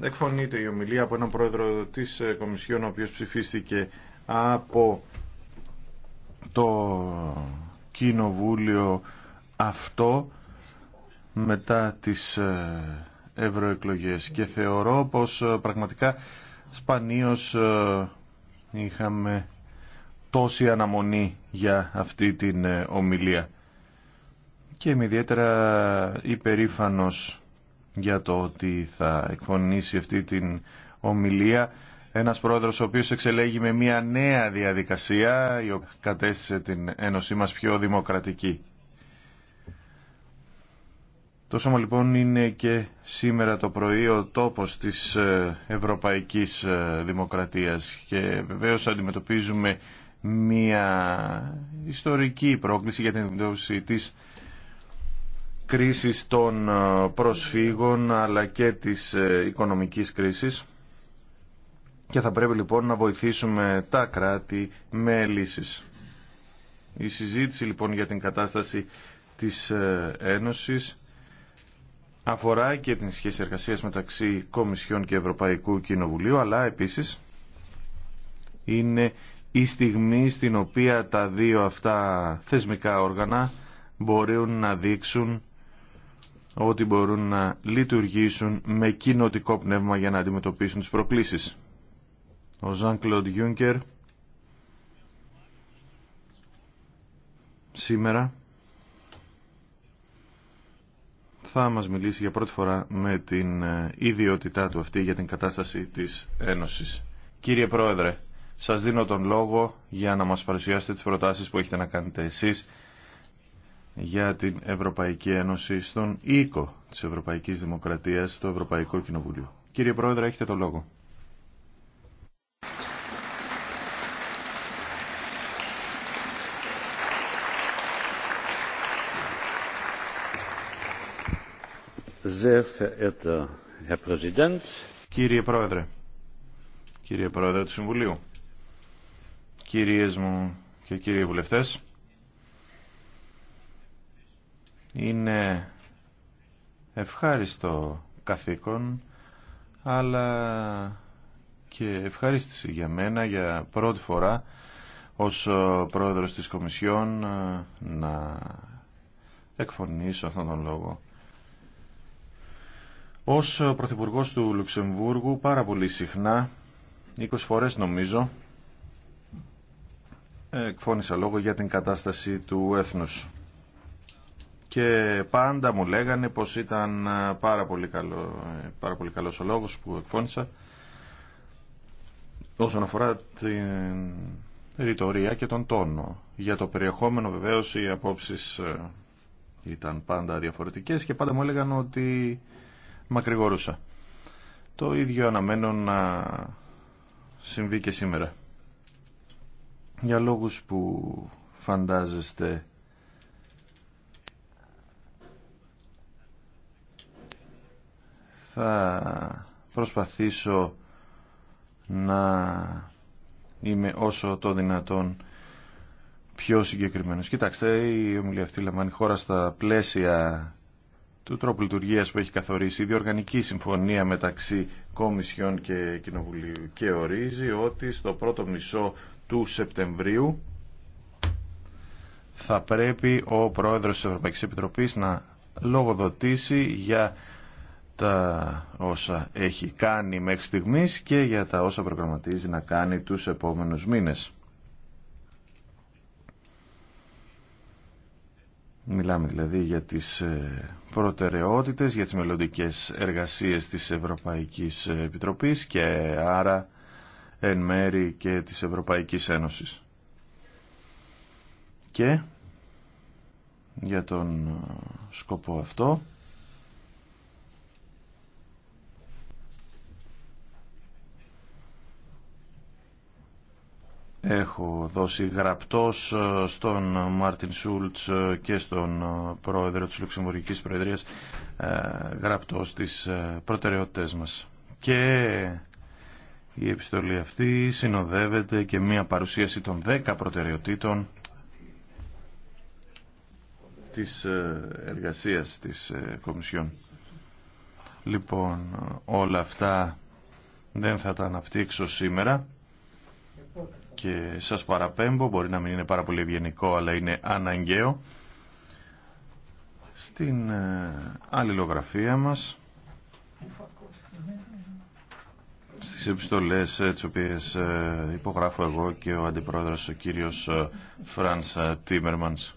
εκφωνείται η ομιλία από έναν πρόεδρο της ε, Κομισιόν ο οποίος ψηφίστηκε από το κοινοβούλιο αυτό μετά τις ε, ευρωεκλογές και θεωρώ πως ε, πραγματικά σπανίως είχαμε τόση αναμονή για αυτή την ομιλία και είμαι ιδιαίτερα υπερήφανος για το ότι θα εκφωνήσει αυτή την ομιλία ένας πρόεδρος ο οποίος εξελέγει με μια νέα διαδικασία η οποία κατέστησε την Ένωσή μας πιο δημοκρατική. Το σώμα λοιπόν είναι και σήμερα το πρωί ο τόπος της ε, ευρωπαϊκής ε, δημοκρατίας και βεβαίως αντιμετωπίζουμε μια ιστορική πρόκληση για την αντιμετώπιση της κρίσης των ε, προσφύγων αλλά και της ε, οικονομικής κρίσης και θα πρέπει λοιπόν να βοηθήσουμε τα κράτη με λύσεις. Η συζήτηση λοιπόν για την κατάσταση της ε, Ένωσης αφορά και την σχέση εργασίας μεταξύ Κομισιών και Ευρωπαϊκού Κοινοβουλίου αλλά επίσης είναι η στιγμή στην οποία τα δύο αυτά θεσμικά όργανα μπορούν να δείξουν ότι μπορούν να λειτουργήσουν με κοινοτικό πνεύμα για να αντιμετωπίσουν τις προκλήσεις. Ο Ζαν Κλοντ Γιούνκερ σήμερα θα μας μιλήσει για πρώτη φορά με την ε, ιδιότητά του αυτή για την κατάσταση της Ένωσης. Κύριε Πρόεδρε, σας δίνω τον λόγο για να μας παρουσιάσετε τις προτάσεις που έχετε να κάνετε εσείς για την Ευρωπαϊκή Ένωση στον οίκο της Ευρωπαϊκής Δημοκρατίας στο Ευρωπαϊκό Κοινοβούλιο. Κύριε Πρόεδρε, έχετε το λόγο. Κύριε Πρόεδρε, κύριε Πρόεδρε του Συμβουλίου, κυρίες μου και κύριοι βουλευτές, είναι ευχάριστο καθήκον, αλλά και ευχαρίστηση για μένα για πρώτη φορά ως πρόεδρος της Κομισιόν να εκφωνήσω αυτόν τον λόγο. Ως Πρωθυπουργός του Λουξεμβούργου πάρα πολύ συχνά, 20 φορές νομίζω, εκφώνησα λόγο για την κατάσταση του έθνους και πάντα μου λέγανε πως ήταν ε, πάρα πολύ, καλό, ε, πάρα πολύ καλός ο λόγος που εκφώνησα όσον αφορά την ρητορία και τον τόνο. Για το περιεχόμενο βεβαίως οι απόψεις ε, ήταν πάντα διαφορετικές και πάντα μου έλεγαν ότι μακρηγορούσα. Το ίδιο αναμένω να συμβεί και σήμερα. Για λόγους που φαντάζεστε Θα προσπαθήσω να είμαι όσο το δυνατόν πιο συγκεκριμένος. Κοιτάξτε, η ομιλία αυτή λαμβάνει χώρα στα πλαίσια του τρόπου λειτουργία που έχει καθορίσει η διοργανική συμφωνία μεταξύ Κομισιών και Κοινοβουλίου και ορίζει ότι στο πρώτο μισό του Σεπτεμβρίου θα πρέπει ο Πρόεδρος της Ευρωπαϊκής Επιτροπής να λογοδοτήσει για τα όσα έχει κάνει μέχρι στιγμής και για τα όσα προγραμματίζει να κάνει τους επόμενους μήνες. Μιλάμε δηλαδή για τις ε, προτεραιότητες, για τις μελλοντικές εργασίες της Ευρωπαϊκής Επιτροπής και άρα εν μέρη και της Ευρωπαϊκής Ένωσης. Και για τον ε, σκοπό αυτό Έχω δώσει γραπτός ε, στον Μάρτιν Σούλτς ε, και στον ε, πρόεδρο της Λουξεμβουργικής Προεδρίας γραπτός τις προτεραιότητες μας. Και η επιστολή αυτή συνοδεύεται και μία παρουσίαση των δέκα προτεραιοτήτων της εργασίας της Κομισιόν. Λοιπόν, όλα αυτά δεν θα τα αναπτύξω σήμερα και σας παραπέμπω, μπορεί να μην είναι πάρα πολύ ευγενικό αλλά είναι αναγκαίο στην αλληλογραφία ε, μας στις επιστολές ε, τις οποίες ε, υπογράφω εγώ και ο αντιπρόεδρος ο κύριος Φρανς Τίμερμανς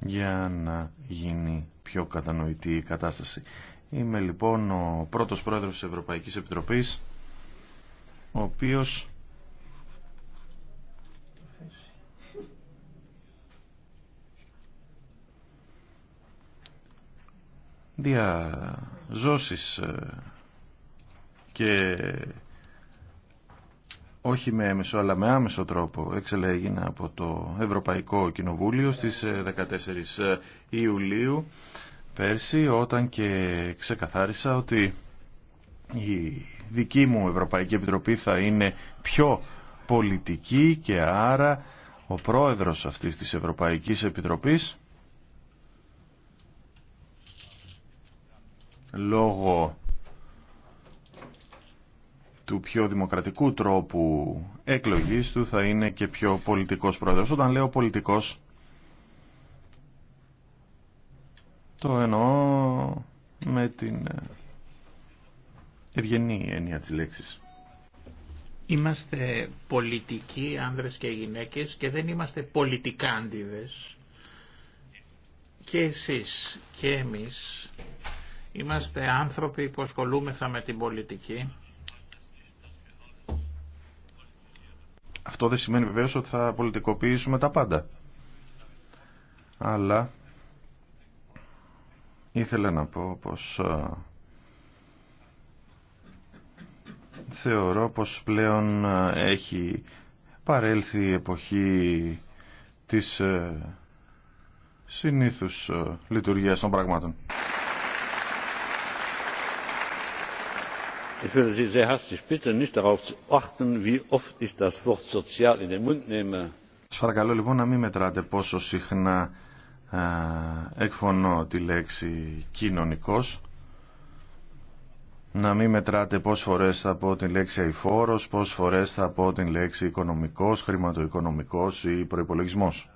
για να γίνει πιο κατανοητή η κατάσταση. Είμαι λοιπόν ο πρώτος πρόεδρος της Ευρωπαϊκής Επιτροπής, ο οποίος διαζώσεις ε, και όχι με έμεσο αλλά με άμεσο τρόπο εξελέγηνα από το Ευρωπαϊκό Κοινοβούλιο στις 14 ε, ε, Ιουλίου πέρσι όταν και ξεκαθάρισα ότι η δική μου Ευρωπαϊκή Επιτροπή θα είναι πιο πολιτική και άρα ο πρόεδρος αυτής της Ευρωπαϊκής Επιτροπής λόγω του πιο δημοκρατικού τρόπου εκλογής του θα είναι και πιο πολιτικός πρόεδρος. Όταν λέω πολιτικός Το εννοώ με την ε, ευγενή έννοια της λέξης. Είμαστε πολιτικοί άνδρες και γυναίκες και δεν είμαστε πολιτικάντιδες. Και εσείς και εμείς είμαστε άνθρωποι που ασχολούμεθα με την πολιτική. Αυτό δεν σημαίνει βεβαίως ότι θα πολιτικοποιήσουμε τα πάντα. Αλλά Ήθελα να πω πως θεωρώ πως πλέον έχει παρέλθει η εποχή της συνήθους λειτουργίας των πραγμάτων. Ich würde Sie sehr herzlich bitten, nicht darauf zu achten, wie oft ich das Wort sozial in den Mund nehme. Σας das Wort sozial in den Mund συχνά εκφωνώ τη λέξη κοινωνικός να μην μετράτε πόσες φορές θα πω την λέξη αηφόρος, πόσες φορές θα πω την λέξη οικονομικός, χρηματοοικονομικός ή προϋπολογισμός.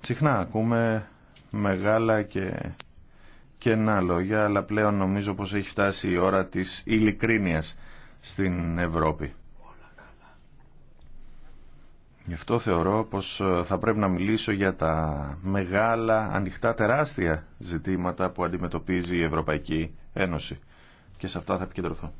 Συχνά ακούμε μεγάλα και κενά λόγια, αλλά πλέον νομίζω πως έχει φτάσει η ώρα της ειλικρίνειας στην Ευρώπη. Γι' αυτό θεωρώ πως ε, θα πρέπει να μιλήσω για τα μεγάλα, ανοιχτά, τεράστια ζητήματα που αντιμετωπίζει η Ευρωπαϊκή Ένωση. Και σε αυτά θα επικεντρωθώ.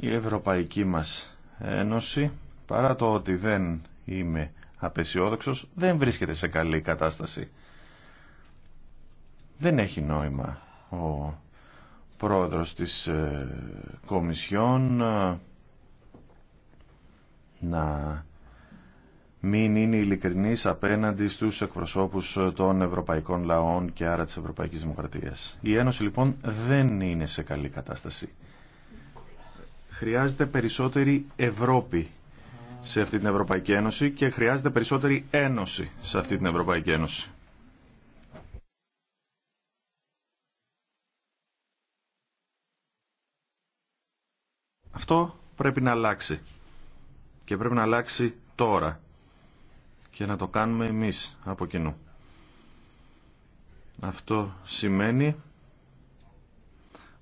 Η Ευρωπαϊκή μας Ένωση, παρά το ότι δεν είμαι απεσιόδοξος, δεν βρίσκεται σε καλή κατάσταση. Δεν έχει νόημα ο πρόεδρος της ε, Κομισιόν ε, να μην είναι ειλικρινής απέναντι στους εκπροσώπους των ευρωπαϊκών λαών και άρα της Ευρωπαϊκής Δημοκρατίας. Η Ένωση λοιπόν δεν είναι σε καλή κατάσταση. Χρειάζεται περισσότερη Ευρώπη σε αυτή την Ευρωπαϊκή Ένωση και χρειάζεται περισσότερη Ένωση σε αυτή την Ευρωπαϊκή Ένωση. Αυτό πρέπει να αλλάξει και πρέπει να αλλάξει τώρα και να το κάνουμε εμείς από κοινού. Αυτό σημαίνει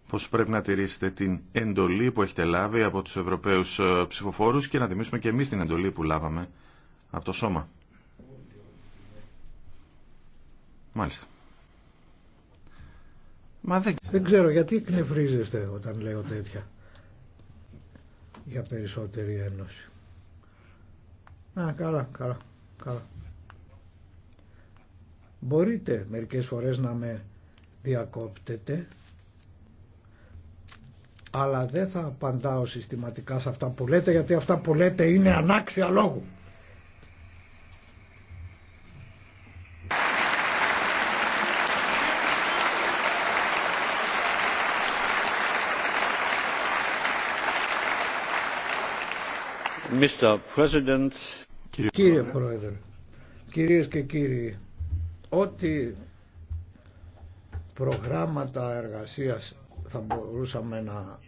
πως πρέπει να τηρήσετε την εντολή που έχετε λάβει από τους Ευρωπαίους ε, ψηφοφόρους και να τιμήσουμε και εμείς την εντολή που λάβαμε από το σώμα. Μάλιστα. Μα δεν... δεν ξέρω γιατί εκνευρίζεστε όταν λέω τέτοια για περισσότερη ένωση. Α, καλά, καλά, καλά. Μπορείτε μερικές φορές να με διακόπτετε, αλλά δεν θα απαντάω συστηματικά σε αυτά που λέτε, γιατί αυτά που λέτε είναι ανάξια λόγου. Κύριε, Πρόεδρε, κυρίες και κύριοι, ό,τι προγράμματα εργασίας θα μπορούσαμε να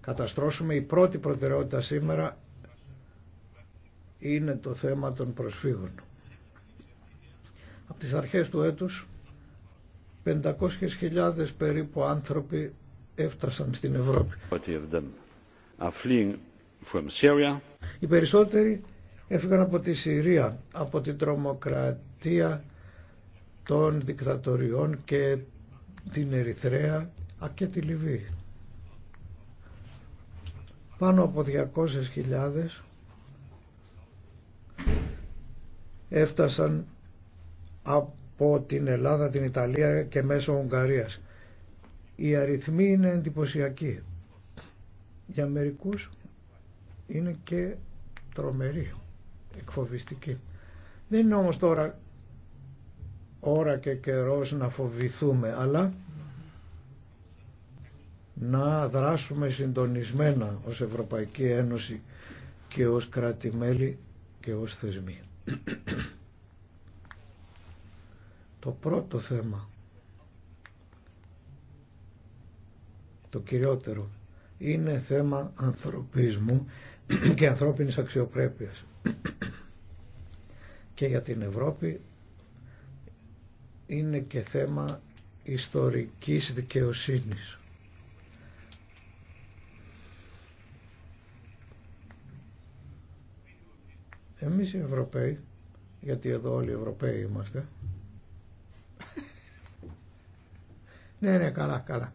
καταστρώσουμε, η πρώτη προτεραιότητα σήμερα είναι το θέμα των προσφύγων. Από τις αρχές του έτους 500.000 περίπου άνθρωποι έφτασαν στην Ευρώπη from Syria. Οι περισσότεροι έφυγαν από τη Συρία, από την τρομοκρατία των δικτατοριών και την Ερυθρέα και τη Λιβύη. Πάνω από 200.000 έφτασαν από την Ελλάδα, την Ιταλία και μέσω Ουγγαρίας. Η αριθμοί είναι εντυπωσιακοί. Για μερικούς είναι και τρομερή, εκφοβιστική. Δεν είναι όμως τώρα ώρα και καιρός να φοβηθούμε, αλλά να δράσουμε συντονισμένα ως Ευρωπαϊκή Ένωση και ως κράτη-μέλη και ως θεσμοί. Το πρώτο θέμα, το κυριότερο, είναι θέμα ανθρωπισμού και ανθρώπινης αξιοπρέπειας. Και για την Ευρώπη είναι και θέμα ιστορικής δικαιοσύνης. Εμείς οι Ευρωπαίοι, γιατί εδώ όλοι οι Ευρωπαίοι είμαστε, ναι, ναι, καλά, καλά.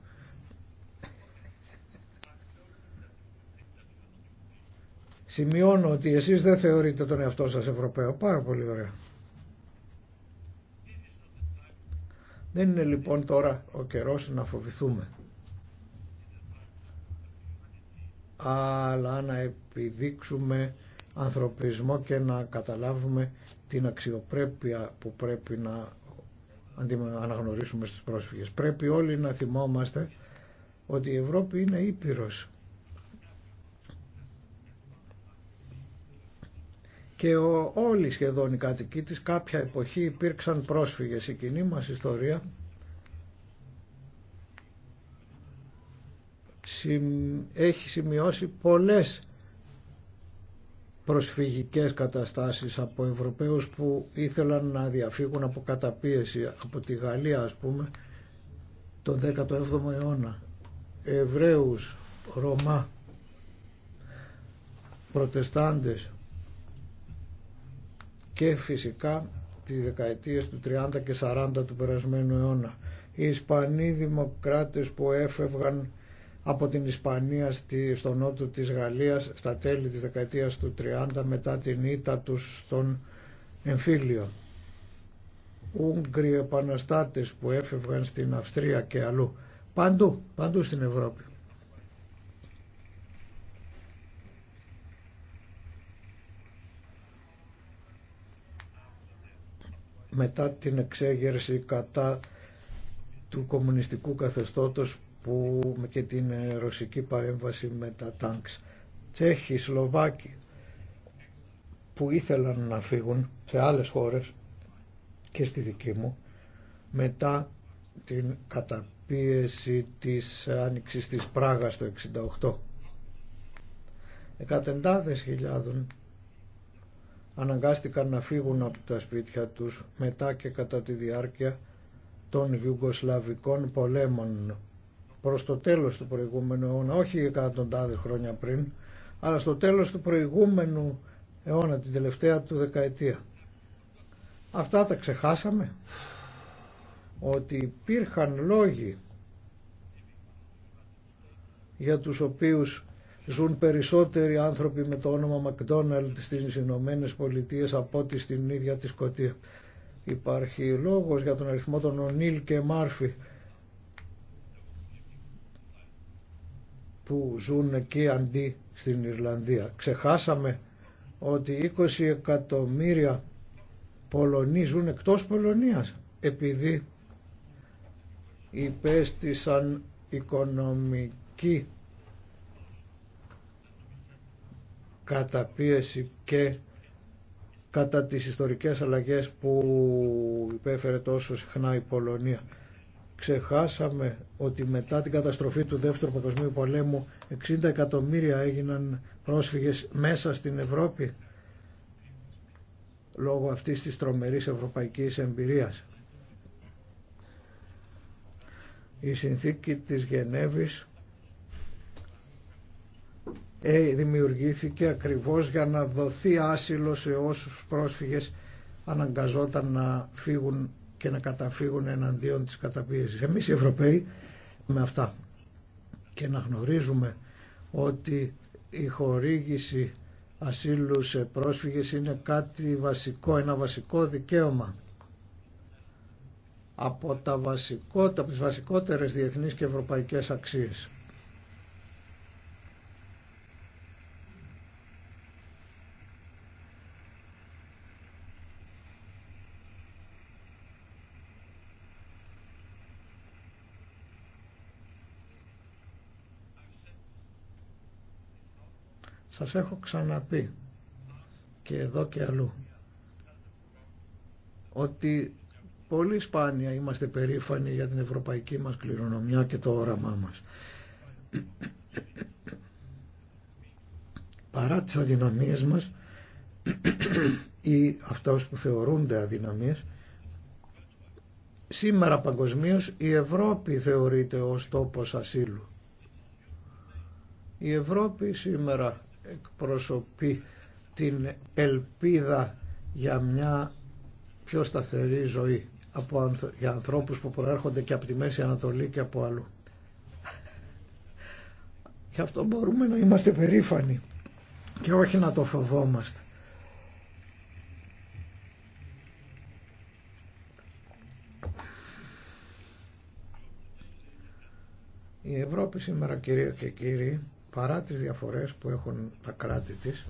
Σημειώνω ότι εσείς δεν θεωρείτε τον εαυτό σας Ευρωπαίο. Πάρα πολύ ωραία. Δεν είναι λοιπόν τώρα ο καιρός να φοβηθούμε. Αλλά να επιδείξουμε ανθρωπισμό και να καταλάβουμε την αξιοπρέπεια που πρέπει να αναγνωρίσουμε στις πρόσφυγες. Πρέπει όλοι να θυμόμαστε ότι η Ευρώπη είναι ήπειρος και όλοι σχεδόν οι κατοικοί της κάποια εποχή υπήρξαν πρόσφυγες. Η κοινή μας ιστορία έχει σημειώσει πολλές προσφυγικές καταστάσεις από Ευρωπαίους που ήθελαν να διαφύγουν από καταπίεση από τη Γαλλία ας πούμε τον 17ο αιώνα Εβραίους, Ρωμά Προτεστάντες και φυσικά τις δεκαετίες του 30 και 40 του περασμένου αιώνα. Οι Ισπανοί δημοκράτες που έφευγαν από την Ισπανία στη, στο νότο της Γαλλίας στα τέλη της δεκαετίας του 30 μετά την ήττα τους στον εμφύλιο. Ούγγροι επαναστάτες που έφευγαν στην Αυστρία και αλλού. Παντού, παντού στην Ευρώπη. μετά την εξέγερση κατά του κομμουνιστικού καθεστώτος που και την ρωσική παρέμβαση με τα τάγκς. Τσέχοι, Σλοβάκοι που ήθελαν να φύγουν σε άλλες χώρες και στη δική μου μετά την καταπίεση της άνοιξης της Πράγας το 1968. Εκατεντάδες χιλιάδων αναγκάστηκαν να φύγουν από τα σπίτια τους μετά και κατά τη διάρκεια των Ιουγκοσλαβικών πολέμων προς το τέλος του προηγούμενου αιώνα, όχι εκατοντάδες χρόνια πριν, αλλά στο τέλος του προηγούμενου αιώνα, την τελευταία του δεκαετία. Αυτά τα ξεχάσαμε, ότι υπήρχαν λόγοι για τους οποίους ζουν περισσότεροι άνθρωποι με το όνομα Μακδόναλντ στις Ηνωμένε Πολιτείε από ό,τι στην ίδια τη Σκοτία. Υπάρχει λόγος για τον αριθμό των Ονίλ και Μάρφη που ζουν εκεί αντί στην Ιρλανδία. Ξεχάσαμε ότι 20 εκατομμύρια Πολωνοί ζουν εκτός Πολωνίας επειδή υπέστησαν οικονομική καταπίεση και κατά τις ιστορικές αλλαγές που υπέφερε τόσο συχνά η Πολωνία. Ξεχάσαμε ότι μετά την καταστροφή του Δεύτερου Παγκοσμίου Πολέμου 60 εκατομμύρια έγιναν πρόσφυγες μέσα στην Ευρώπη λόγω αυτής της τρομερής ευρωπαϊκής εμπειρίας. Η συνθήκη της Γενέβης ε, δημιουργήθηκε ακριβώς για να δοθεί άσυλο σε όσους πρόσφυγες αναγκαζόταν να φύγουν και να καταφύγουν εναντίον της καταπίεσης. Εμείς οι Ευρωπαίοι με αυτά και να γνωρίζουμε ότι η χορήγηση ασύλου σε πρόσφυγες είναι κάτι βασικό, ένα βασικό δικαίωμα από, τα βασικό, από τις βασικότερες διεθνείς και ευρωπαϊκές αξίες. Σας έχω ξαναπεί και εδώ και αλλού ότι πολύ σπάνια είμαστε περήφανοι για την ευρωπαϊκή μας κληρονομιά και το όραμά μας. Παρά τις αδυναμίες μας ή αυτός που θεωρούνται αδυναμίες σήμερα παγκοσμίω η Ευρώπη θεωρείται ως τόπος ασύλου. Η Ευρώπη σήμερα εκπροσωπεί την ελπίδα για μια πιο σταθερή ζωή από, για ανθρώπους που προέρχονται και από τη Μέση Ανατολή και από αλλού. Γι' αυτό μπορούμε να είμαστε περήφανοι και όχι να το φοβόμαστε. Η Ευρώπη σήμερα κυρίες και κύριοι παρά τις διαφορές που έχουν τα κράτη της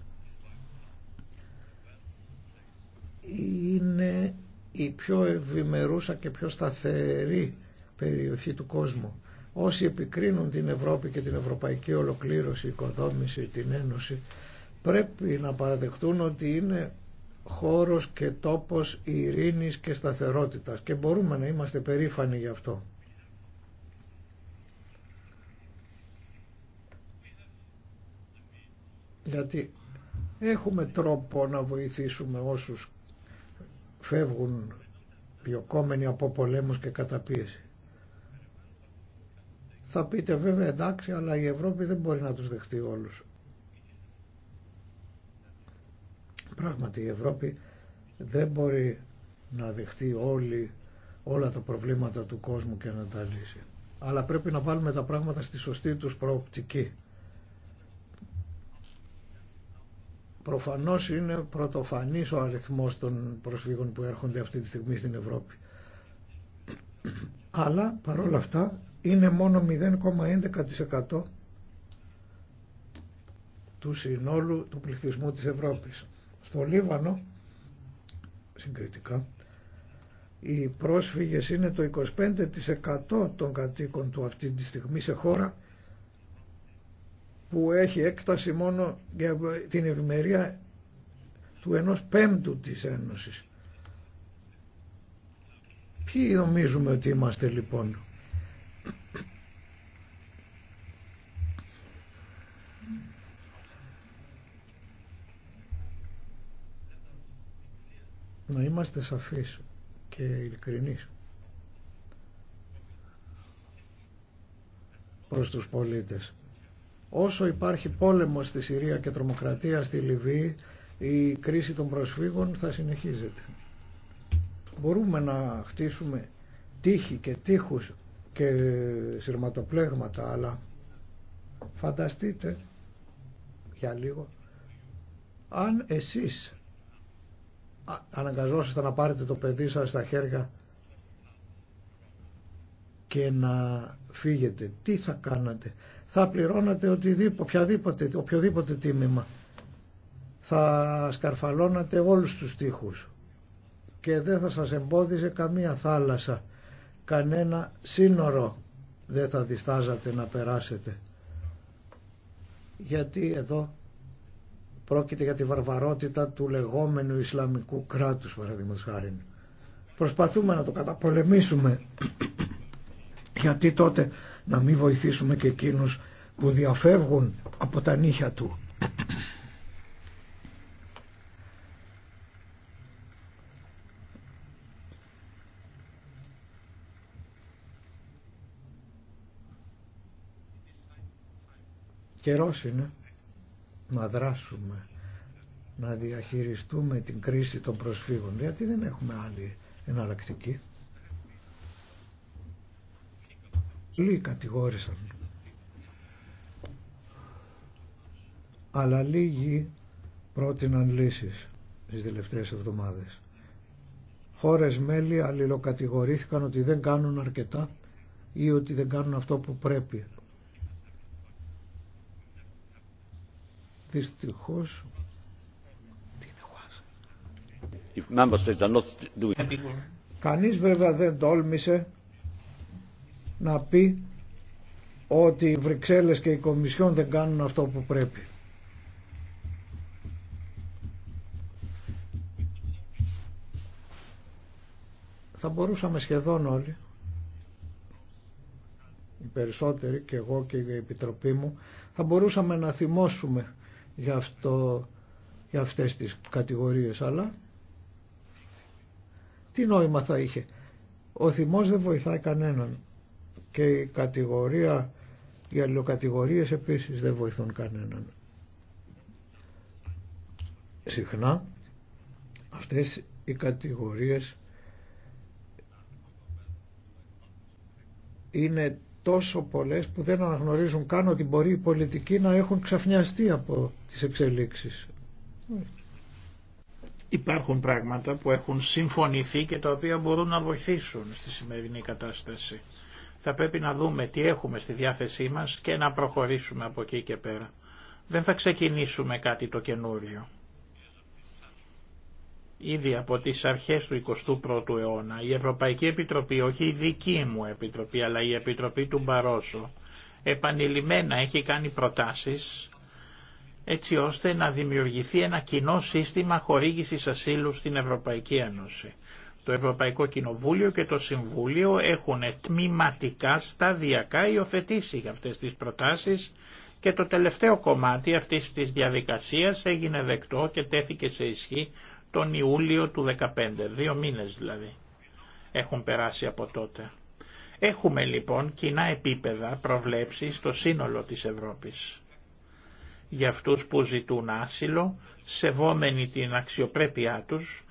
είναι η πιο ευημερούσα και πιο σταθερή περιοχή του κόσμου. Όσοι επικρίνουν την Ευρώπη και την Ευρωπαϊκή Ολοκλήρωση, Οικοδόμηση, την Ένωση πρέπει να παραδεχτούν ότι είναι χώρος και τόπος ειρήνης και σταθερότητας και μπορούμε να είμαστε περήφανοι γι' αυτό. γιατί έχουμε τρόπο να βοηθήσουμε όσους φεύγουν διωκόμενοι από πολέμους και καταπίεση. Θα πείτε βέβαια εντάξει αλλά η Ευρώπη δεν μπορεί να τους δεχτεί όλους. Πράγματι η Ευρώπη δεν μπορεί να δεχτεί όλοι, όλα τα προβλήματα του κόσμου και να τα λύσει. Αλλά πρέπει να βάλουμε τα πράγματα στη σωστή τους προοπτική. Προφανώς είναι πρωτοφανής ο αριθμός των προσφύγων που έρχονται αυτή τη στιγμή στην Ευρώπη. Αλλά παρόλα αυτά είναι μόνο 0,11% του συνόλου του πληθυσμού της Ευρώπης. Στο Λίβανο, συγκριτικά, οι πρόσφυγες είναι το 25% των κατοίκων του αυτή τη στιγμή σε χώρα που έχει έκταση μόνο για την ευημερία του ενός πέμπτου της Ένωσης. Ποιοι νομίζουμε ότι είμαστε λοιπόν. Να είμαστε σαφείς και ειλικρινείς προς τους πολίτες. Όσο υπάρχει πόλεμος στη Συρία και τρομοκρατία στη Λιβύη, η κρίση των προσφύγων θα συνεχίζεται. Μπορούμε να χτίσουμε τείχη και τείχους και σειρματοπλέγματα, αλλά φανταστείτε για λίγο, αν εσείς αναγκαζόσαστε να πάρετε το παιδί σας στα χέρια και να φύγετε, τι θα κάνατε θα πληρώνατε οποιαδήποτε, οποιοδήποτε τίμημα. Θα σκαρφαλώνατε όλους τους τοίχους και δεν θα σας εμπόδιζε καμία θάλασσα, κανένα σύνορο δεν θα διστάζατε να περάσετε. Γιατί εδώ πρόκειται για τη βαρβαρότητα του λεγόμενου Ισλαμικού κράτους, παραδείγματος χάρη. Προσπαθούμε να το καταπολεμήσουμε, γιατί τότε να μην βοηθήσουμε και εκείνους που διαφεύγουν από τα νύχια του. Καιρός είναι να δράσουμε, να διαχειριστούμε την κρίση των προσφύγων, γιατί δεν έχουμε άλλη εναλλακτική. Λίγοι κατηγόρησαν. Αλλά λίγοι πρότειναν λύσεις τις τελευταίες εβδομάδες. Χώρες μέλη αλληλοκατηγορήθηκαν ότι δεν κάνουν αρκετά ή ότι δεν κάνουν αυτό που πρέπει. Δυστυχώς Κανείς βέβαια δεν τόλμησε να πει ότι οι Βρυξέλλες και οι Κομισιόν δεν κάνουν αυτό που πρέπει. Θα μπορούσαμε σχεδόν όλοι, οι περισσότεροι και εγώ και η Επιτροπή μου, θα μπορούσαμε να θυμώσουμε για, αυτό, για αυτές τις κατηγορίες, αλλά τι νόημα θα είχε. Ο θυμός δεν βοηθάει κανέναν και η κατηγορία, οι αλληλοκατηγορίες επίσης δεν βοηθούν κανέναν. Συχνά αυτές οι κατηγορίες είναι τόσο πολλές που δεν αναγνωρίζουν καν ότι μπορεί οι πολιτικοί να έχουν ξαφνιαστεί από τις εξελίξεις. Υπάρχουν πράγματα που έχουν συμφωνηθεί και τα οποία μπορούν να βοηθήσουν στη σημερινή κατάσταση. Θα πρέπει να δούμε τι έχουμε στη διάθεσή μας και να προχωρήσουμε από εκεί και πέρα. Δεν θα ξεκινήσουμε κάτι το καινούριο. Ήδη από τις αρχές του 21ου αιώνα η Ευρωπαϊκή Επιτροπή, όχι η δική μου Επιτροπή αλλά η Επιτροπή του Μπαρόσο, επανειλημμένα έχει κάνει προτάσεις έτσι ώστε να δημιουργηθεί ένα κοινό σύστημα χορήγησης ασύλου στην Ευρωπαϊκή Ένωση. Το Ευρωπαϊκό Κοινοβούλιο και το Συμβούλιο έχουν τμηματικά σταδιακά υιοθετήσει για αυτές τις προτάσεις και το τελευταίο κομμάτι αυτής της διαδικασίας έγινε δεκτό και τέθηκε σε ισχύ τον Ιούλιο του 2015, δύο μήνες δηλαδή έχουν περάσει από τότε. Έχουμε λοιπόν κοινά επίπεδα προβλέψει στο σύνολο της Ευρώπης. Για αυτούς που ζητούν άσυλο, σεβόμενοι την αξιοπρέπειά τους,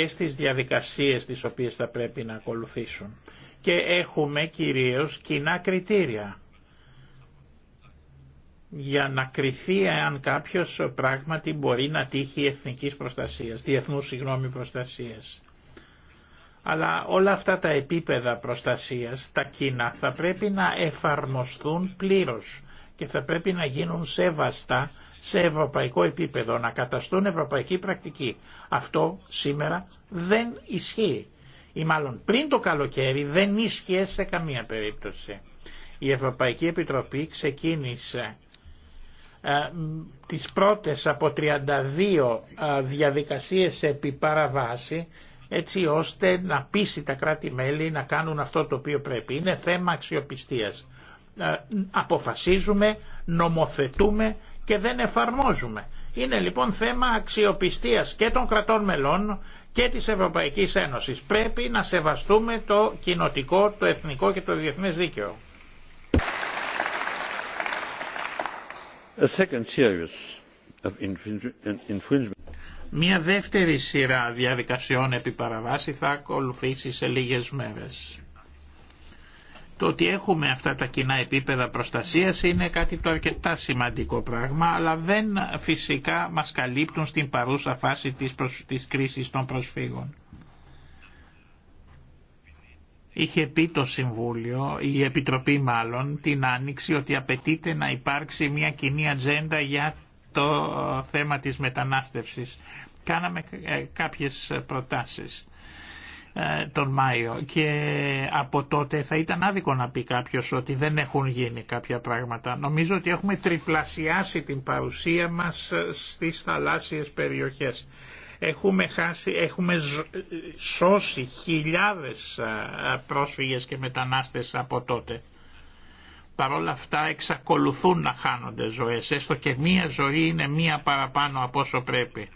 και στις διαδικασίες τις οποίες θα πρέπει να ακολουθήσουν. Και έχουμε κυρίως κοινά κριτήρια για να κριθεί αν κάποιος πράγματι μπορεί να τύχει εθνικής προστασίας, διεθνούς συγγνώμη προστασίας. Αλλά όλα αυτά τα επίπεδα προστασίας, τα κοινά, θα πρέπει να εφαρμοστούν πλήρως και θα πρέπει να γίνουν σεβαστά σε ευρωπαϊκό επίπεδο, να καταστούν ευρωπαϊκή πρακτική. Αυτό σήμερα δεν ισχύει. Ή μάλλον πριν το καλοκαίρι δεν ίσχυε σε καμία περίπτωση. Η Ευρωπαϊκή Επιτροπή ξεκίνησε ε, τις πρώτες από 32 ε, διαδικασίες επί παραβάση έτσι ώστε να πείσει τα κράτη-μέλη να κάνουν αυτό το οποίο πρέπει. Είναι θέμα αξιοπιστίας. Ε, αποφασίζουμε, νομοθετούμε και δεν εφαρμόζουμε. Είναι λοιπόν θέμα αξιοπιστίας και των κρατών μελών και της Ευρωπαϊκής Ένωσης. Πρέπει να σεβαστούμε το κοινοτικό, το εθνικό και το διεθνές δίκαιο. Μια δεύτερη σειρά διαδικασιών επί θα ακολουθήσει σε λίγες μέρες. Το ότι έχουμε αυτά τα κοινά επίπεδα προστασίας είναι κάτι το αρκετά σημαντικό πράγμα, αλλά δεν φυσικά μας καλύπτουν στην παρούσα φάση της, προσ... της κρίσης των προσφύγων. Είχε πει το Συμβούλιο, η Επιτροπή μάλλον, την Άνοιξη ότι απαιτείται να υπάρξει μια κοινή ατζέντα για το ε, θέμα της μετανάστευσης. Κάναμε ε, κάποιες προτάσεις ε, τον Μάιο και από τότε θα ήταν άδικο να πει κάποιος ότι δεν έχουν γίνει κάποια πράγματα. Νομίζω ότι έχουμε τριπλασιάσει την παρουσία μας ε, στις θαλάσσιες περιοχές. Έχουμε, χάσει, έχουμε ε, σώσει χιλιάδες πρόσφυγες και μετανάστες από τότε. Παρ' όλα αυτά εξακολουθούν να χάνονται ζωές, έστω και μία ζωή είναι μία παραπάνω από όσο πρέπει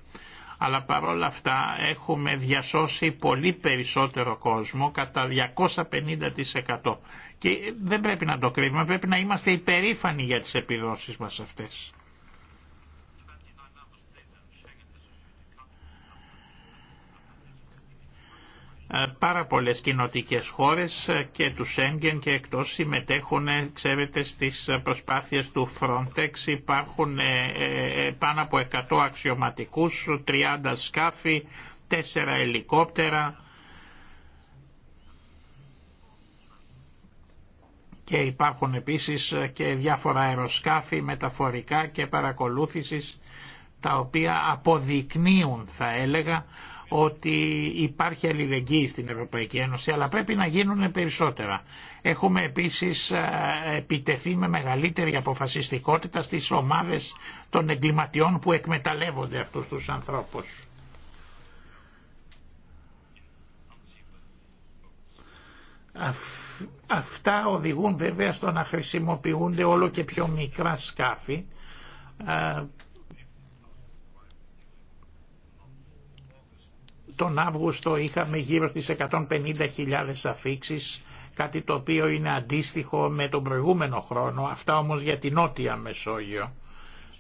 αλλά παρόλα αυτά έχουμε διασώσει πολύ περισσότερο κόσμο κατά 250% και δεν πρέπει να το κρύβουμε, πρέπει να είμαστε υπερήφανοι για τις επιδόσεις μας αυτές. Ε, πάρα πολλές κοινοτικέ χώρες ε, και του Σέγγεν και εκτός συμμετέχουν, ε, ξέρετε, στις προσπάθειες του Frontex υπάρχουν πάνω από 100 αξιωματικούς, 30 σκάφη, 4 ελικόπτερα και υπάρχουν επίσης και διάφορα αεροσκάφη μεταφορικά και παρακολούθησης τα οποία αποδεικνύουν θα έλεγα ότι υπάρχει αλληλεγγύη στην Ευρωπαϊκή Ένωση, αλλά πρέπει να γίνουν περισσότερα. Έχουμε επίσης ε, επιτεθεί με μεγαλύτερη αποφασιστικότητα στις ομάδες των εγκληματιών που εκμεταλλεύονται αυτούς τους ανθρώπους. Αυτά οδηγούν βέβαια στο να χρησιμοποιούνται όλο και πιο μικρά σκάφη ε, τον Αύγουστο είχαμε γύρω στις 150.000 αφήξεις, κάτι το οποίο είναι αντίστοιχο με τον προηγούμενο χρόνο, αυτά όμως για την Νότια Μεσόγειο.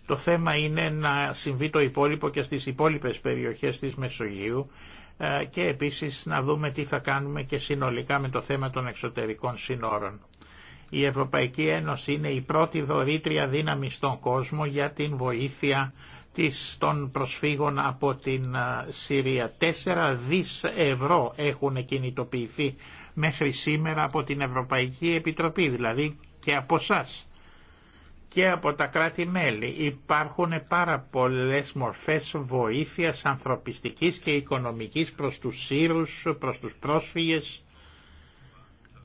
Το θέμα είναι να συμβεί το υπόλοιπο και στις υπόλοιπες περιοχές της Μεσογείου ε, και επίσης να δούμε τι θα κάνουμε και συνολικά με το θέμα των εξωτερικών συνόρων. Η Ευρωπαϊκή Ένωση είναι η πρώτη δωρήτρια δύναμη στον κόσμο για την βοήθεια της, των προσφύγων από την ε, Συρία. 4 δις ευρώ έχουν κινητοποιηθεί μέχρι σήμερα από την Ευρωπαϊκή Επιτροπή, δηλαδή και από εσά και από τα κράτη-μέλη. Υπάρχουν πάρα πολλές μορφές βοήθειας ανθρωπιστικής και οικονομικής προς τους Σύρους, προς τους πρόσφυγες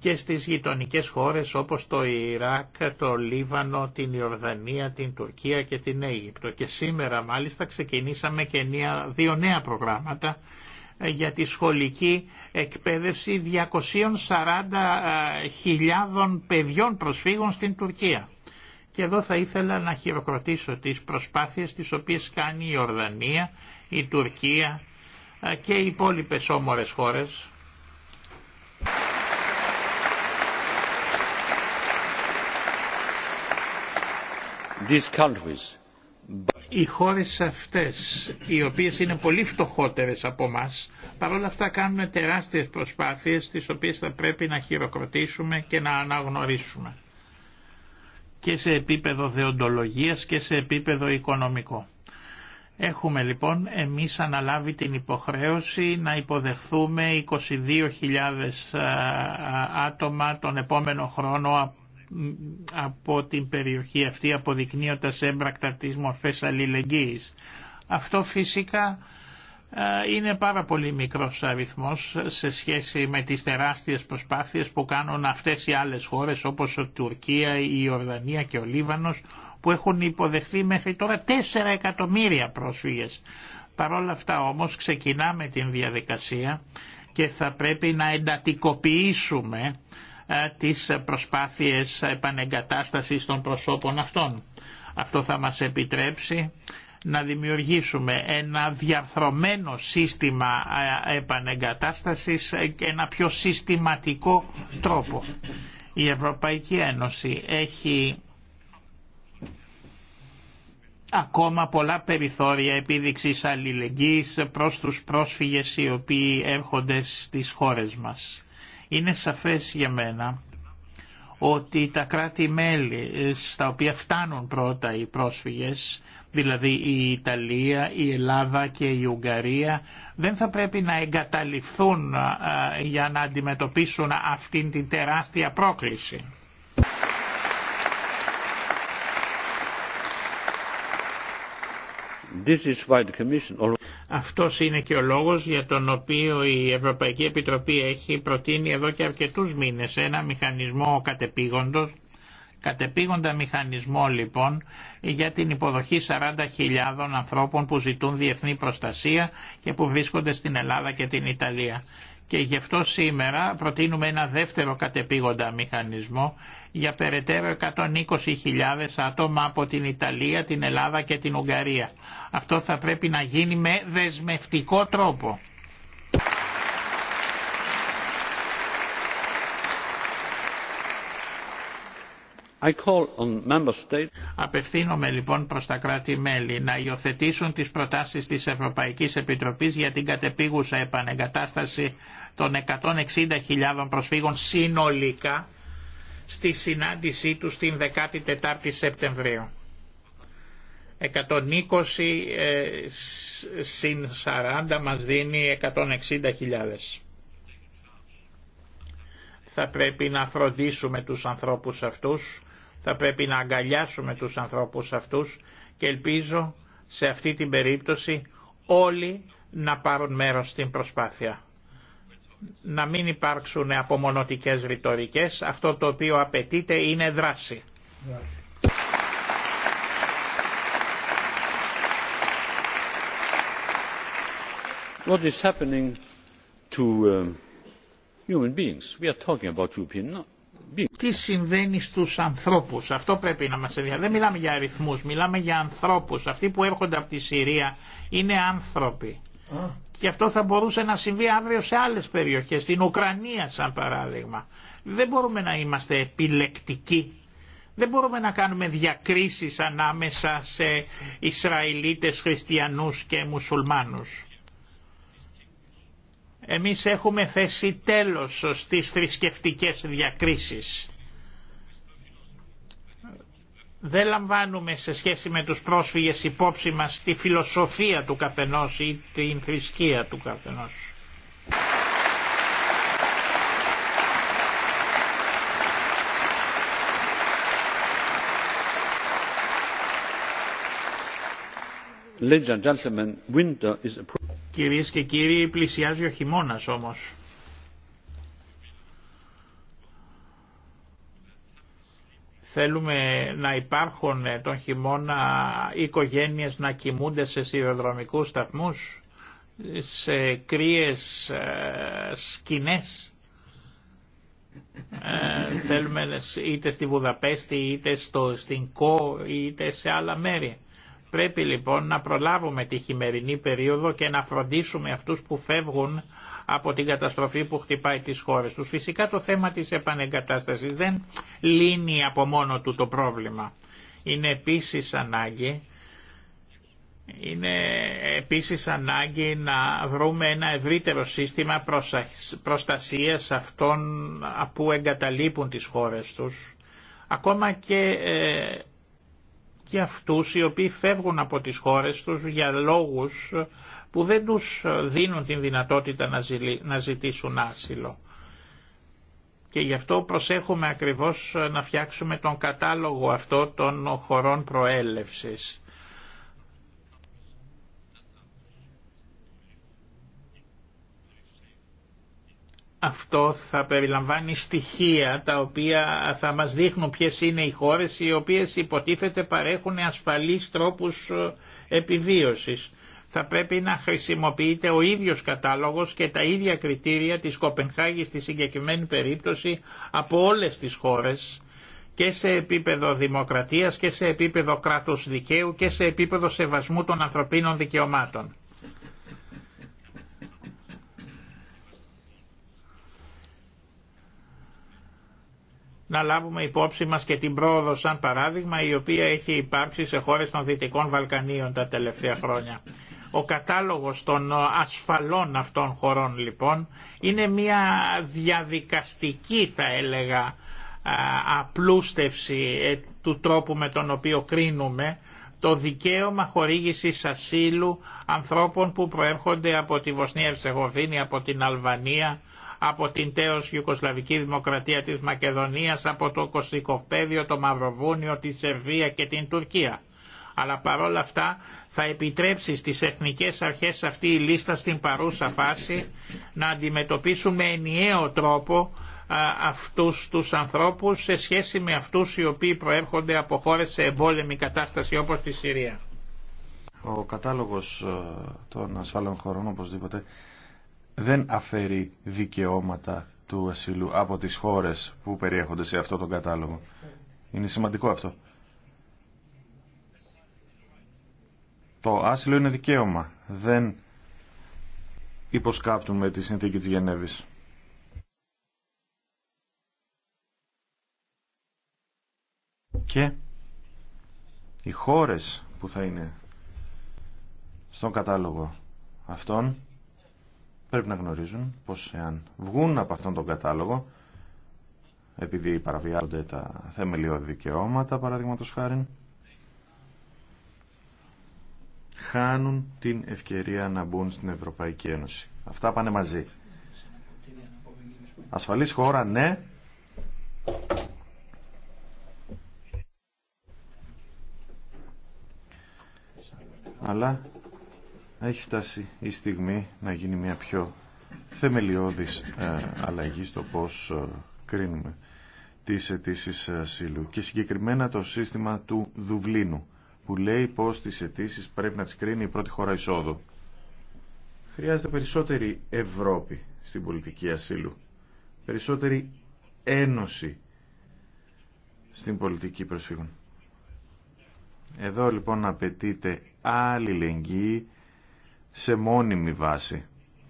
και στις γειτονικές χώρες όπως το Ιράκ, το Λίβανο, την Ιορδανία, την Τουρκία και την Αίγυπτο. Και σήμερα μάλιστα ξεκινήσαμε και δύο νέα προγράμματα ε, για τη σχολική εκπαίδευση 240.000 ε, παιδιών προσφύγων στην Τουρκία. Και εδώ θα ήθελα να χειροκροτήσω τις προσπάθειες τις οποίες κάνει η Ιορδανία, η Τουρκία ε, και οι υπόλοιπες όμορες χώρες Οι χώρες αυτές, οι οποίες είναι πολύ φτωχότερες από μας, παρόλα αυτά κάνουν τεράστιες προσπάθειες τις οποίες θα πρέπει να χειροκροτήσουμε και να αναγνωρίσουμε και σε επίπεδο δεοντολογίας και σε επίπεδο οικονομικό. Έχουμε λοιπόν εμείς αναλάβει την υποχρέωση να υποδεχθούμε 22.000 ε, άτομα τον επόμενο χρόνο από την περιοχή αυτή αποδεικνύοντας έμπρακτα τις μορφές αλληλεγγύης. Αυτό φυσικά ε, είναι πάρα πολύ μικρός αριθμός σε σχέση με τις τεράστιες προσπάθειες που κάνουν αυτές οι άλλες χώρες όπως η Τουρκία, η Ορδανία και ο Λίβανος που έχουν υποδεχθεί μέχρι τώρα 4 εκατομμύρια πρόσφυγες. Παρ' όλα αυτά όμως ξεκινάμε την διαδικασία και θα πρέπει να εντατικοποιήσουμε ε, τις προσπάθειες επανεγκατάστασης των προσώπων αυτών. Αυτό θα μας επιτρέψει να δημιουργήσουμε ένα διαρθρωμένο σύστημα ε, επανεγκατάστασης και ένα πιο συστηματικό τρόπο. Η Ευρωπαϊκή Ένωση έχει ακόμα πολλά περιθώρια επίδειξης αλληλεγγύης προς τους πρόσφυγες οι οποίοι έρχονται στις χώρες μας. Είναι σαφές για μένα ότι τα κράτη-μέλη ε, στα οποία φτάνουν πρώτα οι πρόσφυγες, δηλαδή η Ιταλία, η Ελλάδα και η Ουγγαρία, δεν θα πρέπει να εγκαταλειφθούν ε, για να αντιμετωπίσουν αυτήν την τεράστια πρόκληση. This is why the commission... Αυτός είναι και ο λόγος για τον οποίο η Ευρωπαϊκή Επιτροπή έχει προτείνει εδώ και αρκετούς μήνες ένα μηχανισμό κατεπήγοντος, κατεπήγοντα μηχανισμό λοιπόν για την υποδοχή 40.000 ανθρώπων που ζητούν διεθνή προστασία και που βρίσκονται στην Ελλάδα και την Ιταλία και γι' αυτό σήμερα προτείνουμε ένα δεύτερο κατεπήγοντα μηχανισμό για περαιτέρω 120.000 άτομα από την Ιταλία, την Ελλάδα και την Ουγγαρία. Αυτό θα πρέπει να γίνει με δεσμευτικό τρόπο. Απευθύνομαι λοιπόν προς τα κράτη-μέλη να υιοθετήσουν τις προτάσεις της Ευρωπαϊκής Επιτροπής για την κατεπίγουσα επανεγκατάσταση των 160.000 προσφύγων συνολικά στη συνάντησή τους την 14η Σεπτεμβρίου. 120 ε, συν 40 μας δίνει 160.000 θα πρέπει να φροντίσουμε τους ανθρώπους αυτούς θα πρέπει να αγκαλιάσουμε τους ανθρώπους αυτούς και ελπίζω σε αυτή την περίπτωση όλοι να πάρουν μέρος στην προσπάθεια. Να μην υπάρξουν απομονωτικές ρητορικέ. Αυτό το οποίο απαιτείται είναι δράση. What is happening to um, human beings? We are talking τι συμβαίνει στους ανθρώπους. Αυτό πρέπει να μας ενδιαφέρει. Δεν μιλάμε για αριθμούς, μιλάμε για ανθρώπους. Αυτοί που έρχονται από τη Συρία είναι άνθρωποι. Και αυτό θα μπορούσε να συμβεί αύριο σε άλλες περιοχές, στην Ουκρανία σαν παράδειγμα. Δεν μπορούμε να είμαστε επιλεκτικοί. Δεν μπορούμε να κάνουμε διακρίσεις ανάμεσα σε Ισραηλίτες, Χριστιανούς και Μουσουλμάνους. Εμείς έχουμε θέσει τέλος στις θρησκευτικέ διακρίσεις. Δεν λαμβάνουμε σε σχέση με τους πρόσφυγες υπόψη μας τη φιλοσοφία του καθενός ή την θρησκεία του καθενός. Κυρίες και κύριοι, πλησιάζει ο χειμώνας όμως. Θέλουμε να υπάρχουν ε, τον χειμώνα οικογένειες να κοιμούνται σε σιδηροδρομικούς σταθμούς, σε κρύες ε, σκηνές. Ε, θέλουμε είτε στη Βουδαπέστη είτε στο, στην Κο είτε σε άλλα μέρη. Πρέπει λοιπόν να προλάβουμε τη χειμερινή περίοδο και να φροντίσουμε αυτούς που φεύγουν από την καταστροφή που χτυπάει τις χώρες τους. Φυσικά το θέμα της επανεγκατάστασης δεν λύνει από μόνο του το πρόβλημα. Είναι επίσης ανάγκη είναι επίσης ανάγκη να βρούμε ένα ευρύτερο σύστημα προστασίας αυτών που εγκαταλείπουν τις χώρες τους. Ακόμα και ε, και αυτούς οι οποίοι φεύγουν από τις χώρες τους για λόγους που δεν τους δίνουν την δυνατότητα να ζητήσουν άσυλο. Και γι' αυτό προσέχουμε ακριβώς να φτιάξουμε τον κατάλογο αυτό των χωρών προέλευσης. αυτό θα περιλαμβάνει στοιχεία τα οποία θα μας δείχνουν ποιες είναι οι χώρες οι οποίες υποτίθεται παρέχουν ασφαλείς τρόπους ε, επιβίωσης. Θα πρέπει να χρησιμοποιείται ο ίδιος κατάλογος και τα ίδια κριτήρια της Κοπενχάγης στη συγκεκριμένη περίπτωση από όλες τις χώρες και σε επίπεδο δημοκρατίας και σε επίπεδο κράτους δικαίου και σε επίπεδο σεβασμού των ανθρωπίνων δικαιωμάτων. να λάβουμε υπόψη μας και την πρόοδο σαν παράδειγμα η οποία έχει υπάρξει σε χώρες των Δυτικών Βαλκανίων τα τελευταία χρόνια. Ο κατάλογος των ασφαλών αυτών χωρών λοιπόν είναι μια διαδικαστική θα έλεγα απλούστευση ε, του τρόπου με τον οποίο κρίνουμε το δικαίωμα χορήγησης ασύλου ανθρώπων που προέρχονται από τη Βοσνία Ερσεγοβίνη, από την Αλβανία, από την τέως Ιουκοσλαβική Δημοκρατία της Μακεδονίας, από το Κωστικοπαίδιο, το Μαυροβούνιο, τη Σερβία και την Τουρκία. Αλλά παρόλα αυτά θα επιτρέψει στις εθνικές αρχές αυτή η λίστα στην παρούσα φάση να αντιμετωπίσουν με ενιαίο τρόπο αυτούς τους ανθρώπους σε σχέση με αυτούς οι οποίοι προέρχονται από χώρες σε εμπόλεμη κατάσταση όπως τη Συρία. Ο κατάλογος ε, των ασφάλων χωρών οπωσδήποτε δεν αφαιρεί δικαιώματα του ασύλου από τις χώρες που περιέχονται σε αυτό τον κατάλογο. Είναι σημαντικό αυτό. Το άσυλο είναι δικαίωμα. Δεν υποσκάπτουμε τη συνθήκη της Γενέβης. Και οι χώρες που θα είναι στον κατάλογο αυτών πρέπει να γνωρίζουν πως εάν βγουν από αυτόν τον κατάλογο επειδή παραβιάζονται τα θεμελιώδη δικαιώματα παραδείγματο χάρη χάνουν την ευκαιρία να μπουν στην Ευρωπαϊκή Ένωση. Αυτά πάνε μαζί. Ασφαλής χώρα, ναι. Αλλά έχει φτάσει η στιγμή να γίνει μια πιο θεμελιώδης ε, αλλαγή στο πώς ε, κρίνουμε τις αιτήσει ε, ασύλου και συγκεκριμένα το σύστημα του Δουβλίνου που λέει πως τις αιτήσει πρέπει να τις κρίνει η πρώτη χώρα εισόδου. Χρειάζεται περισσότερη Ευρώπη στην πολιτική ασύλου, περισσότερη ένωση στην πολιτική προσφύγων. Εδώ λοιπόν απαιτείται άλλη λεγγύη σε μόνιμη βάση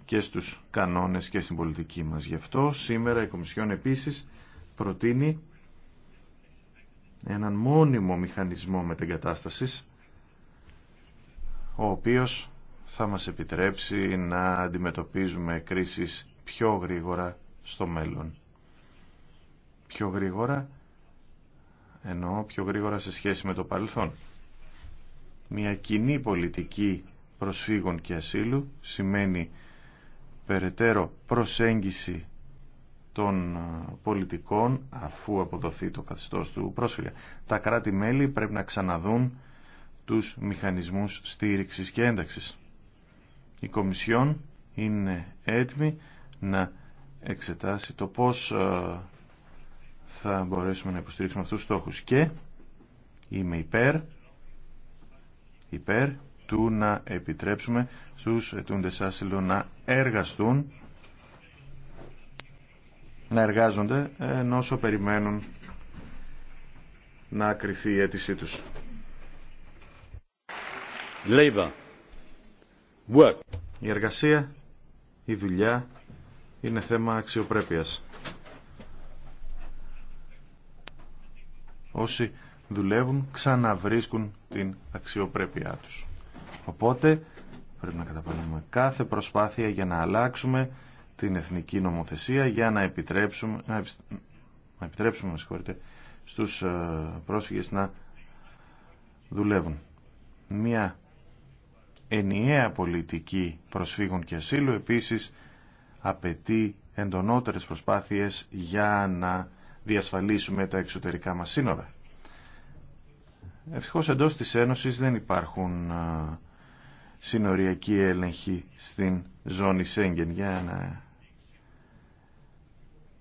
και στους κανόνες και στην πολιτική μας. Γι' αυτό σήμερα η Κομισιόν επίσης προτείνει έναν μόνιμο μηχανισμό μετεγκατάστασης ο οποίος θα μας επιτρέψει να αντιμετωπίζουμε κρίσεις πιο γρήγορα στο μέλλον. Πιο γρήγορα, ενώ πιο γρήγορα σε σχέση με το παρελθόν. Μια κοινή πολιτική προσφύγων και ασύλου, σημαίνει περαιτέρω προσέγγιση των ε, πολιτικών αφού αποδοθεί το καθεστώς του πρόσφυγα. Τα κράτη-μέλη πρέπει να ξαναδούν τους μηχανισμούς στήριξης και ένταξης. Η Κομισιόν είναι έτοιμη να εξετάσει το πώς ε, θα μπορέσουμε να υποστηρίξουμε αυτούς τους στόχους. Και είμαι υπέρ, υπέρ του να επιτρέψουμε στους ετούντες άσυλο να εργαστούν, να εργάζονται ενώ όσο περιμένουν να ακριθεί η αίτησή τους. Work. Η εργασία, η δουλειά είναι θέμα αξιοπρέπειας. Όσοι δουλεύουν ξαναβρίσκουν την αξιοπρέπειά τους. Οπότε πρέπει να καταβάλουμε κάθε προσπάθεια για να αλλάξουμε την εθνική νομοθεσία για να επιτρέψουμε, να, επιτρέψουμε στους ε, πρόσφυγες να δουλεύουν. Μια ενιαία πολιτική προσφύγων και ασύλου επίσης απαιτεί εντονότερες προσπάθειες για να διασφαλίσουμε τα εξωτερικά μας σύνορα. Ευτυχώς εντός της Ένωσης δεν υπάρχουν ε, συνοριακή έλεγχη στην ζώνη Σέγγεν για να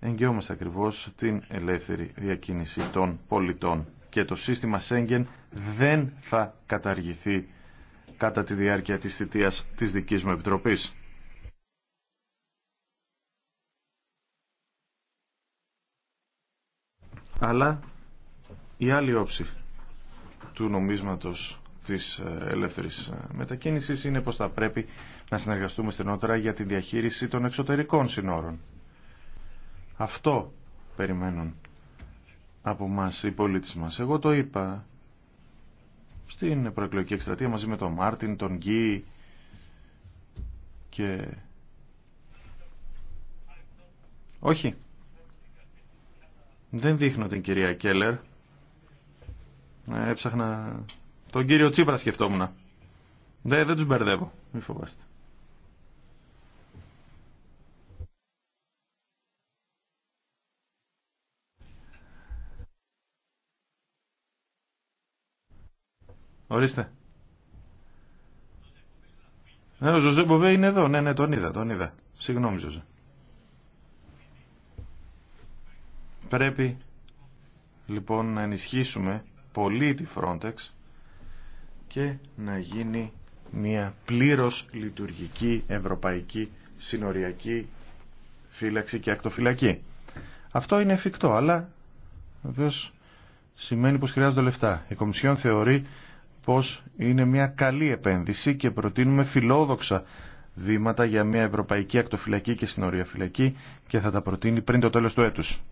εγγυόμαστε ακριβώς την ελεύθερη διακίνηση των πολιτών και το σύστημα Σέγγεν δεν θα καταργηθεί κατά τη διάρκεια της θητείας της δικής μου επιτροπής. Αλλά η άλλη όψη του νομίσματος της ε, ελεύθερης ε, μετακίνησης είναι πως θα πρέπει να συνεργαστούμε στενότερα για τη διαχείριση των εξωτερικών συνόρων. Αυτό περιμένουν από μας οι πολίτες μας. Εγώ το είπα στην προεκλογική εκστρατεία μαζί με τον Μάρτιν, τον Γκί και... Όχι. Δεν δείχνω την κυρία Κέλλερ. Ε, έψαχνα τον κύριο Τσίπρα σκεφτόμουν. Δεν, δεν τους μπερδεύω, μη φοβάστε. Ορίστε. Ναι, ο Ζωζέ Μποβέ είναι εδώ. Ναι, ναι, τον είδα, τον είδα. Συγγνώμη, Ζωζέ. Πρέπει λοιπόν να ενισχύσουμε πολύ τη Frontex και να γίνει μια πλήρως λειτουργική ευρωπαϊκή συνοριακή φύλαξη και ακτοφυλακή. Αυτό είναι εφικτό, αλλά βεβαίω σημαίνει πως χρειάζονται λεφτά. Η Κομισιόν θεωρεί πως είναι μια καλή επένδυση και προτείνουμε φιλόδοξα βήματα για μια ευρωπαϊκή ακτοφυλακή και συνορία και θα τα προτείνει πριν το τέλος του έτους.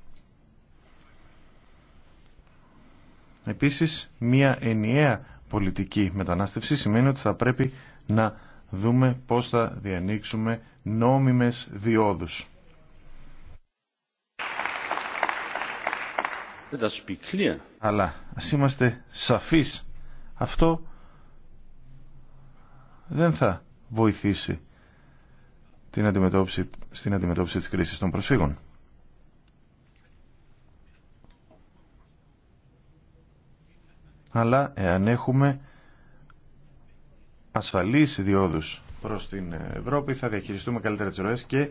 Επίσης, μια ενιαία πολιτική μετανάστευση σημαίνει ότι θα πρέπει να δούμε πώς θα διανοίξουμε νόμιμες διόδους. Αλλά ας είμαστε σαφείς. Αυτό δεν θα βοηθήσει την αντιμετώπιση, στην αντιμετώπιση της κρίσης των προσφύγων. αλλά εάν έχουμε ασφαλείς διόδους προς την Ευρώπη θα διαχειριστούμε καλύτερα τις ροές και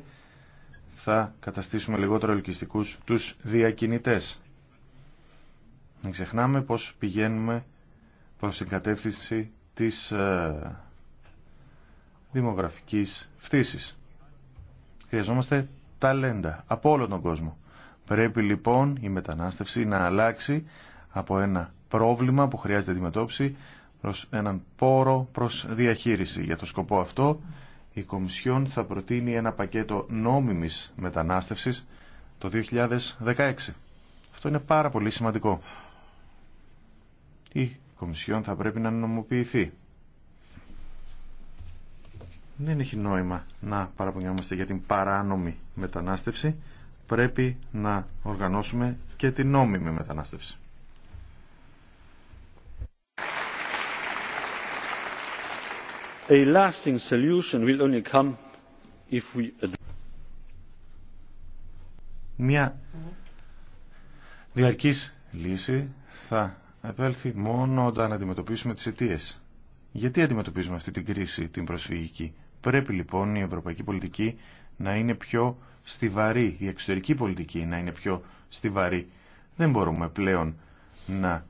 θα καταστήσουμε λιγότερο ελκυστικούς τους διακινητές. Μην ξεχνάμε πως πηγαίνουμε προς την κατεύθυνση της ε, δημογραφικής φτύσης. Χρειαζόμαστε ταλέντα από όλο τον κόσμο. Πρέπει λοιπόν η μετανάστευση να αλλάξει από ένα πρόβλημα που χρειάζεται αντιμετώπιση προς έναν πόρο προς διαχείριση. Για το σκοπό αυτό η Κομισιόν θα προτείνει ένα πακέτο νόμιμης μετανάστευσης το 2016. Αυτό είναι πάρα πολύ σημαντικό. Η Κομισιόν θα πρέπει να νομοποιηθεί. Δεν έχει νόημα να παραπονιόμαστε για την παράνομη μετανάστευση. Πρέπει να οργανώσουμε και την νόμιμη μετανάστευση. A lasting solution will only come Μια διαρκής λύση θα επέλθει μόνο όταν αντιμετωπίσουμε τις αιτίε. Γιατί αντιμετωπίζουμε αυτή την κρίση, την προσφυγική. Πρέπει λοιπόν η ευρωπαϊκή πολιτική να είναι πιο στιβαρή, η εξωτερική πολιτική να είναι πιο στιβαρή. Δεν μπορούμε πλέον να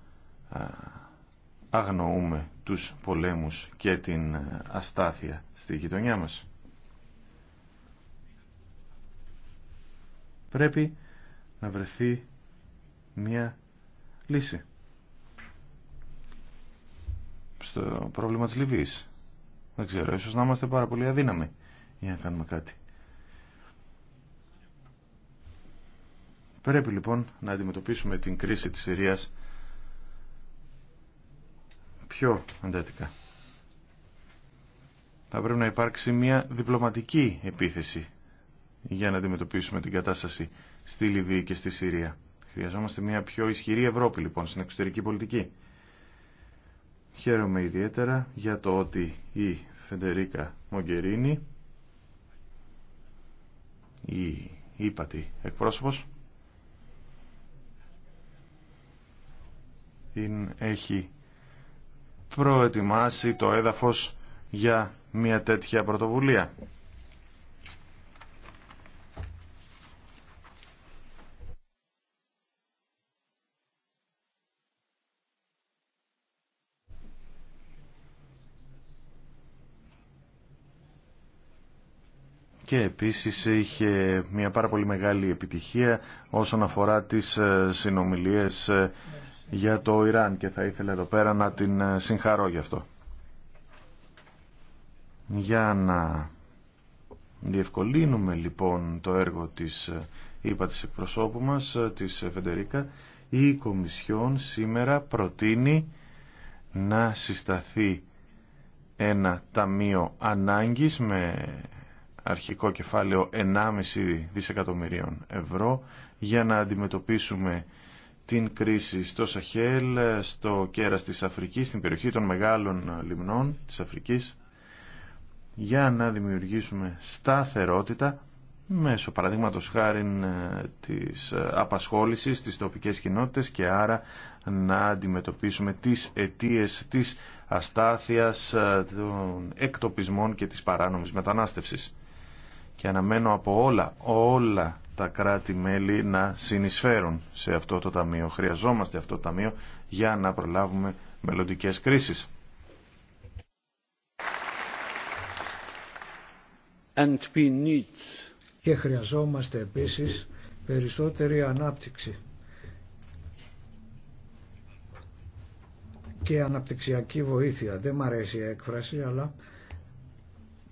αγνοούμε τους πολέμους και την ε, αστάθεια στη γειτονιά μας. Πρέπει να βρεθεί μια λύση στο πρόβλημα της Λιβύης. Δεν ξέρω, ίσως να είμαστε πάρα πολύ αδύναμοι για να κάνουμε κάτι. Πρέπει λοιπόν να αντιμετωπίσουμε την κρίση της Συρίας πιο αντέτικα. Θα πρέπει να υπάρξει μια διπλωματική επίθεση για να αντιμετωπίσουμε την κατάσταση στη Λιβύη και στη Συρία. Χρειαζόμαστε μια πιο ισχυρή Ευρώπη λοιπόν στην εξωτερική πολιτική. Χαίρομαι ιδιαίτερα για το ότι η Φεντερίκα Μογκερίνη, η ύπατη εκπρόσωπος, την έχει προετοιμάσει το έδαφος για μια τέτοια πρωτοβουλία. και επίσης είχε μια πάρα πολύ μεγάλη επιτυχία όσον αφορά τις ε, συνομιλίες ε, για το Ιράν και θα ήθελα εδώ πέρα να την ε, συγχαρώ γι' αυτό. Για να διευκολύνουμε λοιπόν το έργο της είπα της εκπροσώπου μας, ε, της ε, Φεντερίκα, η Κομισιόν σήμερα προτείνει να συσταθεί ένα ταμείο ανάγκης με αρχικό κεφάλαιο 1,5 δισεκατομμυρίων ευρώ για να αντιμετωπίσουμε την κρίση στο Σαχέλ, στο κέρας της Αφρικής, στην περιοχή των μεγάλων λιμνών της Αφρικής, για να δημιουργήσουμε σταθερότητα μέσω παραδείγματος χάρη ε, της ε, απασχόλησης στις τοπικές κοινότητες και άρα να αντιμετωπίσουμε τις αιτίες της αστάθειας ε, των εκτοπισμών και της παράνομης μετανάστευσης. Και αναμένω από όλα, όλα τα κράτη-μέλη να συνεισφέρουν σε αυτό το ταμείο. Χρειαζόμαστε αυτό το ταμείο για να προλάβουμε μελλοντικές κρίσεις. And we Και χρειαζόμαστε επίσης περισσότερη ανάπτυξη και αναπτυξιακή βοήθεια. Δεν μ' αρέσει η έκφραση, αλλά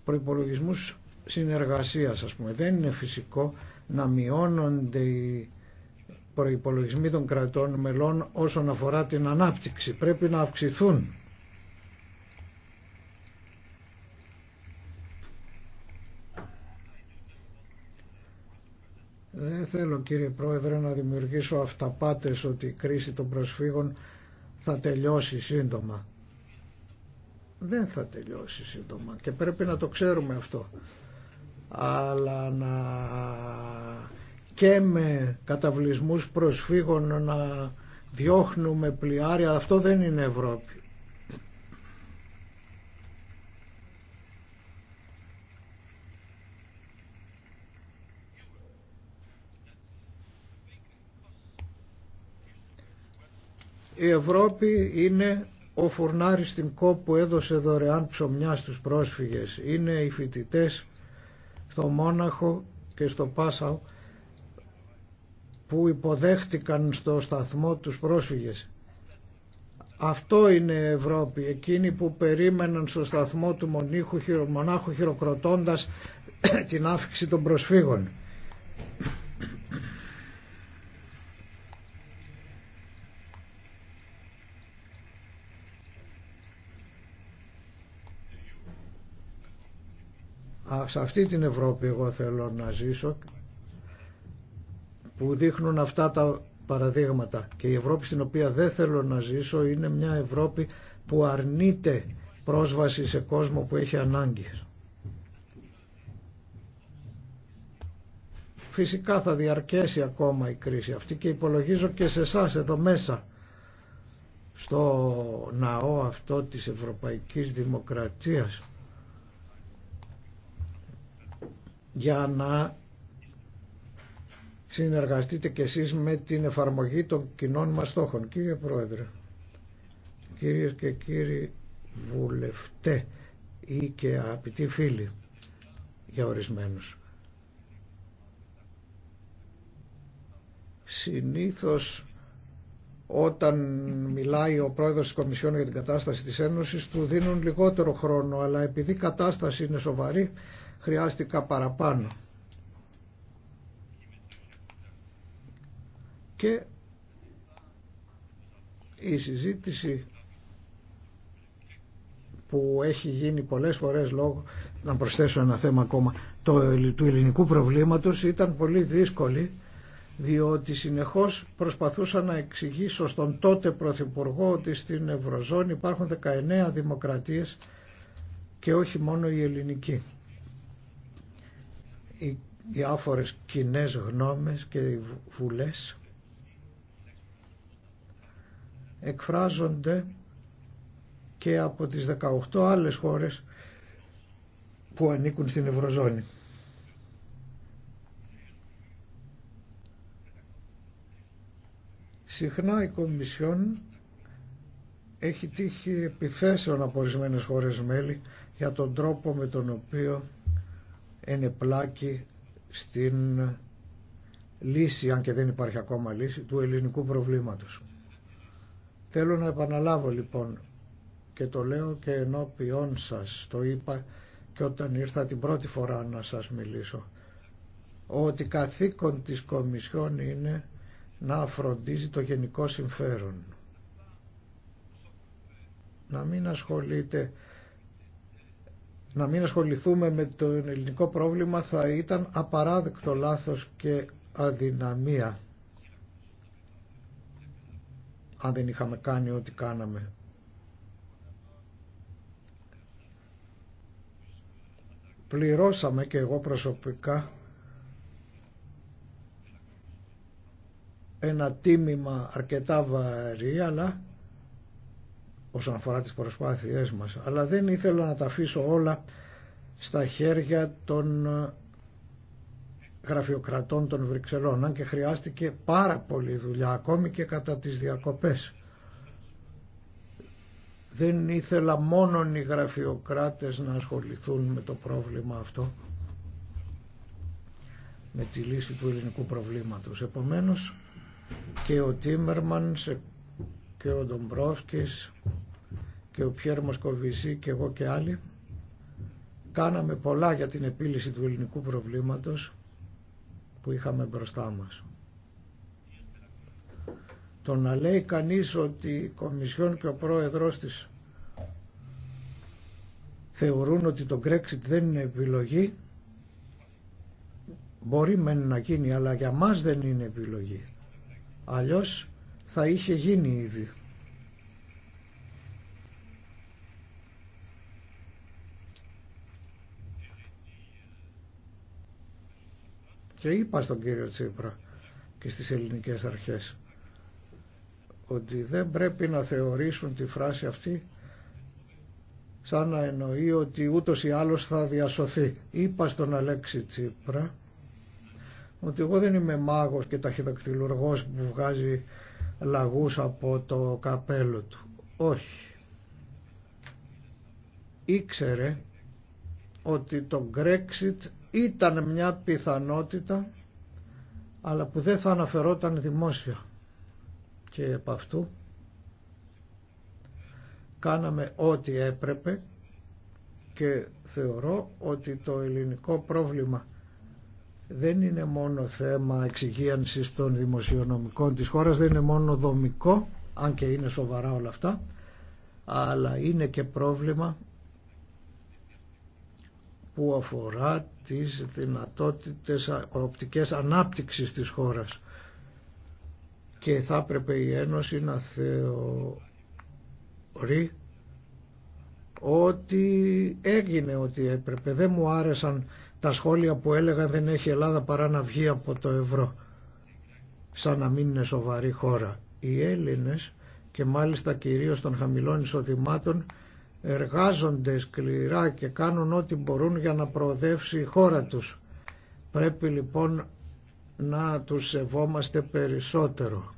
προϋπολογισμούς συνεργασίας, ας πούμε. Δεν είναι φυσικό να μειώνονται οι προϋπολογισμοί των κρατών μελών όσον αφορά την ανάπτυξη. Πρέπει να αυξηθούν. Δεν θέλω κύριε Πρόεδρε να δημιουργήσω αυταπάτες ότι η κρίση των προσφύγων θα τελειώσει σύντομα. Δεν θα τελειώσει σύντομα και πρέπει να το ξέρουμε αυτό αλλά να και με καταβλισμούς προσφύγων να διώχνουμε πλοιάρια, αυτό δεν είναι Ευρώπη. Η Ευρώπη είναι ο φουρνάρης στην κόπο που έδωσε δωρεάν ψωμιά στους πρόσφυγες. Είναι οι φοιτητές στο Μόναχο και στο Πάσαο που υποδέχτηκαν στο σταθμό τους πρόσφυγες. Αυτό είναι η Ευρώπη, εκείνοι που περίμεναν στο σταθμό του μονάχου χειροκροτώντας την αύξηση των προσφύγων. σε αυτή την Ευρώπη εγώ θέλω να ζήσω που δείχνουν αυτά τα παραδείγματα και η Ευρώπη στην οποία δεν θέλω να ζήσω είναι μια Ευρώπη που αρνείται πρόσβαση σε κόσμο που έχει ανάγκη. Φυσικά θα διαρκέσει ακόμα η κρίση αυτή και υπολογίζω και σε εσά εδώ μέσα στο ναό αυτό της Ευρωπαϊκής Δημοκρατίας για να συνεργαστείτε κι εσείς με την εφαρμογή των κοινών μας στόχων. Κύριε Πρόεδρε, κύριε και κύριοι βουλευτέ ή και αγαπητοί φίλοι για ορισμένους. Συνήθως όταν μιλάει ο πρόεδρος της Κομισιόν για την κατάσταση της Ένωσης του δίνουν λιγότερο χρόνο αλλά επειδή η κατάσταση είναι σοβαρή χρειάστηκα παραπάνω. Και η συζήτηση που έχει γίνει πολλές φορές λόγω, να προσθέσω ένα θέμα ακόμα, το, του ελληνικού προβλήματος ήταν πολύ δύσκολη διότι συνεχώς προσπαθούσα να εξηγήσω στον τότε Πρωθυπουργό ότι στην Ευρωζώνη υπάρχουν 19 δημοκρατίες και όχι μόνο η ελληνική οι διάφορες κοινέ γνώμες και οι βουλές εκφράζονται και από τις 18 άλλες χώρες που ανήκουν στην Ευρωζώνη. Συχνά η Κομισιόν έχει τύχει επιθέσεων από ορισμένε χώρες μέλη για τον τρόπο με τον οποίο πλάκι στην λύση, αν και δεν υπάρχει ακόμα λύση, του ελληνικού προβλήματος. Θέλω να επαναλάβω λοιπόν και το λέω και ενώπιόν σας, το είπα και όταν ήρθα την πρώτη φορά να σας μιλήσω, ότι καθήκον της Κομισιόν είναι να φροντίζει το γενικό συμφέρον. Να μην ασχολείται να μην ασχοληθούμε με το ελληνικό πρόβλημα θα ήταν απαράδεκτο λάθος και αδυναμία αν δεν είχαμε κάνει ό,τι κάναμε. Πληρώσαμε και εγώ προσωπικά ένα τίμημα αρκετά βαρύ αλλά όσον αφορά τις προσπάθειές μας αλλά δεν ήθελα να τα αφήσω όλα στα χέρια των ε, γραφειοκρατών των Βρυξελών αν και χρειάστηκε πάρα πολλή δουλειά ακόμη και κατά τις διακοπές δεν ήθελα μόνον οι γραφειοκράτες να ασχοληθούν με το πρόβλημα αυτό με τη λύση του ελληνικού προβλήματος επομένως και ο Τίμερμαν σε και ο Ντομπρόσκης και ο Πιέρ Μοσκοβισή και εγώ και άλλοι κάναμε πολλά για την επίλυση του ελληνικού προβλήματος που είχαμε μπροστά μας. Το να λέει κανείς ότι η Κομισιόν και ο Πρόεδρος της θεωρούν ότι το Brexit δεν είναι επιλογή μπορεί μεν να γίνει αλλά για μας δεν είναι επιλογή. Αλλιώς θα είχε γίνει ήδη. Και είπα στον κύριο Τσίπρα και στις ελληνικές αρχές ότι δεν πρέπει να θεωρήσουν τη φράση αυτή σαν να εννοεί ότι ούτως ή άλλως θα διασωθεί. Είπα στον Αλέξη Τσίπρα ότι εγώ δεν είμαι μάγος και ταχυδακτηλουργός που βγάζει λαγούς από το καπέλο του. Όχι. Ήξερε ότι το Brexit ήταν μια πιθανότητα αλλά που δεν θα αναφερόταν δημόσια. Και επ' αυτού κάναμε ό,τι έπρεπε και θεωρώ ότι το ελληνικό πρόβλημα δεν είναι μόνο θέμα εξυγίανσης των δημοσιονομικών της χώρας, δεν είναι μόνο δομικό, αν και είναι σοβαρά όλα αυτά, αλλά είναι και πρόβλημα που αφορά τις δυνατότητες οπτικές ανάπτυξης της χώρας και θα έπρεπε η Ένωση να θεωρεί ότι έγινε ότι έπρεπε. Δεν μου άρεσαν τα σχόλια που έλεγα δεν έχει Ελλάδα παρά να βγει από το ευρώ σαν να μην είναι σοβαρή χώρα. Οι Έλληνες και μάλιστα κυρίως των χαμηλών εισοδημάτων εργάζονται σκληρά και κάνουν ό,τι μπορούν για να προοδεύσει η χώρα τους. Πρέπει λοιπόν να τους σεβόμαστε περισσότερο.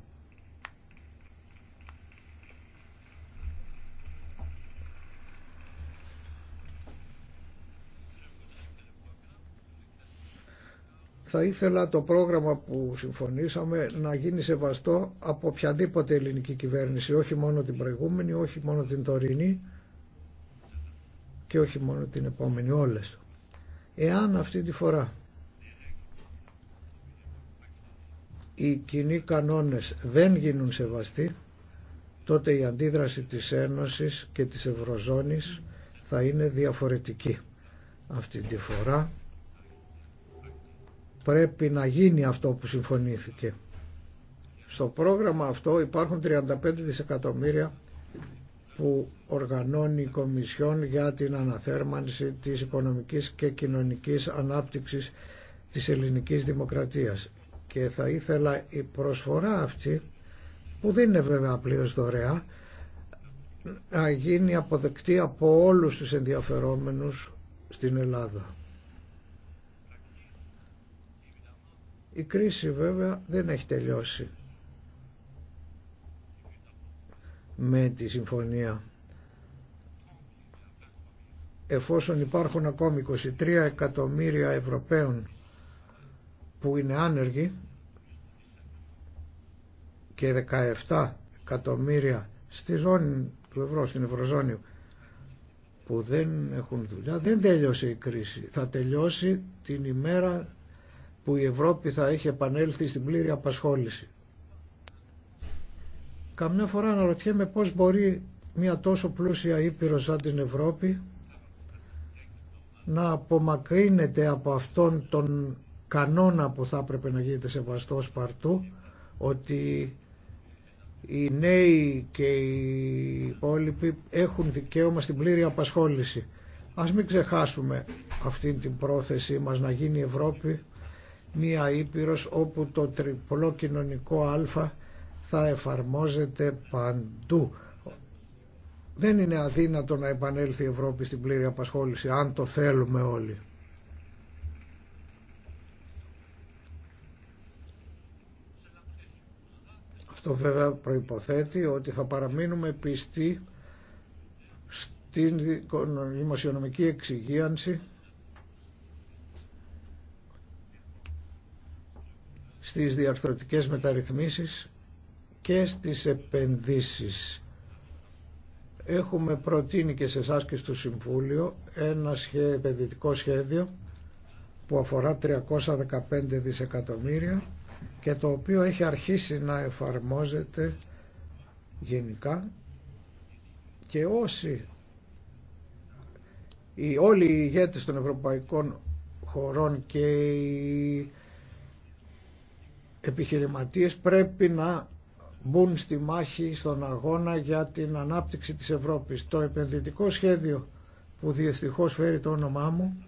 Θα ήθελα το πρόγραμμα που συμφωνήσαμε να γίνει σεβαστό από οποιαδήποτε ελληνική κυβέρνηση, όχι μόνο την προηγούμενη, όχι μόνο την τωρινή και όχι μόνο την επόμενη, όλες. Εάν αυτή τη φορά οι κοινοί κανόνες δεν γίνουν σεβαστοί, τότε η αντίδραση της Ένωσης και της Ευρωζώνης θα είναι διαφορετική. Αυτή τη φορά πρέπει να γίνει αυτό που συμφωνήθηκε. Στο πρόγραμμα αυτό υπάρχουν 35 δισεκατομμύρια που οργανώνει η Κομισιόν για την αναθέρμανση της οικονομικής και κοινωνικής ανάπτυξης της ελληνικής δημοκρατίας. Και θα ήθελα η προσφορά αυτή, που δεν είναι βέβαια πλήρως δωρεά, να γίνει αποδεκτή από όλους τους ενδιαφερόμενους στην Ελλάδα. Η κρίση βέβαια δεν έχει τελειώσει με τη συμφωνία. Εφόσον υπάρχουν ακόμη 23 εκατομμύρια Ευρωπαίων που είναι άνεργοι και 17 εκατομμύρια στη ζώνη του ευρώ, στην Ευρωζώνη που δεν έχουν δουλειά, δεν τέλειωσε η κρίση. Θα τελειώσει την ημέρα που η Ευρώπη θα έχει επανέλθει στην πλήρη απασχόληση. Καμιά φορά αναρωτιέμαι πώς μπορεί μια τόσο πλούσια ήπειρο σαν την Ευρώπη να απομακρύνεται από αυτόν τον κανόνα που θα έπρεπε να γίνεται σεβαστό παρτού ότι οι νέοι και οι υπόλοιποι έχουν δικαίωμα στην πλήρη απασχόληση. Ας μην ξεχάσουμε αυτή την πρόθεσή μας να γίνει η Ευρώπη μία Ήπειρος όπου το τριπλό κοινωνικό α θα εφαρμόζεται παντού. Δεν είναι αδύνατο να επανέλθει η Ευρώπη στην πλήρη απασχόληση, αν το θέλουμε όλοι. Αυτό βέβαια προϋποθέτει ότι θα παραμείνουμε πιστοί στην δημοσιονομική εξυγίανση στις διαρθρωτικές μεταρρυθμίσεις και στις επενδύσεις. Έχουμε προτείνει και σε εσά και στο Συμβούλιο ένα επενδυτικό σχέδιο που αφορά 315 δισεκατομμύρια και το οποίο έχει αρχίσει να εφαρμόζεται γενικά και όσοι οι, όλοι οι ηγέτες των ευρωπαϊκών χωρών και οι επιχειρηματίες πρέπει να μπουν στη μάχη στον αγώνα για την ανάπτυξη της Ευρώπης. Το επενδυτικό σχέδιο που διεστυχώς φέρει το όνομά μου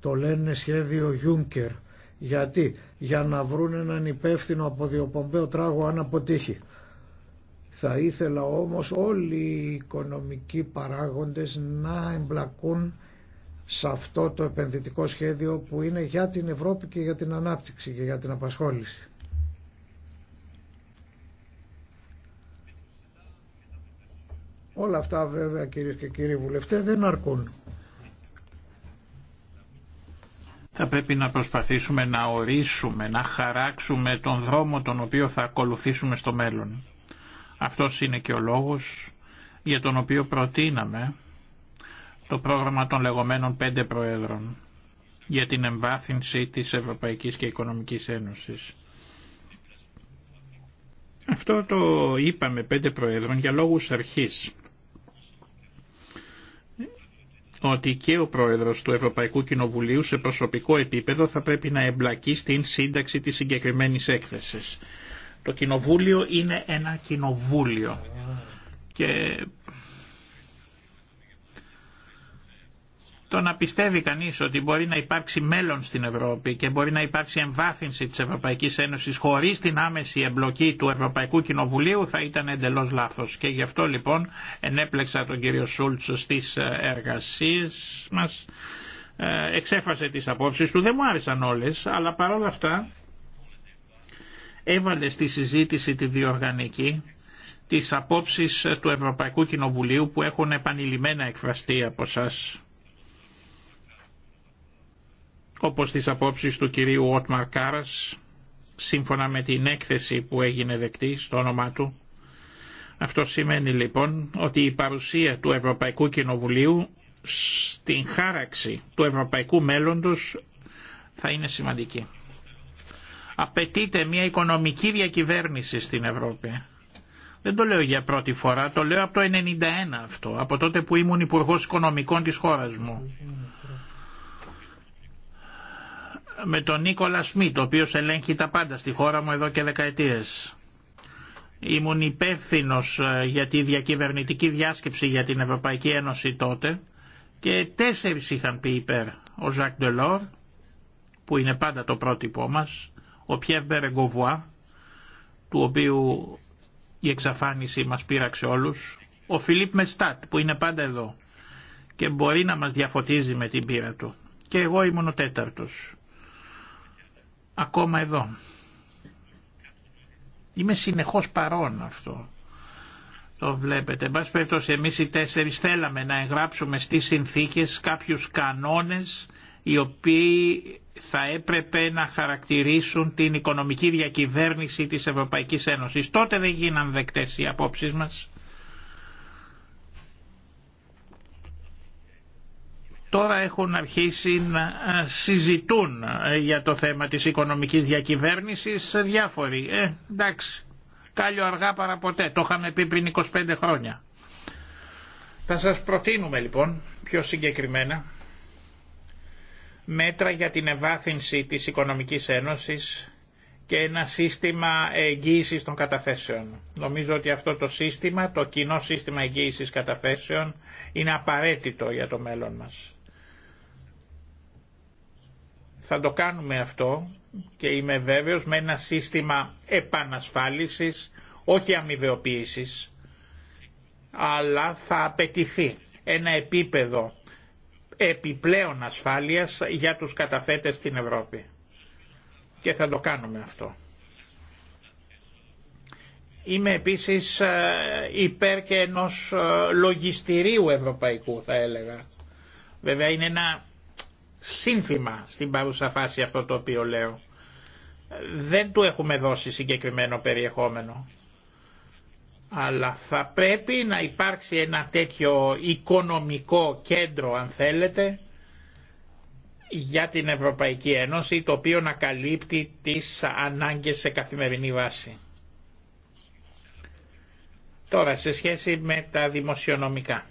το λένε σχέδιο Juncker. Γιατί, για να βρουν έναν υπεύθυνο από διοπομπαίο τράγο αν αποτύχει. Θα ήθελα όμως όλοι οι οικονομικοί παράγοντες να εμπλακούν σε αυτό το επενδυτικό σχέδιο που είναι για την Ευρώπη και για την ανάπτυξη και για την απασχόληση. Όλα αυτά βέβαια κυρίε και κύριοι βουλευτές δεν αρκούν. Θα πρέπει να προσπαθήσουμε να ορίσουμε, να χαράξουμε τον δρόμο τον οποίο θα ακολουθήσουμε στο μέλλον. Αυτός είναι και ο λόγος για τον οποίο προτείναμε το πρόγραμμα των λεγόμενων πέντε προέδρων για την εμβάθυνση της Ευρωπαϊκής και Οικονομικής Ένωσης. Αυτό το είπαμε πέντε προέδρων για λόγους αρχής. Ότι και ο πρόεδρος του Ευρωπαϊκού Κοινοβουλίου σε προσωπικό επίπεδο θα πρέπει να εμπλακεί στην σύνταξη της συγκεκριμένης έκθεσης. Το κοινοβούλιο είναι ένα κοινοβούλιο και το να πιστεύει κανείς ότι μπορεί να υπάρξει μέλλον στην Ευρώπη και μπορεί να υπάρξει εμβάθυνση της Ευρωπαϊκής Ένωσης χωρίς την άμεση εμπλοκή του Ευρωπαϊκού Κοινοβουλίου θα ήταν εντελώς λάθος. Και γι' αυτό λοιπόν ενέπλεξα τον κύριο Σούλτς στις ε, εργασίες μας, ε, εξέφασε τις απόψεις του, δεν μου άρεσαν όλες, αλλά παρόλα αυτά έβαλε στη συζήτηση τη διοργανική τις απόψεις του Ευρωπαϊκού Κοινοβουλίου που έχουν επανειλημμένα εκφραστεί από σας όπως τις απόψεις του κυρίου Ότμαρ Κάρας, σύμφωνα με την έκθεση που έγινε δεκτή στο όνομά του. Αυτό σημαίνει λοιπόν ότι η παρουσία του Ευρωπαϊκού Κοινοβουλίου στην χάραξη του ευρωπαϊκού μέλλοντος θα είναι σημαντική. Απαιτείται μια οικονομική διακυβέρνηση στην Ευρώπη. Δεν το λέω για πρώτη φορά, το λέω από το 1991 αυτό, από τότε που ήμουν Υπουργό Οικονομικών της χώρας μου με τον Νίκολα Σμιτ, ο οποίος ελέγχει τα πάντα στη χώρα μου εδώ και δεκαετίες. Ήμουν υπεύθυνο ε, για τη διακυβερνητική διάσκεψη για την Ευρωπαϊκή Ένωση τότε και τέσσερις είχαν πει υπέρ. Ο Ζακ Ντελόρ, που είναι πάντα το πρότυπό μας, ο Πιέρ Μπερεγκοβουά, του οποίου η εξαφάνιση μας πείραξε όλους, ο Φιλίπ Μεστάτ, που είναι πάντα εδώ και μπορεί να μας διαφωτίζει με την πείρα του. Και εγώ ήμουν ο τέταρτος ακόμα εδώ. Είμαι συνεχώς παρόν αυτό. Το βλέπετε. Εν πάση περιπτώσει εμείς οι τέσσερις θέλαμε να εγγράψουμε στις συνθήκες κάποιους κανόνες οι οποίοι θα έπρεπε να χαρακτηρίσουν την οικονομική διακυβέρνηση της Ευρωπαϊκής Ένωσης. Τότε δεν γίναν δεκτές οι απόψεις μας. τώρα έχουν αρχίσει να ε, συζητούν ε, για το θέμα της οικονομικής διακυβέρνησης διάφοροι. Ε, εντάξει, κάλιο αργά παρά ποτέ, το είχαμε πει πριν 25 χρόνια. Θα σας προτείνουμε λοιπόν πιο συγκεκριμένα μέτρα για την ευάθυνση της Οικονομικής Ένωσης και ένα σύστημα εγγύησης των καταθέσεων. Νομίζω ότι αυτό το σύστημα, το κοινό σύστημα εγγύησης καταθέσεων, είναι απαραίτητο για το μέλλον μας. Θα το κάνουμε αυτό και είμαι βέβαιος με ένα σύστημα επανασφάλισης, όχι αμοιβεοποίησης, αλλά θα απαιτηθεί ένα επίπεδο επιπλέον ασφάλειας για τους καταθέτες στην Ευρώπη. Και θα το κάνουμε αυτό. Είμαι επίσης ε, υπέρ και ενός ε, λογιστηρίου ευρωπαϊκού θα έλεγα. Βέβαια είναι ένα σύνθημα στην παρούσα φάση αυτό το οποίο λέω. Δεν του έχουμε δώσει συγκεκριμένο περιεχόμενο. Αλλά θα πρέπει να υπάρξει ένα τέτοιο οικονομικό κέντρο αν θέλετε για την Ευρωπαϊκή Ένωση το οποίο να καλύπτει τις ανάγκες σε καθημερινή βάση. Τώρα σε σχέση με τα δημοσιονομικά.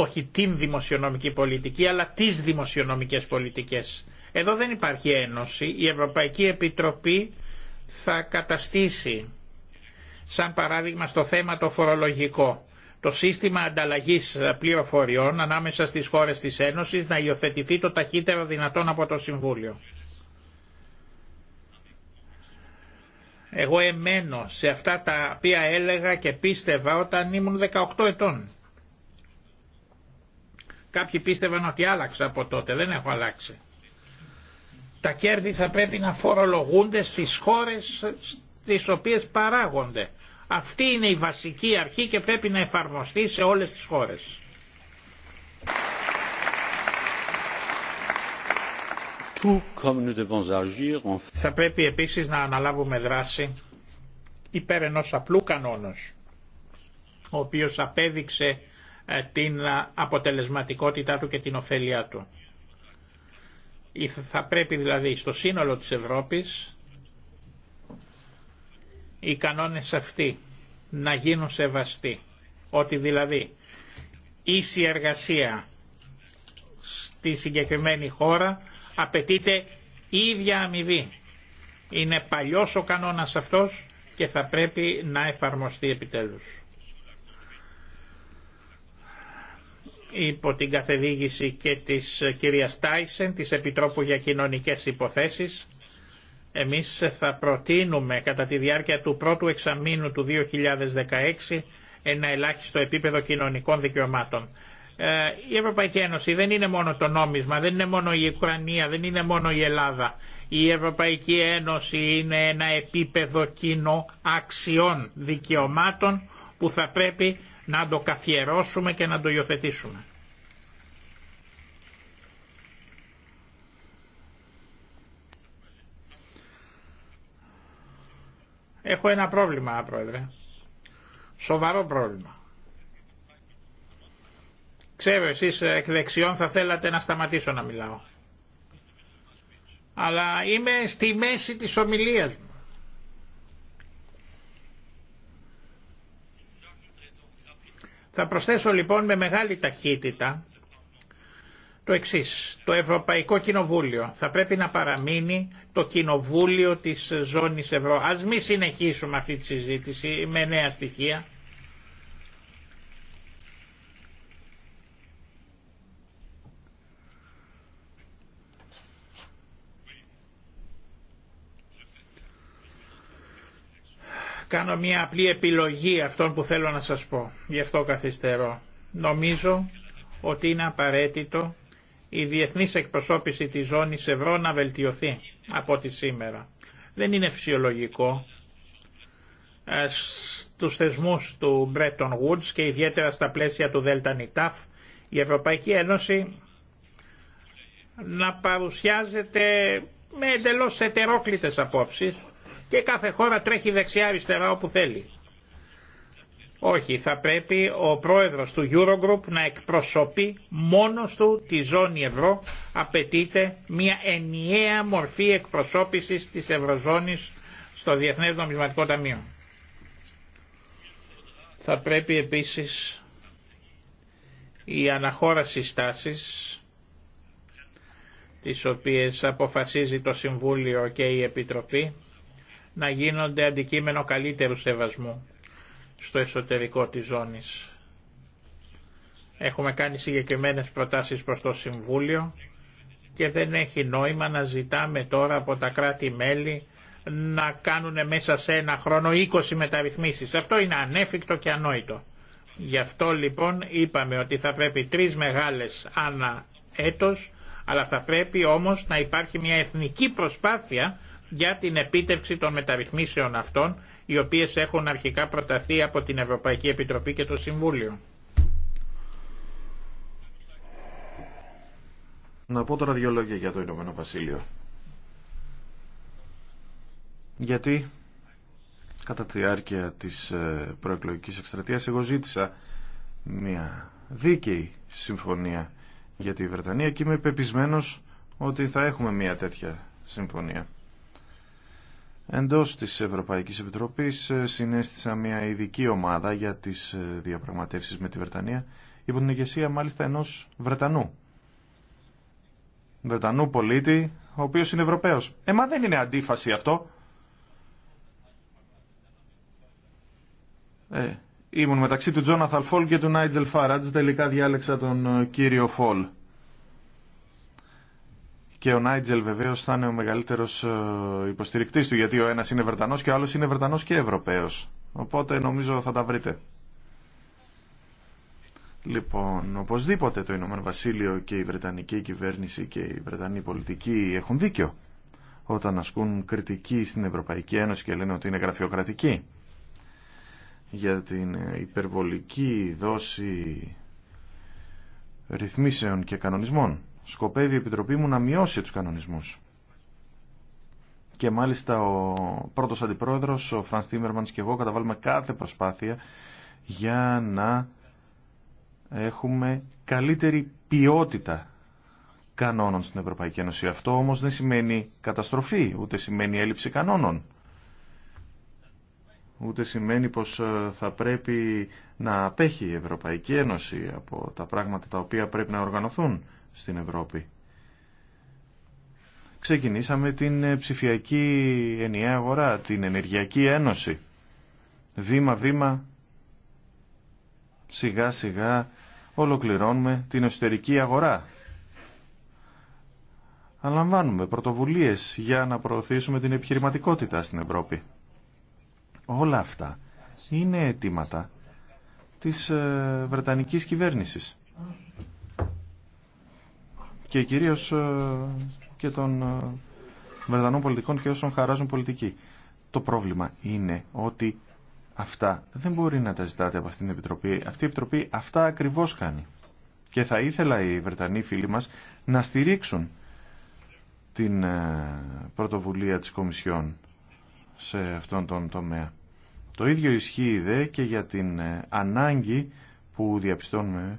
όχι την δημοσιονομική πολιτική, αλλά τις δημοσιονομικές πολιτικές. Εδώ δεν υπάρχει ένωση. Η Ευρωπαϊκή Επιτροπή θα καταστήσει, σαν παράδειγμα στο θέμα το φορολογικό, το σύστημα ανταλλαγής πληροφοριών ανάμεσα στις χώρες της Ένωσης να υιοθετηθεί το ταχύτερο δυνατόν από το Συμβούλιο. Εγώ εμένω σε αυτά τα οποία έλεγα και πίστευα όταν ήμουν 18 ετών. Κάποιοι πίστευαν ότι άλλαξα από τότε, δεν έχω αλλάξει. Τα κέρδη θα πρέπει να φορολογούνται στις χώρες στις οποίες παράγονται. Αυτή είναι η βασική αρχή και πρέπει να εφαρμοστεί σε όλες τις χώρες. Θα πρέπει επίσης να αναλάβουμε δράση υπέρ ενός απλού κανόνος, ο οποίος απέδειξε ε, την ε, αποτελεσματικότητά του και την ωφέλειά του. Θα πρέπει δηλαδή στο σύνολο της Ευρώπης οι κανόνες αυτοί να γίνουν σεβαστοί. Ότι δηλαδή ίση εργασία στη συγκεκριμένη χώρα απαιτείται ίδια αμοιβή. Είναι παλιός ο κανόνας αυτός και θα πρέπει να εφαρμοστεί επιτέλους. υπό την καθεδήγηση και της κυρίας Τάισεν, της Επιτρόπου για Κοινωνικές Υποθέσεις. Εμείς θα προτείνουμε κατά τη διάρκεια του πρώτου εξαμήνου του 2016 ένα ελάχιστο επίπεδο κοινωνικών δικαιωμάτων. Ε, η Ευρωπαϊκή Ένωση δεν είναι μόνο το νόμισμα, δεν είναι μόνο η Ουκρανία, δεν είναι μόνο η Ελλάδα. Η Ευρωπαϊκή Ένωση είναι ένα επίπεδο κοινό αξιών δικαιωμάτων που θα πρέπει να το καθιερώσουμε και να το υιοθετήσουμε. Έχω ένα πρόβλημα, Πρόεδρε. Σοβαρό πρόβλημα. Ξέρω, εσείς εκ δεξιών θα θέλατε να σταματήσω να μιλάω. Αλλά είμαι στη μέση της ομιλίας μου. Θα προσθέσω λοιπόν με μεγάλη ταχύτητα το εξής. Το Ευρωπαϊκό Κοινοβούλιο θα πρέπει να παραμείνει το κοινοβούλιο της ζώνης ευρώ. Ας μην συνεχίσουμε αυτή τη συζήτηση με νέα στοιχεία κάνω μια απλή επιλογή αυτών που θέλω να σας πω. Γι' αυτό καθυστερώ. Νομίζω ότι είναι απαραίτητο η διεθνής εκπροσώπηση της ζώνης ευρώ να βελτιωθεί από ό,τι σήμερα. Δεν είναι φυσιολογικό ε, στους θεσμούς του Bretton Woods και ιδιαίτερα στα πλαίσια του Δέλτα Νιτάφ η Ευρωπαϊκή Ένωση να παρουσιάζεται με εντελώς ετερόκλητες απόψεις και κάθε χώρα τρέχει δεξιά-αριστερά όπου θέλει. Όχι, θα πρέπει ο πρόεδρος του Eurogroup να εκπροσωπεί μόνος του τη ζώνη ευρώ. Απαιτείται μια ενιαία μορφή εκπροσώπησης της ευρωζώνης στο Διεθνές Νομισματικό Ταμείο. Θα πρέπει επίσης η αναχώραση στάσης τις οποίες αποφασίζει το Συμβούλιο και η Επιτροπή να γίνονται αντικείμενο καλύτερου σεβασμού στο εσωτερικό της ζώνης. Έχουμε κάνει συγκεκριμένες προτάσεις προς το Συμβούλιο και δεν έχει νόημα να ζητάμε τώρα από τα κράτη-μέλη να κάνουν μέσα σε ένα χρόνο 20 μεταρρυθμίσεις. Αυτό είναι ανέφικτο και ανόητο. Γι' αυτό λοιπόν είπαμε ότι θα πρέπει τρεις μεγάλες ανά έτος, αλλά θα πρέπει όμως να υπάρχει μια εθνική προσπάθεια για την επίτευξη των μεταρρυθμίσεων αυτών, οι οποίες έχουν αρχικά προταθεί από την Ευρωπαϊκή Επιτροπή και το Συμβούλιο. Να πω τώρα δύο λόγια για το Ηνωμένο Βασίλειο. Γιατί κατά τη διάρκεια της ε, προεκλογικής εκστρατείας εγώ ζήτησα μια δίκαιη συμφωνία για τη Βρετανία και είμαι πεπισμένος ότι θα έχουμε μια τέτοια συμφωνία. Εντός της Ευρωπαϊκής Επιτροπής ε, συνέστησα μια ειδική ομάδα για τις ε, διαπραγματεύσεις με τη Βρετανία υπό την ηγεσία μάλιστα ενός Βρετανού. Βρετανού πολίτη, ο οποίος είναι Ευρωπαίος. Ε, μα δεν είναι αντίφαση αυτό. Ε, ήμουν μεταξύ του Τζόναθαλ Φόλ και του Νάιτζελ Φάρατζ, τελικά διάλεξα τον ε, κύριο Φόλ και ο Νάιτζελ βεβαίω θα είναι ο μεγαλύτερο ε, υποστηρικτή του, γιατί ο ένα είναι Βρετανό και ο άλλο είναι Βρετανό και Ευρωπαίο. Οπότε νομίζω θα τα βρείτε. Λοιπόν, οπωσδήποτε το Ηνωμένο Βασίλειο και η Βρετανική κυβέρνηση και η Βρετανή πολιτική έχουν δίκιο όταν ασκούν κριτική στην Ευρωπαϊκή Ένωση και λένε ότι είναι γραφειοκρατική για την υπερβολική δόση ρυθμίσεων και κανονισμών σκοπεύει η Επιτροπή μου να μειώσει τους κανονισμούς. Και μάλιστα ο πρώτος αντιπρόεδρος, ο Φρανς Τίμερμανς και εγώ καταβάλουμε κάθε προσπάθεια για να έχουμε καλύτερη ποιότητα κανόνων στην Ευρωπαϊκή Ένωση. Αυτό όμως δεν σημαίνει καταστροφή, ούτε σημαίνει έλλειψη κανόνων. Ούτε σημαίνει πως ε, θα πρέπει να απέχει η Ευρωπαϊκή Ένωση από τα πράγματα τα οποία πρέπει να οργανωθούν στην Ευρώπη. Ξεκινήσαμε την ε, ψηφιακή ενιαία αγορά, την ενεργειακή ένωση. Βήμα-βήμα, σιγά-σιγά ολοκληρώνουμε την εσωτερική αγορά. Αναλαμβάνουμε πρωτοβουλίες για να προωθήσουμε την επιχειρηματικότητα στην Ευρώπη. Όλα αυτά είναι αιτήματα της ε, Βρετανικής κυβέρνησης και κυρίως ε, και των ε, Βρετανών πολιτικών και όσων χαράζουν πολιτική. Το πρόβλημα είναι ότι αυτά δεν μπορεί να τα ζητάτε από αυτήν την Επιτροπή. Αυτή η Επιτροπή αυτά ακριβώς κάνει. Και θα ήθελα οι Βρετανοί φίλοι μας να στηρίξουν την ε, πρωτοβουλία της Κομισιόν σε αυτόν τον τομέα. Το ίδιο ισχύει δε και για την ανάγκη που διαπιστώνουμε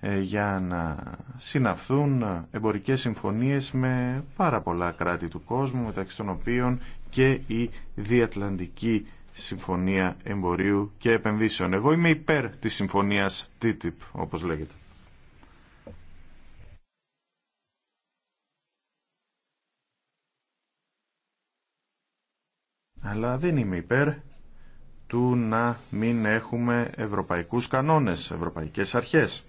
ε, για να συναυθούν εμπορικές συμφωνίες με πάρα πολλά κράτη του κόσμου μεταξύ των οποίων και η Διατλαντική Συμφωνία Εμπορίου και Επενδύσεων. Εγώ είμαι υπέρ της συμφωνίας TTIP όπως λέγεται. Αλλά δεν είμαι υπέρ του να μην έχουμε ευρωπαϊκούς κανόνες, ευρωπαϊκές αρχές.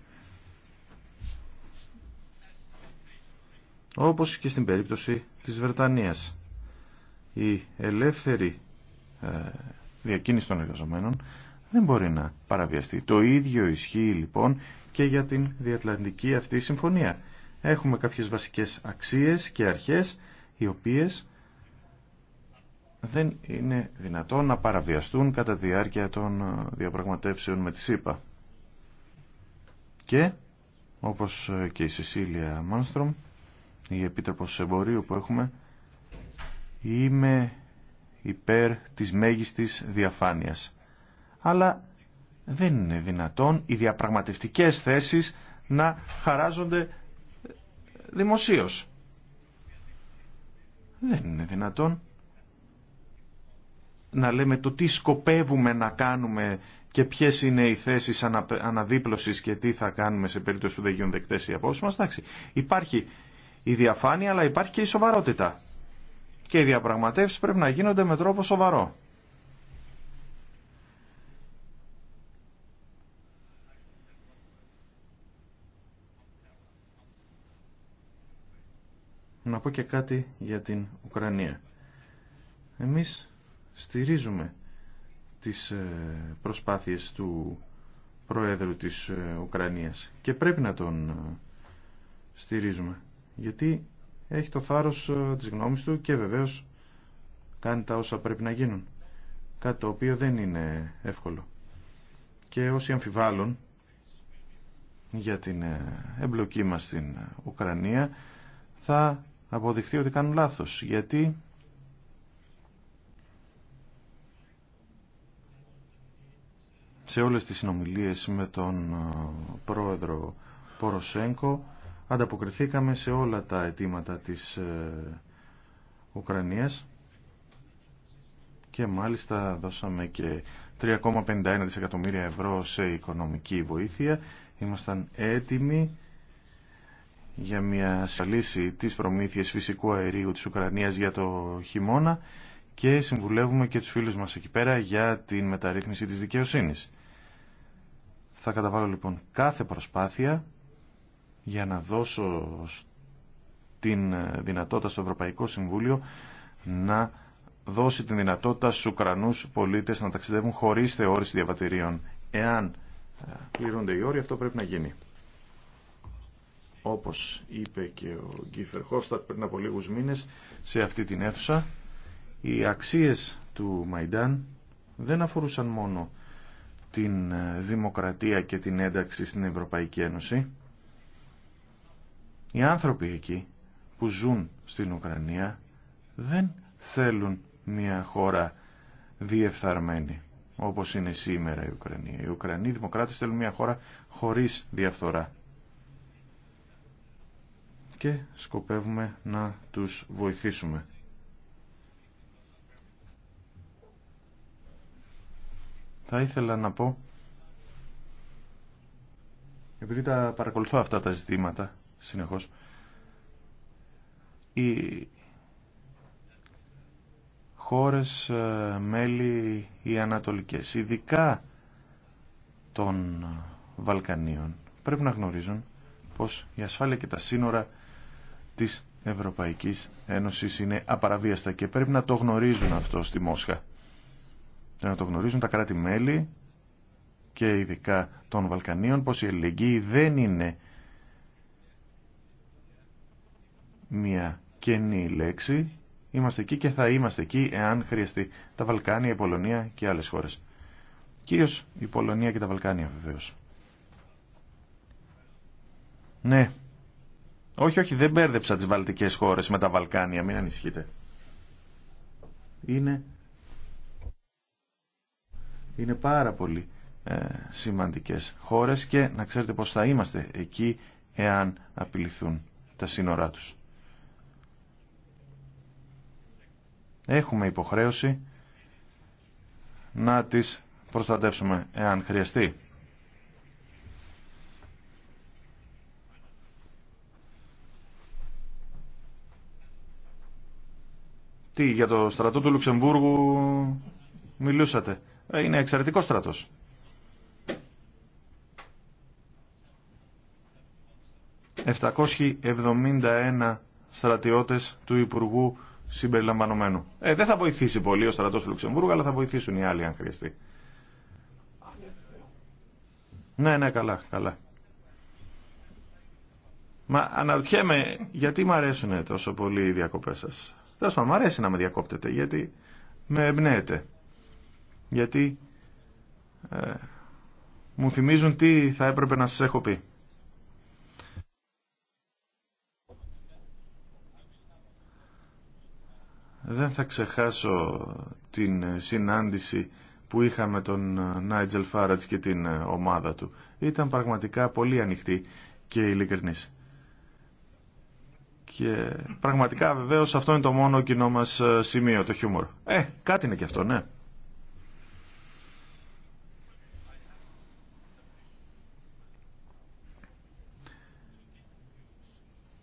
όπως και στην περίπτωση της Βρετανίας. Η ελεύθερη ε, διακίνηση των εργαζομένων δεν μπορεί να παραβιαστεί. Το ίδιο ισχύει λοιπόν και για την διατλαντική αυτή συμφωνία. Έχουμε κάποιες βασικές αξίες και αρχές οι οποίες δεν είναι δυνατόν να παραβιαστούν κατά τη διάρκεια των ε, διαπραγματεύσεων με τη ΣΥΠΑ. Και, όπως ε, και η Σεσίλια Μάνστρομ, η Επίτροπος Εμπορίου που έχουμε, είμαι υπέρ της μέγιστης διαφάνειας. Αλλά δεν είναι δυνατόν οι διαπραγματευτικές θέσεις να χαράζονται δημοσίως. Δεν είναι δυνατόν να λέμε το τι σκοπεύουμε να κάνουμε και ποιες είναι οι θέσεις αναδίπλωσης και τι θα κάνουμε σε περίπτωση που δεν γίνουν δεκτές οι απόψεις μας. υπάρχει η διαφάνεια, αλλά υπάρχει και η σοβαρότητα. Και οι διαπραγματεύσεις πρέπει να γίνονται με τρόπο σοβαρό. Να πω και κάτι για την Ουκρανία. Εμείς στηρίζουμε τις ε, προσπάθειες του Προέδρου της ε, Ουκρανίας και πρέπει να τον ε, στηρίζουμε γιατί έχει το θάρρος ε, της γνώμης του και βεβαίως κάνει τα όσα πρέπει να γίνουν. Κάτι το οποίο δεν είναι εύκολο. Και όσοι αμφιβάλλουν για την ε, εμπλοκή μας στην ε, Ουκρανία θα αποδειχθεί ότι κάνουν λάθος. Γιατί σε όλες τις συνομιλίες με τον πρόεδρο Ποροσέγκο ανταποκριθήκαμε σε όλα τα αιτήματα της ε, Ουκρανίας και μάλιστα δώσαμε και 3,51 δισεκατομμύρια ευρώ σε οικονομική βοήθεια. Ήμασταν έτοιμοι για μια σαλίση της προμήθειας φυσικού αερίου της Ουκρανίας για το χειμώνα και συμβουλεύουμε και τους φίλους μας εκεί πέρα για την μεταρρύθμιση της δικαιοσύνης. Θα καταβάλω λοιπόν κάθε προσπάθεια για να δώσω την δυνατότητα στο Ευρωπαϊκό Συμβούλιο να δώσει την δυνατότητα στους Ουκρανούς πολίτες να ταξιδεύουν χωρίς θεώρηση διαβατηρίων. Εάν ε, πληρούνται οι όροι, αυτό πρέπει να γίνει. Όπως είπε και ο Γκίφερ Χόφστατ πριν από λίγους μήνες σε αυτή την αίθουσα, οι αξίες του Μαϊντάν δεν αφορούσαν μόνο την ε, δημοκρατία και την ένταξη στην Ευρωπαϊκή Ένωση, οι άνθρωποι εκεί που ζουν στην Ουκρανία δεν θέλουν μια χώρα διεφθαρμένη όπως είναι σήμερα η Ουκρανία. Οι Ουκρανοί δημοκράτες θέλουν μια χώρα χωρίς διαφθορά. Και σκοπεύουμε να τους βοηθήσουμε. Θα ήθελα να πω, επειδή τα παρακολουθώ αυτά τα ζητήματα, συνεχώς. Οι χώρες ε, μέλη οι ανατολικές, ειδικά των ε, Βαλκανίων, πρέπει να γνωρίζουν πως η ασφάλεια και τα σύνορα της Ευρωπαϊκής Ένωσης είναι απαραβίαστα και πρέπει να το γνωρίζουν αυτό στη Μόσχα. Να το γνωρίζουν τα κράτη-μέλη και ειδικά των Βαλκανίων πως η ελληνική δεν είναι μια κενή λέξη. Είμαστε εκεί και θα είμαστε εκεί εάν χρειαστεί τα Βαλκάνια, η Πολωνία και άλλες χώρες. Κυρίως η Πολωνία και τα Βαλκάνια βεβαίως. Ναι. Όχι, όχι, δεν μπέρδεψα τις βαλτικές χώρες με τα Βαλκάνια, μην ανησυχείτε. Είναι, είναι πάρα πολύ ε, σημαντικές χώρες και να ξέρετε πως θα είμαστε εκεί εάν απειληθούν τα σύνορά τους. έχουμε υποχρέωση να τις προστατεύσουμε εάν χρειαστεί. Τι, για το στρατό του Λουξεμβούργου μιλούσατε. Ε, είναι εξαιρετικό στρατός. «771 στρατιώτες του Υπουργού συμπεριλαμβανομένου. Ε, δεν θα βοηθήσει πολύ ο στρατό του Λουξεμβούργου, αλλά θα βοηθήσουν οι άλλοι αν χρειαστεί. Ναι, ναι, καλά, καλά. Μα αναρωτιέμαι γιατί μου αρέσουν τόσο πολύ οι διακοπές σας. Τέλος μου αρέσει να με διακόπτετε, γιατί με εμπνέετε. Γιατί ε, μου θυμίζουν τι θα έπρεπε να σας έχω πει. Δεν θα ξεχάσω την συνάντηση που είχαμε τον ε, Νάιτζελ Φάρατς και την ε, ομάδα του. Ήταν πραγματικά πολύ ανοιχτή και ειλικρινής. Και πραγματικά βεβαίως αυτό είναι το μόνο κοινό μας ε, σημείο, το χιούμορ. Ε, κάτι είναι και αυτό, ναι.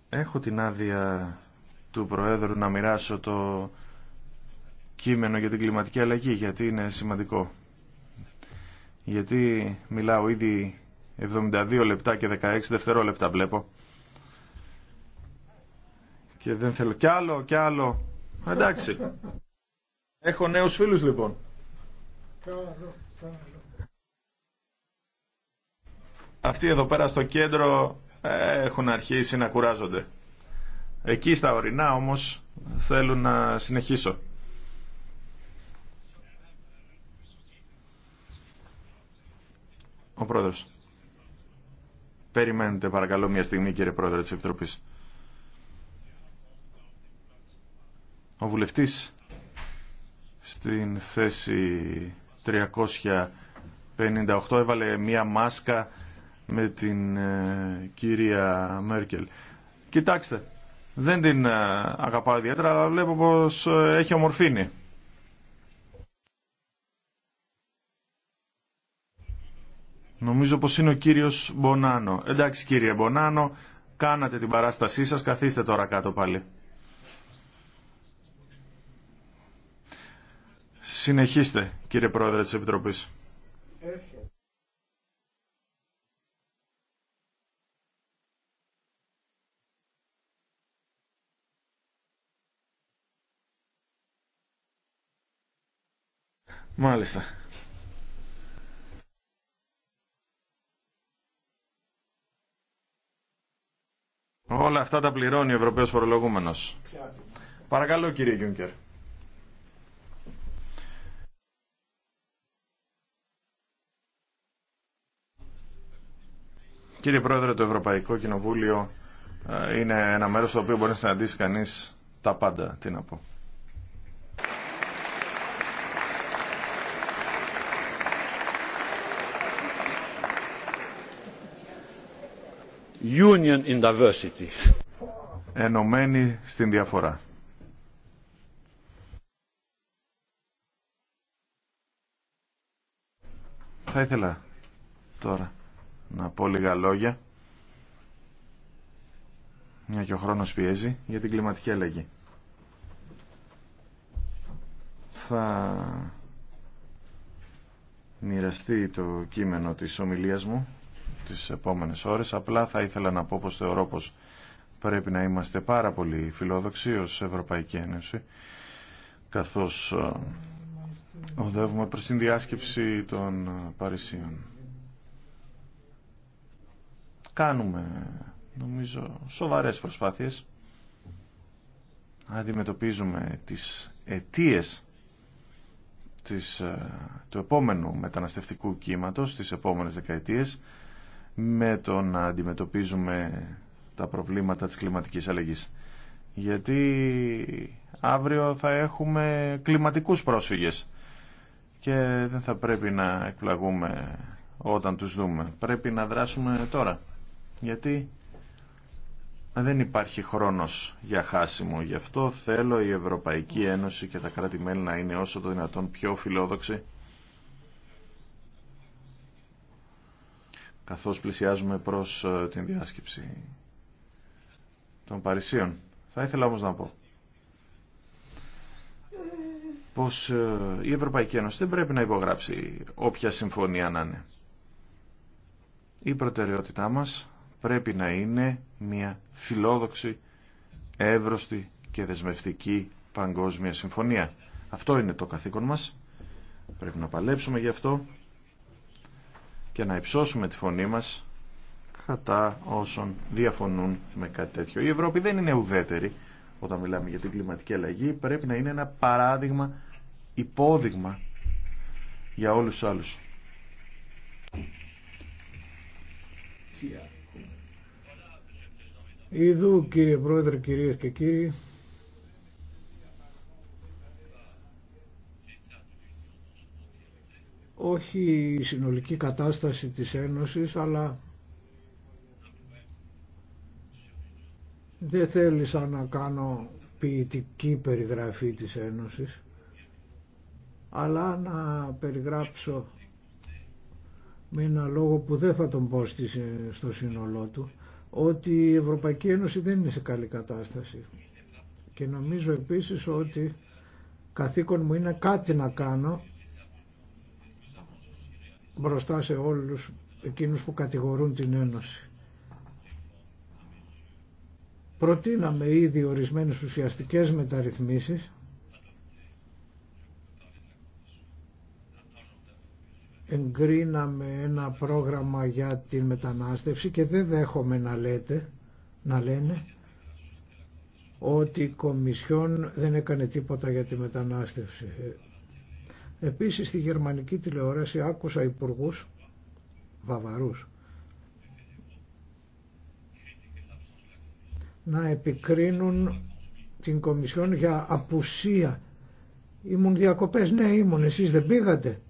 Έχω την άδεια του Προέδρου να μοιράσω το κείμενο για την κλιματική αλλαγή, γιατί είναι σημαντικό. Γιατί μιλάω ήδη 72 λεπτά και 16 δευτερόλεπτα βλέπω. Και δεν θέλω κι άλλο, κι άλλο. Εντάξει. Έχω νέους φίλους λοιπόν. Αυτοί εδώ πέρα στο κέντρο ε, έχουν αρχίσει να κουράζονται. Εκεί στα ορεινά όμως θέλω να συνεχίσω. Ο πρόεδρος. Περιμένετε παρακαλώ μια στιγμή κύριε πρόεδρε της Επιτροπής. Ο βουλευτής στην θέση 358 έβαλε μια μάσκα με την ε, κυρία Μέρκελ. Κοιτάξτε, δεν την ε, αγαπάω ιδιαίτερα, αλλά βλέπω πως ε, έχει ομορφήνει. Νομίζω πως είναι ο κύριος Μπονάνο. Εντάξει κύριε Μπονάνο, κάνατε την παράστασή σας, καθίστε τώρα κάτω πάλι. Συνεχίστε κύριε Πρόεδρε της Επιτροπής. Μάλιστα. Όλα αυτά τα πληρώνει ο Ευρωπαίος Φορολογούμενος. Παρακαλώ κύριε Γιούγκερ. Κύριε Πρόεδρε, το Ευρωπαϊκό Κοινοβούλιο ε, είναι ένα μέρος στο οποίο μπορεί να συναντήσει κανείς τα πάντα, τι να πω. Union in Ενωμένη στην διαφορά. Θα ήθελα τώρα να πω λίγα λόγια, μια και ο χρόνος πιέζει, για την κλιματική αλλαγή. Θα μοιραστεί το κείμενο της ομιλίας μου τις επόμενες ώρες. Απλά θα ήθελα να πω πως θεωρώ πως πρέπει να είμαστε πάρα πολύ φιλόδοξοι ως Ευρωπαϊκή Ένωση καθώς ε, οδεύουμε προς την διάσκεψη των ε, Παρισίων. Κάνουμε, νομίζω, σοβαρές προσπάθειες. Αντιμετωπίζουμε τις αιτίες της, ε, του επόμενου μεταναστευτικού κύματος, τις επόμενες δεκαετίες με το να αντιμετωπίζουμε τα προβλήματα της κλιματικής αλλαγής. Γιατί αύριο θα έχουμε κλιματικούς πρόσφυγες και δεν θα πρέπει να εκπλαγούμε όταν τους δούμε. Πρέπει να δράσουμε τώρα. Γιατί δεν υπάρχει χρόνος για χάσιμο. Γι' αυτό θέλω η Ευρωπαϊκή Ένωση και τα κράτη-μέλη να είναι όσο το δυνατόν πιο φιλόδοξοι καθώς πλησιάζουμε προς ε, την διάσκεψη των Παρισίων. Θα ήθελα όμως να πω πως ε, η Ευρωπαϊκή Ένωση δεν πρέπει να υπογράψει όποια συμφωνία να είναι. Η προτεραιότητά μας πρέπει να είναι μια φιλόδοξη, εύρωστη και δεσμευτική παγκόσμια συμφωνία. Αυτό είναι το καθήκον μας. Πρέπει να παλέψουμε γι' αυτό και να υψώσουμε τη φωνή μας κατά όσων διαφωνούν με κάτι τέτοιο. Η Ευρώπη δεν είναι ουδέτερη όταν μιλάμε για την κλιματική αλλαγή. Πρέπει να είναι ένα παράδειγμα, υπόδειγμα για όλους τους άλλους. Ιδού κύριε Πρόεδρε, κυρίες και κύριοι. όχι η συνολική κατάσταση της Ένωσης αλλά δεν θέλησα να κάνω ποιητική περιγραφή της Ένωσης αλλά να περιγράψω με ένα λόγο που δεν θα τον πω στο σύνολό του ότι η Ευρωπαϊκή Ένωση δεν είναι σε καλή κατάσταση και νομίζω επίσης ότι καθήκον μου είναι κάτι να κάνω μπροστά σε όλους εκείνους που κατηγορούν την Ένωση. Προτείναμε ήδη ορισμένες ουσιαστικές μεταρρυθμίσεις εγκρίναμε ένα πρόγραμμα για την μετανάστευση και δεν δέχομαι να, λέτε, να λένε ότι η Κομισιόν δεν έκανε τίποτα για τη μετανάστευση. Επίσης στη γερμανική τηλεόραση άκουσα υπουργού βαβαρούς να επικρίνουν την Κομισιόν για απουσία. Ήμουν διακοπές, ναι ήμουν, εσείς δεν πήγατε.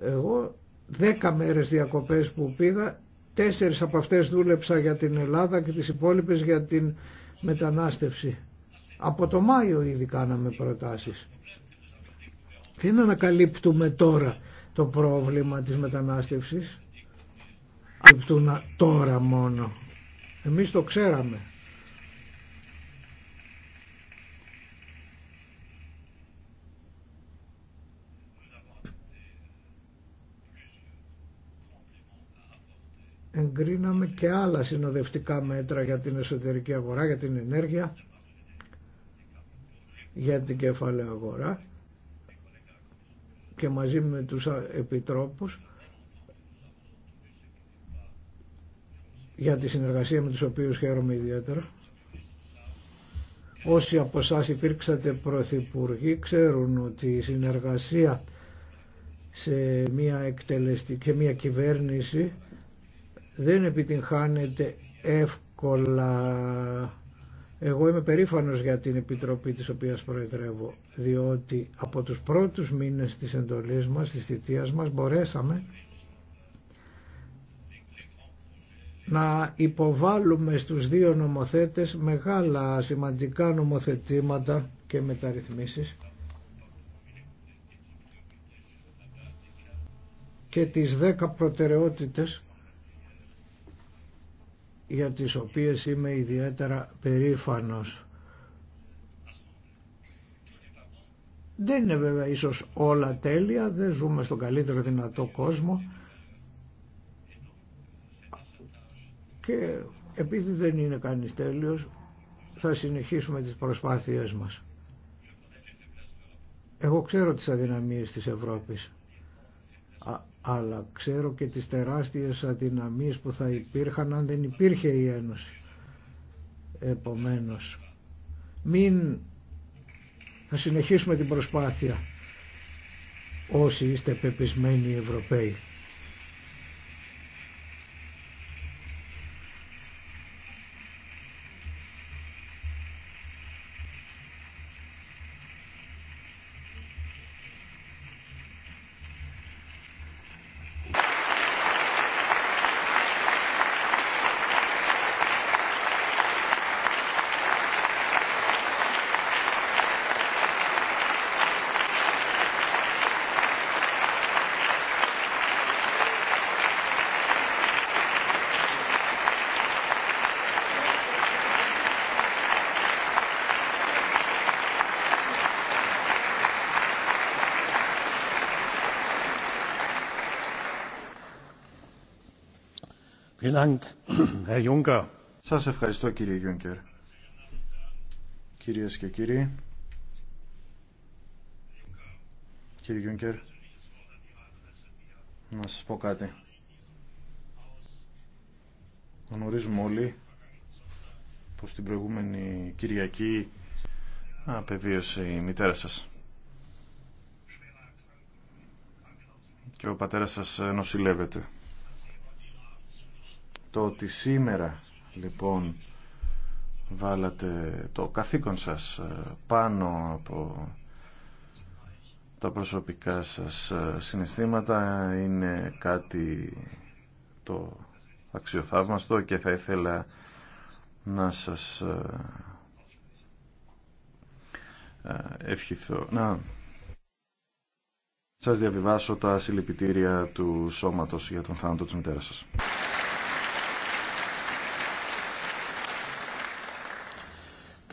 Εγώ δέκα μέρες διακοπές που πήγα, τέσσερις από αυτές δούλεψα για την Ελλάδα και τις υπόλοιπες για την μετανάστευση. Από το Μάιο ήδη κάναμε προτάσεις. Τι να ανακαλύπτουμε τώρα το πρόβλημα της μετανάστευσης. Ανακαλύπτουν τώρα μόνο. Εμείς το ξέραμε. εγκρίναμε και άλλα συνοδευτικά μέτρα για την εσωτερική αγορά, για την ενέργεια για την κεφαλαία αγορά και μαζί με τους επιτρόπους για τη συνεργασία με τους οποίους χαίρομαι ιδιαίτερα. Όσοι από εσά υπήρξατε πρωθυπουργοί ξέρουν ότι η συνεργασία σε μια εκτελεστική και μια κυβέρνηση δεν επιτυγχάνεται εύκολα εγώ είμαι περήφανος για την Επιτροπή της οποίας προεδρεύω, διότι από τους πρώτους μήνες της εντολής μας, της θητείας μας, μπορέσαμε να υποβάλουμε στους δύο νομοθέτες μεγάλα σημαντικά νομοθετήματα και μεταρρυθμίσεις και τις δέκα προτεραιότητες για τις οποίες είμαι ιδιαίτερα περήφανος. Δεν είναι βέβαια ίσως όλα τέλεια, δεν ζούμε στον καλύτερο δυνατό κόσμο και επειδή δεν είναι κανείς τέλειος θα συνεχίσουμε τις προσπάθειές μας. Εγώ ξέρω τις αδυναμίες της Ευρώπης αλλά ξέρω και τις τεράστιες αδυναμίες που θα υπήρχαν αν δεν υπήρχε η Ένωση. Επομένως, μην θα συνεχίσουμε την προσπάθεια όσοι είστε πεπισμένοι Ευρωπαίοι. Σας ευχαριστώ κύριε Γιούνκερ Κυρίες και κύριοι, κύριε Γιούνκερ να σας πω κάτι. Γνωρίζουμε όλοι πως την προηγούμενη Κυριακή απεβίωσε η μητέρα σας. Και ο πατέρας σας νοσηλεύεται. Το ότι σήμερα λοιπόν βάλατε το καθήκον σας ε, πάνω από τα προσωπικά σας ε, συναισθήματα είναι κάτι το αξιοθαύμαστο και θα ήθελα να σας ε, ευχηθώ να σας διαβιβάσω τα συλληπιτήρια του σώματος για τον θάνατο της μητέρας σας.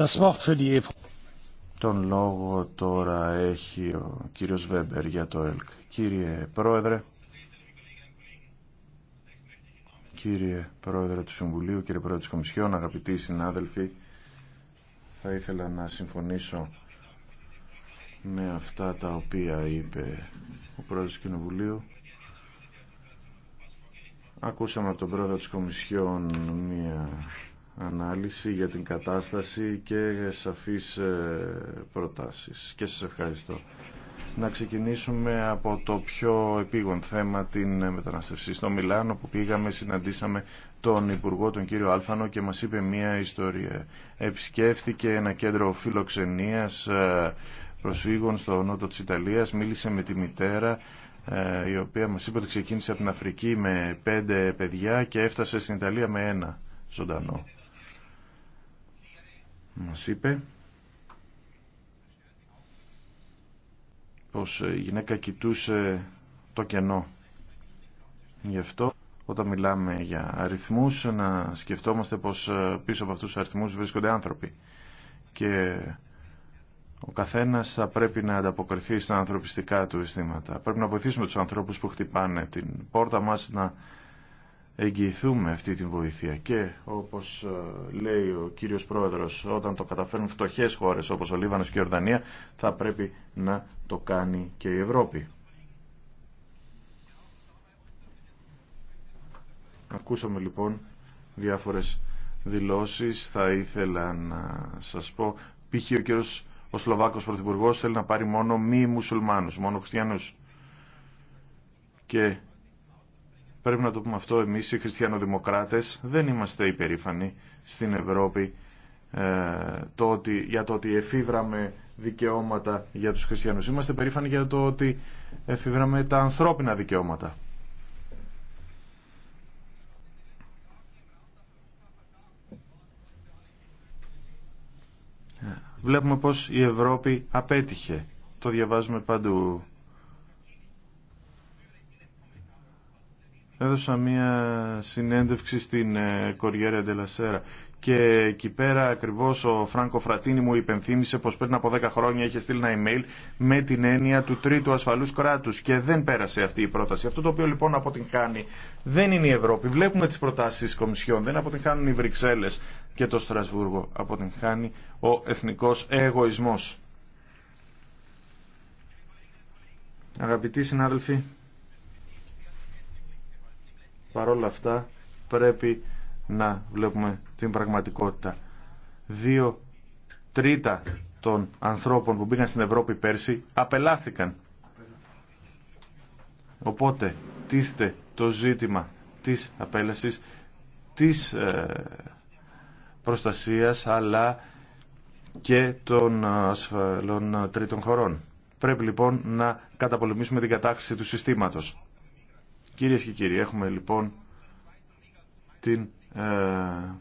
E τον λόγο τώρα έχει ο κύριος Βέμπερ για το ΕΛΚ. Κύριε Πρόεδρε, κύριε Πρόεδρε του Συμβουλίου, κύριε Πρόεδρε της Κομισιόν, αγαπητοί συνάδελφοι, θα ήθελα να συμφωνήσω με αυτά τα οποία είπε ο Πρόεδρος του Κοινοβουλίου. Ακούσαμε από τον Πρόεδρο της Κομισιόν μια ανάλυση για την κατάσταση και σαφείς ε, προτάσεις. Και σας ευχαριστώ. Να ξεκινήσουμε από το πιο επίγον θέμα, την μεταναστευσή στο Μιλάνο που πήγαμε, συναντήσαμε τον Υπουργό, τον κύριο Άλφανο και μας είπε μία ιστορία. Επισκέφθηκε ένα κέντρο φιλοξενίας ε, προσφύγων στο νότο της Ιταλίας, μίλησε με τη μητέρα, ε, η οποία μας είπε ότι ξεκίνησε από την Αφρική με πέντε παιδιά και έφτασε στην Ιταλία με ένα ζωντανό μας είπε πως η γυναίκα κοιτούσε το κενό. Γι' αυτό όταν μιλάμε για αριθμούς να σκεφτόμαστε πως ε, πίσω από αυτούς τους αριθμούς βρίσκονται άνθρωποι και ο καθένας θα πρέπει να ανταποκριθεί στα ανθρωπιστικά του αισθήματα. Πρέπει να βοηθήσουμε τους ανθρώπους που χτυπάνε την πόρτα μας να εγγυηθούμε αυτή την βοήθεια και όπως ε, λέει ο κύριος Πρόεδρος όταν το καταφέρουν φτωχές χώρες όπως ο Λίβανος και η Ορδανία θα πρέπει να το κάνει και η Ευρώπη. Ακούσαμε λοιπόν διάφορες δηλώσεις. Θα ήθελα να σας πω, π.χ. ο κύριος ο Σλοβάκος Πρωθυπουργός θέλει να πάρει μόνο μη μουσουλμάνους, μόνο χριστιανούς. Και Πρέπει να το πούμε αυτό, εμείς οι χριστιανοδημοκράτες δεν είμαστε υπερήφανοι στην Ευρώπη ε, το ότι, για το ότι εφήβραμε δικαιώματα για τους χριστιανούς. Είμαστε περήφανοι για το ότι εφήβραμε τα ανθρώπινα δικαιώματα. Ε, βλέπουμε πως η Ευρώπη απέτυχε. Το διαβάζουμε παντού έδωσα μια συνέντευξη στην Κοριέρα ε, Ντελασέρα και εκεί πέρα ακριβώς ο Φράνκο Φρατίνη μου υπενθύμησε πως πριν από 10 χρόνια είχε στείλει ένα email με την έννοια του τρίτου ασφαλούς κράτους και δεν πέρασε αυτή η πρόταση. Αυτό το οποίο λοιπόν αποτυγχάνει δεν είναι η Ευρώπη. Βλέπουμε τις προτάσεις της Κομισιόν, δεν αποτυγχάνουν οι Βρυξέλλες και το Στρασβούργο. Αποτυγχάνει ο εθνικός εγωισμός. Αγαπητοί συνάδελφοι, παρόλα αυτά πρέπει να βλέπουμε την πραγματικότητα. Δύο τρίτα των ανθρώπων που μπήκαν στην Ευρώπη πέρσι απελάθηκαν. Οπότε τίθεται το ζήτημα της απέλασης, της ε, προστασίας αλλά και των ασφαλών τρίτων χωρών. Πρέπει λοιπόν να καταπολεμήσουμε την κατάχρηση του συστήματος. Κυρίες και κύριοι, έχουμε λοιπόν την ε,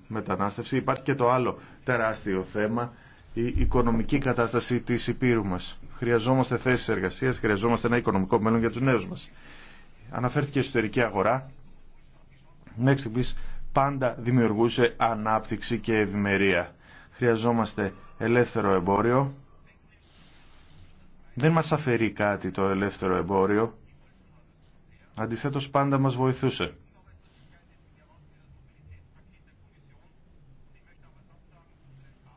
μετανάστευση. Υπάρχει και το άλλο τεράστιο θέμα, η οικονομική κατάσταση της υπήρου μας. Χρειαζόμαστε θέσεις εργασίας, χρειαζόμαστε ένα οικονομικό μέλλον για τους νέους μας. Αναφέρθηκε η εσωτερική αγορά. Μέχρι στιγμής πάντα δημιουργούσε ανάπτυξη και ευημερία. Χρειαζόμαστε ελεύθερο εμπόριο. Δεν μας αφαιρεί κάτι το ελεύθερο εμπόριο. Αντιθέτως πάντα μας βοηθούσε.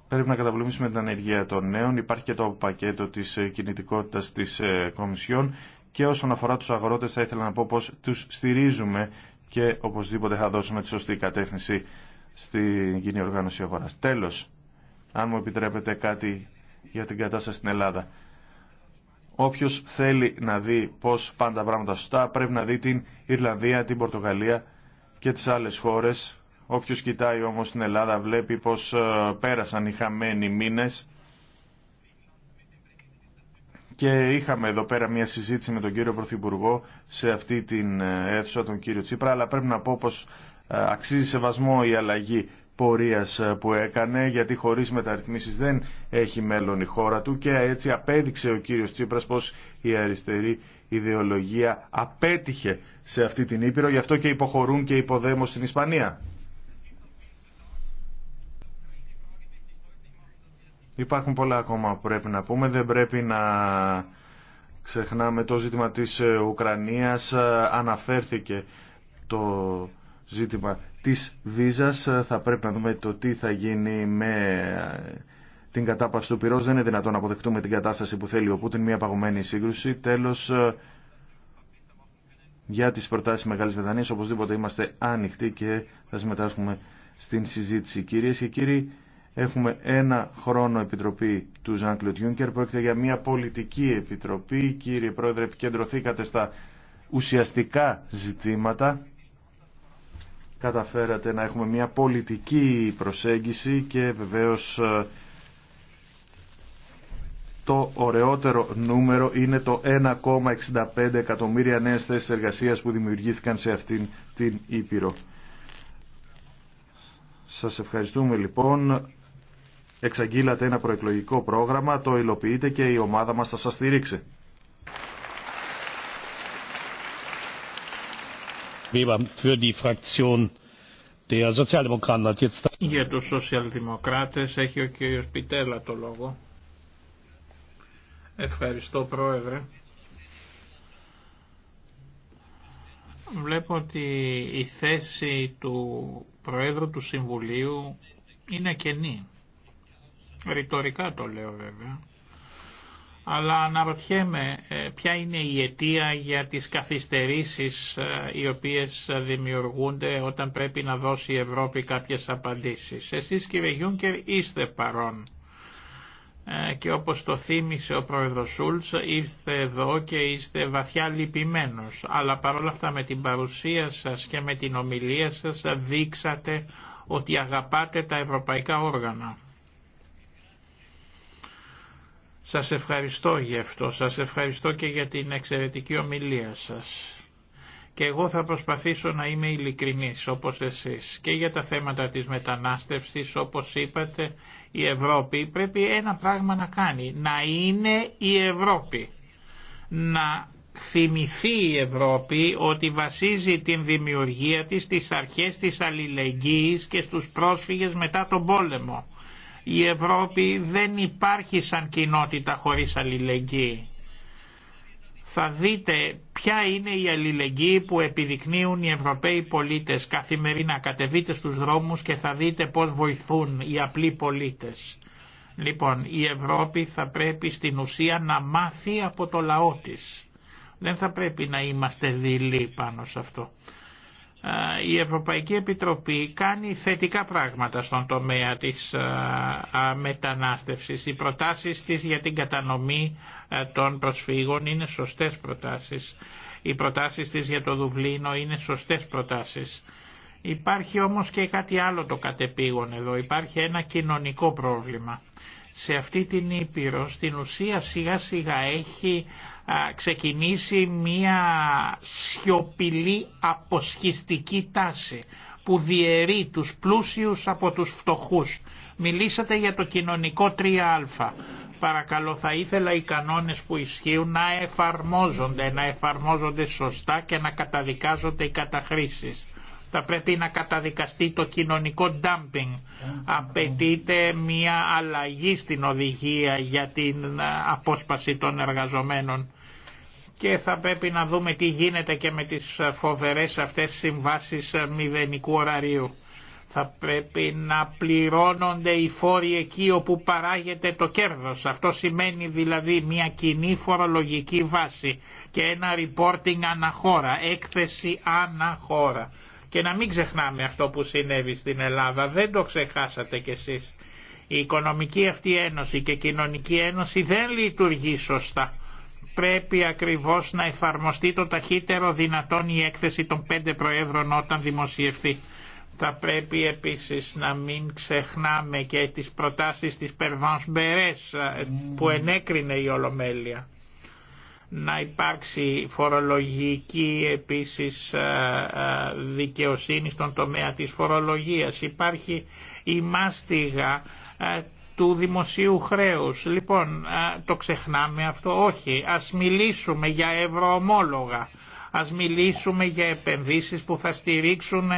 Πρέπει να καταπολεμήσουμε την ανεργία των νέων. Υπάρχει και το πακέτο της κινητικότητας της ε, Κομισιόν και όσον αφορά τους αγρότες θα ήθελα να πω πως τους στηρίζουμε και οπωσδήποτε θα δώσουμε τη σωστή κατεύθυνση στην κοινή οργάνωση αγοράς. Τέλος, αν μου επιτρέπετε κάτι για την κατάσταση στην Ελλάδα. Όποιος θέλει να δει πώς πάνε τα πράγματα σωστά πρέπει να δει την Ιρλανδία, την Πορτογαλία και τις άλλες χώρες. Όποιος κοιτάει όμως την Ελλάδα βλέπει πως ε, πέρασαν οι χαμένοι μήνες και είχαμε εδώ πέρα μια συζήτηση με τον κύριο Πρωθυπουργό σε αυτή την ε, αίθουσα, τον κύριο Τσίπρα, αλλά πρέπει να πω πως ε, αξίζει σεβασμό η αλλαγή πορείας ε, που έκανε γιατί χωρίς μεταρρυθμίσεις δεν έχει μέλλον η χώρα του και έτσι απέδειξε ο κύριος Τσίπρας πως η αριστερή ιδεολογία απέτυχε σε αυτή την Ήπειρο γι' αυτό και υποχωρούν και υποδέμω στην Ισπανία. Υπάρχουν πολλά ακόμα που πρέπει να πούμε. Δεν πρέπει να ξεχνάμε το ζήτημα της ε, Ουκρανίας. Ε, αναφέρθηκε το ζήτημα της βίζας ε, θα πρέπει να δούμε το τι θα γίνει με ε, την κατάπαυση του πυρός. Δεν είναι δυνατόν να αποδεχτούμε την κατάσταση που θέλει ο Πούτιν, μια παγωμένη σύγκρουση. Τέλος, ε, για τις προτάσεις Μεγάλης Βρετανίας, οπωσδήποτε είμαστε άνοιχτοι και θα συμμετάσχουμε στην συζήτηση. Κυρίες και κύριοι, έχουμε ένα χρόνο επιτροπή του Ζαν Κλουτ Πρόκειται για μια πολιτική επιτροπή. Κύριε Πρόεδρε, επικεντρωθήκατε στα ουσιαστικά ζητήματα καταφέρατε να έχουμε μια πολιτική προσέγγιση και βεβαίως ε, το ωραιότερο νούμερο είναι το 1,65 εκατομμύρια νέες θέσεις εργασίας που δημιουργήθηκαν σε αυτήν την Ήπειρο. Σας ευχαριστούμε λοιπόν. Εξαγγείλατε ένα προεκλογικό πρόγραμμα, το υλοποιείτε και η ομάδα μας θα σας στηρίξει. Για τους Σοσιαλδημοκράτες έχει ο κύριος Πιτέλα το λόγο. Ευχαριστώ Πρόεδρε. Βλέπω ότι η θέση του Προέδρου του Συμβουλίου είναι κενή. Ρητορικά το λέω βέβαια αλλά αναρωτιέμαι ε, ποια είναι η αιτία για τις καθυστερήσεις ε, οι οποίες δημιουργούνται όταν πρέπει να δώσει η Ευρώπη κάποιες απαντήσεις. Εσείς κύριε Γιούνκερ είστε παρόν ε, και όπως το θύμισε ο πρόεδρος Σούλτς ήρθε εδώ και είστε βαθιά λυπημένος αλλά παρόλα αυτά με την παρουσία σας και με την ομιλία σας δείξατε ότι αγαπάτε τα ευρωπαϊκά όργανα. Σας ευχαριστώ γι' αυτό, σας ευχαριστώ και για την εξαιρετική ομιλία σας. Και εγώ θα προσπαθήσω να είμαι ειλικρινής όπως εσείς και για τα θέματα της μετανάστευσης όπως είπατε η Ευρώπη πρέπει ένα πράγμα να κάνει, να είναι η Ευρώπη. Να θυμηθεί η Ευρώπη ότι βασίζει την δημιουργία της στις αρχές της αλληλεγγύης και στους πρόσφυγες μετά τον πόλεμο η Ευρώπη δεν υπάρχει σαν κοινότητα χωρίς αλληλεγγύη. Θα δείτε ποια είναι η αλληλεγγύη που επιδεικνύουν οι Ευρωπαίοι πολίτες καθημερινά. Κατεβείτε στους δρόμους και θα δείτε πώς βοηθούν οι απλοί πολίτες. Λοιπόν, η Ευρώπη θα πρέπει στην ουσία να μάθει από το λαό της. Δεν θα πρέπει να είμαστε δειλοί πάνω σε αυτό η Ευρωπαϊκή Επιτροπή κάνει θετικά πράγματα στον τομέα της μετανάστευσης. Οι προτάσεις της για την κατανομή των προσφύγων είναι σωστές προτάσεις. Οι προτάσεις της για το Δουβλίνο είναι σωστές προτάσεις. Υπάρχει όμως και κάτι άλλο το κατεπήγον εδώ. Υπάρχει ένα κοινωνικό πρόβλημα. Σε αυτή την Ήπειρο στην ουσία σιγά σιγά έχει ξεκινήσει μία σιωπηλή αποσχιστική τάση που διαιρεί τους πλούσιους από τους φτωχούς. Μιλήσατε για το κοινωνικό 3α. Παρακαλώ θα ήθελα οι κανόνες που ισχύουν να εφαρμόζονται, να εφαρμόζονται σωστά και να καταδικάζονται οι καταχρήσεις. Θα πρέπει να καταδικαστεί το κοινωνικό dumping. Απαιτείται μια αλλαγή στην οδηγία για την ε, απόσπαση των εργαζομένων και θα πρέπει να δούμε τι γίνεται και με τις φοβερές αυτές συμβάσεις μηδενικού ωραρίου. Θα πρέπει να πληρώνονται οι φόροι εκεί όπου παράγεται το κέρδος. Αυτό σημαίνει δηλαδή μια κοινή φορολογική βάση και ένα reporting αναχώρα, έκθεση αναχώρα. Και να μην ξεχνάμε αυτό που συνέβη στην Ελλάδα, δεν το ξεχάσατε κι εσείς. Η οικονομική αυτή ένωση και κοινωνική ένωση δεν λειτουργεί σωστά πρέπει ακριβώς να εφαρμοστεί το ταχύτερο δυνατόν η έκθεση των πέντε προέδρων όταν δημοσιευθεί. Θα πρέπει επίσης να μην ξεχνάμε και τις προτάσεις της Περβάνς Μπερές που ενέκρινε η Ολομέλεια. Να υπάρξει φορολογική επίσης ε, ε, δικαιοσύνη στον τομέα της φορολογίας. Υπάρχει η μάστιγα ε, του δημοσίου χρέους. Λοιπόν, το ξεχνάμε αυτό, όχι. Ας μιλήσουμε για ευρωομόλογα. Ας μιλήσουμε για επενδύσεις που θα στηρίξουν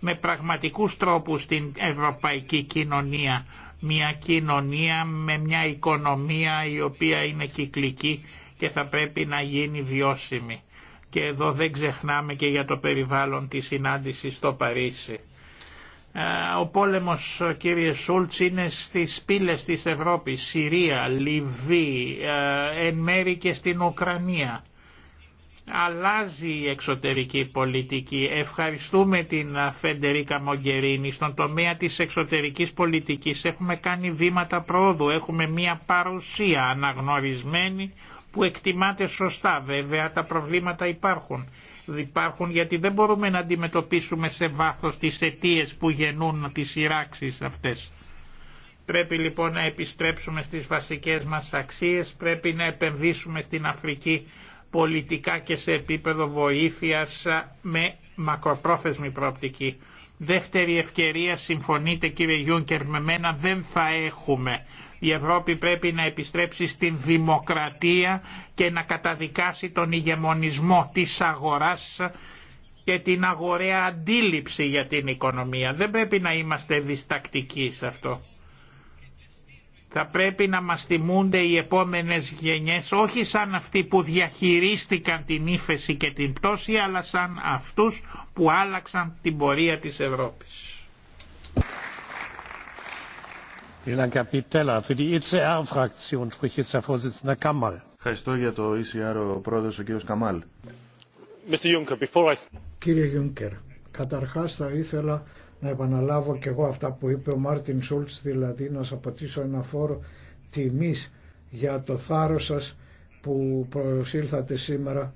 με πραγματικούς τρόπους την ευρωπαϊκή κοινωνία. Μια κοινωνία με μια οικονομία η οποία είναι κυκλική και θα πρέπει να γίνει βιώσιμη. Και εδώ δεν ξεχνάμε και για το περιβάλλον της συνάντηση στο Παρίσι. Ε, ο πόλεμος κύριε Σούλτς είναι στις πύλες της Ευρώπης, Συρία, Λιβύη, ε, εν μέρη και στην Ουκρανία. Αλλάζει η εξωτερική πολιτική. Ευχαριστούμε την ε, Φεντερίκα Μογκερίνη στον τομέα της εξωτερικής πολιτικής. Έχουμε κάνει βήματα πρόοδου, έχουμε μια παρουσία αναγνωρισμένη που εκτιμάται σωστά βέβαια, τα προβλήματα υπάρχουν υπάρχουν γιατί δεν μπορούμε να αντιμετωπίσουμε σε βάθος τις αιτίε που γεννούν τις σειράξεις αυτές. Πρέπει λοιπόν να επιστρέψουμε στις βασικές μας αξίες, πρέπει να επενδύσουμε στην Αφρική πολιτικά και σε επίπεδο βοήθειας με μακροπρόθεσμη προοπτική. Δεύτερη ευκαιρία, συμφωνείτε κύριε Γιούνκερ με μένα, δεν θα έχουμε η Ευρώπη πρέπει να επιστρέψει στην δημοκρατία και να καταδικάσει τον ηγεμονισμό της αγοράς και την αγοραία αντίληψη για την οικονομία. Δεν πρέπει να είμαστε διστακτικοί σε αυτό. Θα πρέπει να μας θυμούνται οι επόμενες γενιές όχι σαν αυτοί που διαχειρίστηκαν την ύφεση και την πτώση αλλά σαν αυτούς που άλλαξαν την πορεία της Ευρώπης. E Ευχαριστώ για το ECR ο πρόεδρος ο κύριος Καμάλ. Κύριε Γιούνκερ, καταρχάς θα ήθελα να επαναλάβω και εγώ αυτά που είπε ο Μάρτιν Σούλτς, δηλαδή να σας αποτίσω ένα φόρο τιμής για το θάρρος σας που προσήλθατε σήμερα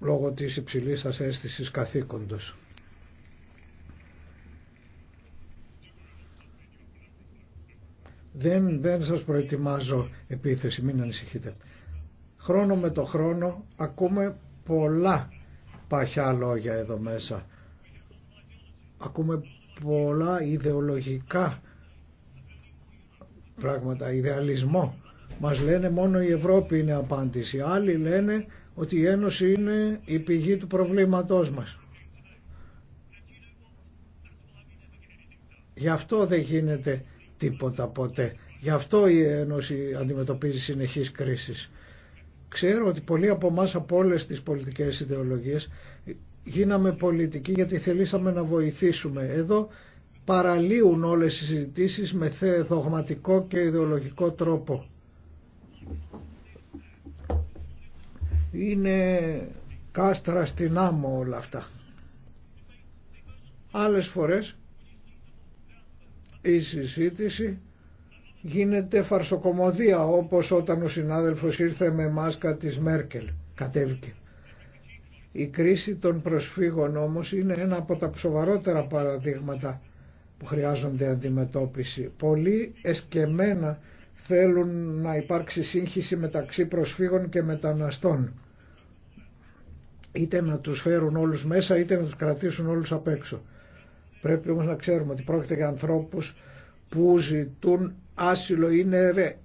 λόγω της υψηλής σας αίσθησης καθήκοντος. Δεν, δεν σας προετοιμάζω επίθεση, μην ανησυχείτε. Χρόνο με το χρόνο ακούμε πολλά παχιά λόγια εδώ μέσα. Ακούμε πολλά ιδεολογικά πράγματα, ιδεαλισμό. Μας λένε μόνο η Ευρώπη είναι απάντηση. Άλλοι λένε ότι η Ένωση είναι η πηγή του προβλήματός μας. Γι' αυτό δεν γίνεται τίποτα ποτέ. Γι' αυτό η Ένωση αντιμετωπίζει συνεχείς κρίσεις. Ξέρω ότι πολλοί από εμά από όλε τι πολιτικές ιδεολογίε γίναμε πολιτικοί γιατί θελήσαμε να βοηθήσουμε. Εδώ παραλύουν όλες οι συζητήσει με δογματικό και ιδεολογικό τρόπο. Είναι κάστρα στην άμμο όλα αυτά. Άλλες φορές η συζήτηση γίνεται φαρσοκομωδία όπως όταν ο συνάδελφος ήρθε με μάσκα της Μέρκελ, κατέβηκε. Η κρίση των προσφύγων όμως είναι ένα από τα σοβαρότερα παραδείγματα που χρειάζονται αντιμετώπιση. Πολλοί εσκεμένα θέλουν να υπάρξει σύγχυση μεταξύ προσφύγων και μεταναστών. Είτε να τους φέρουν όλους μέσα είτε να τους κρατήσουν όλους απ' έξω. Πρέπει όμως να ξέρουμε ότι πρόκειται για ανθρώπους που ζητούν άσυλο, είναι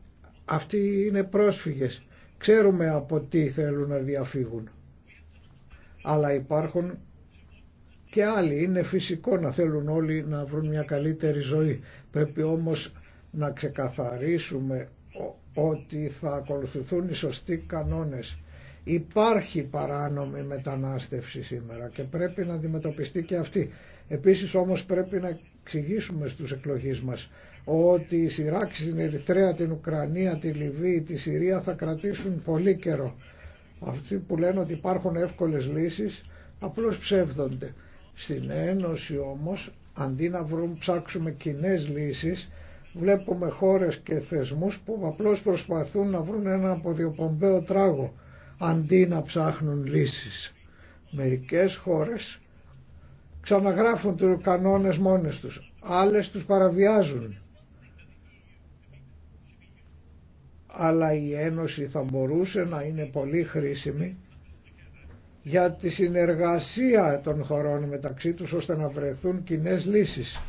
αυτοί είναι πρόσφυγες. Ξέρουμε από τι θέλουν να διαφύγουν. Αλλά υπάρχουν και άλλοι. Είναι φυσικό να θέλουν όλοι να βρουν μια καλύτερη ζωή. Πρέπει όμως να ξεκαθαρίσουμε ότι θα ακολουθηθούν οι σωστοί κανόνες. Υπάρχει παράνομη μετανάστευση σήμερα και πρέπει να αντιμετωπιστεί και αυτή. Επίσης όμως πρέπει να εξηγήσουμε στους εκλογείς μας ότι οι σειράξει στην Ερυθρέα, την Ουκρανία, τη Λιβύη, τη Συρία θα κρατήσουν πολύ καιρό. Αυτοί που λένε ότι υπάρχουν εύκολες λύσεις απλώς ψεύδονται. Στην Ένωση όμως αντί να ψάξουμε κοινέ λύσεις βλέπουμε χώρες και θεσμούς που απλώς προσπαθούν να βρουν ένα αποδιοπομπαίο τράγο αντί να ψάχνουν λύσεις. Μερικές χώρες ξαναγράφουν τους κανόνες μόνες τους. Άλλες τους παραβιάζουν. Αλλά η Ένωση θα μπορούσε να είναι πολύ χρήσιμη για τη συνεργασία των χωρών μεταξύ τους ώστε να βρεθούν κοινέ λύσεις.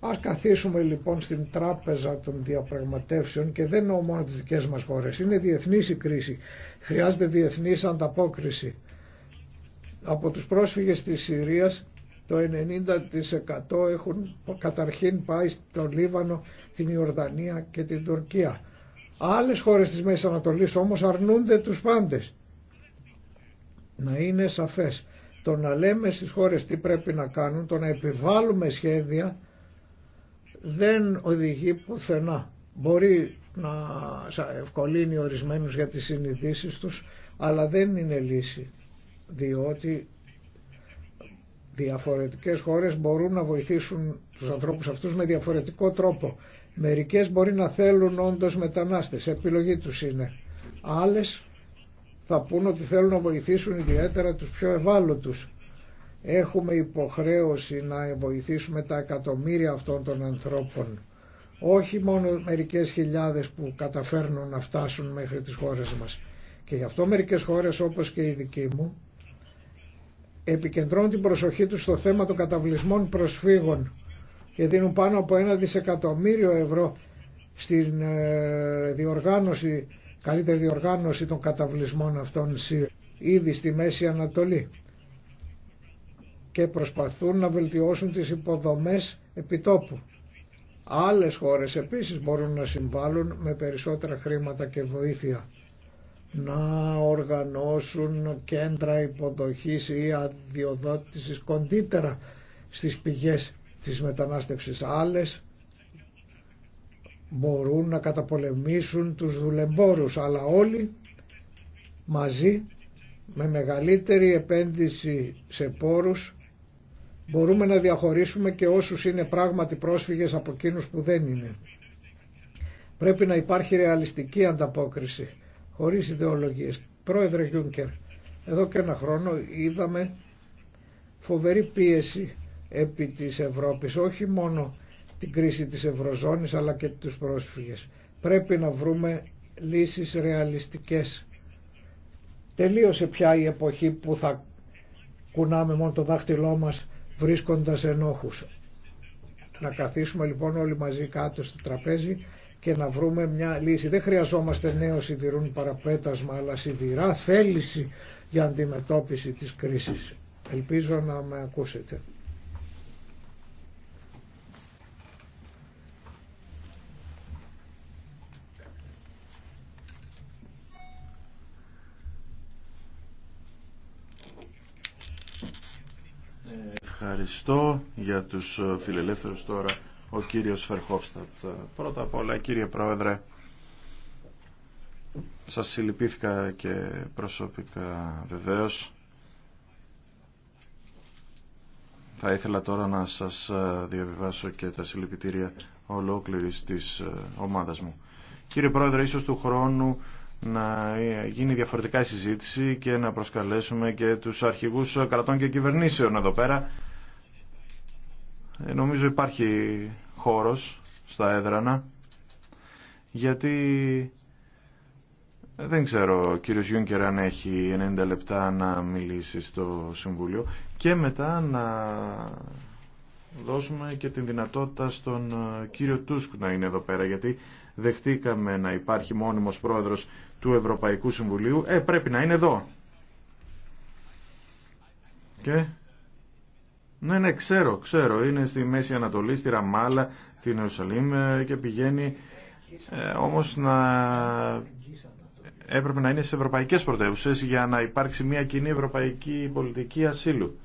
Ας καθίσουμε λοιπόν στην τράπεζα των διαπραγματεύσεων και δεν εννοώ μόνο τις δικές μας χώρες. Είναι διεθνής η κρίση. Χρειάζεται διεθνής ανταπόκριση. Από τους πρόσφυγες της Συρίας το 90% έχουν καταρχήν πάει στο Λίβανο, την Ιορδανία και την Τουρκία. Άλλες χώρες της Μέσης Ανατολής όμως αρνούνται τους πάντες. Να είναι σαφές. Το να λέμε στις χώρες τι πρέπει να κάνουν, το να επιβάλλουμε σχέδια δεν οδηγεί πουθενά. Μπορεί να ευκολύνει ορισμένους για τις συνειδήσεις τους, αλλά δεν είναι λύση, διότι Διαφορετικές χώρες μπορούν να βοηθήσουν τους ανθρώπους αυτούς με διαφορετικό τρόπο. Μερικές μπορεί να θέλουν όντως μετανάστες, επιλογή τους είναι. Άλλες θα πούν ότι θέλουν να βοηθήσουν ιδιαίτερα τους πιο ευάλωτους. Έχουμε υποχρέωση να βοηθήσουμε τα εκατομμύρια αυτών των ανθρώπων. Όχι μόνο μερικές χιλιάδες που καταφέρνουν να φτάσουν μέχρι τις χώρες μας. Και γι' αυτό μερικές χώρες όπως και η δική μου επικεντρώνουν την προσοχή τους στο θέμα των καταβλισμών προσφύγων και δίνουν πάνω από ένα δισεκατομμύριο ευρώ στην ε, διοργάνωση, καλύτερη διοργάνωση των καταβλισμών αυτών ήδη στη Μέση Ανατολή και προσπαθούν να βελτιώσουν τις υποδομές επιτόπου. Άλλες χώρες επίσης μπορούν να συμβάλλουν με περισσότερα χρήματα και βοήθεια να οργανώσουν κέντρα υποδοχής ή αδειοδότησης κοντύτερα στις πηγές της μετανάστευσης. Άλλες μπορούν να καταπολεμήσουν τους δουλεμπόρους, αλλά όλοι μαζί με μεγαλύτερη επένδυση σε πόρους μπορούμε να διαχωρίσουμε και όσους είναι πράγματι πρόσφυγες από εκείνους που δεν είναι. Πρέπει να υπάρχει ρεαλιστική ανταπόκριση χωρίς ιδεολογίες. Πρόεδρε Γιούνκερ, εδώ και ένα χρόνο είδαμε φοβερή πίεση επί της Ευρώπης, όχι μόνο την κρίση της Ευρωζώνης αλλά και τους πρόσφυγες. Πρέπει να βρούμε λύσεις ρεαλιστικές. Τελείωσε πια η εποχή που θα κουνάμε μόνο το δάχτυλό μας βρίσκοντας ενόχους. Να καθίσουμε λοιπόν όλοι μαζί κάτω στο τραπέζι και να βρούμε μια λύση. Δεν χρειαζόμαστε νέο σιδηρούν παραπέτασμα αλλά σιδηρά θέληση για αντιμετώπιση της κρίσης. Ελπίζω να με ακούσετε. Ευχαριστώ για τους φιλελεύθερους τώρα ο κύριος Φερχόφστατ. Πρώτα απ' όλα κύριε Πρόεδρε, σας συλληπήθηκα και προσωπικά βεβαίως. Θα ήθελα τώρα να σας ε, διαβιβάσω και τα συλληπιτήρια ολόκληρης της ε, ομάδας μου. Κύριε Πρόεδρε, ίσως του χρόνου να ε, γίνει διαφορετικά η συζήτηση και να προσκαλέσουμε και τους αρχηγούς κρατών και κυβερνήσεων εδώ πέρα ε, νομίζω υπάρχει χώρος στα έδρανα γιατί δεν ξέρω ο κύριος Γιούνκερ αν έχει 90 λεπτά να μιλήσει στο Συμβούλιο και μετά να δώσουμε και την δυνατότητα στον ε, κύριο Τούσκ να είναι εδώ πέρα γιατί δεχτήκαμε να υπάρχει μόνιμος πρόεδρος του Ευρωπαϊκού Συμβουλίου ε πρέπει να είναι εδώ και ναι, ναι, ξέρω, ξέρω. Είναι στη Μέση Ανατολή, στη Ραμάλα, την Ιερουσαλήμ ε, και πηγαίνει ε, όμως να έπρεπε να είναι σε ευρωπαϊκές πρωτεύουσες για να υπάρξει μια κοινή ευρωπαϊκή πολιτική ασύλου.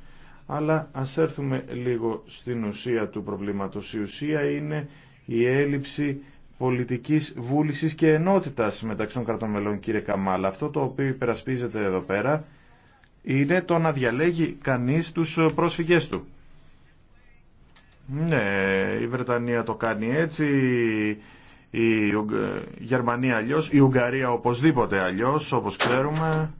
Αλλά ας έρθουμε λίγο στην ουσία του προβλήματος. Η ουσία είναι η έλλειψη πολιτικής βούλησης και ενότητας μεταξύ των κρατών μελών, κύριε Καμάλα. Αυτό το οποίο υπερασπίζεται εδώ πέρα είναι το να διαλέγει κανείς τους πρόσφυγές του. Ναι, η Βρετανία το κάνει έτσι, η Γερμανία αλλιώς, η Ουγγαρία οπωσδήποτε αλλιώς, όπως ξέρουμε.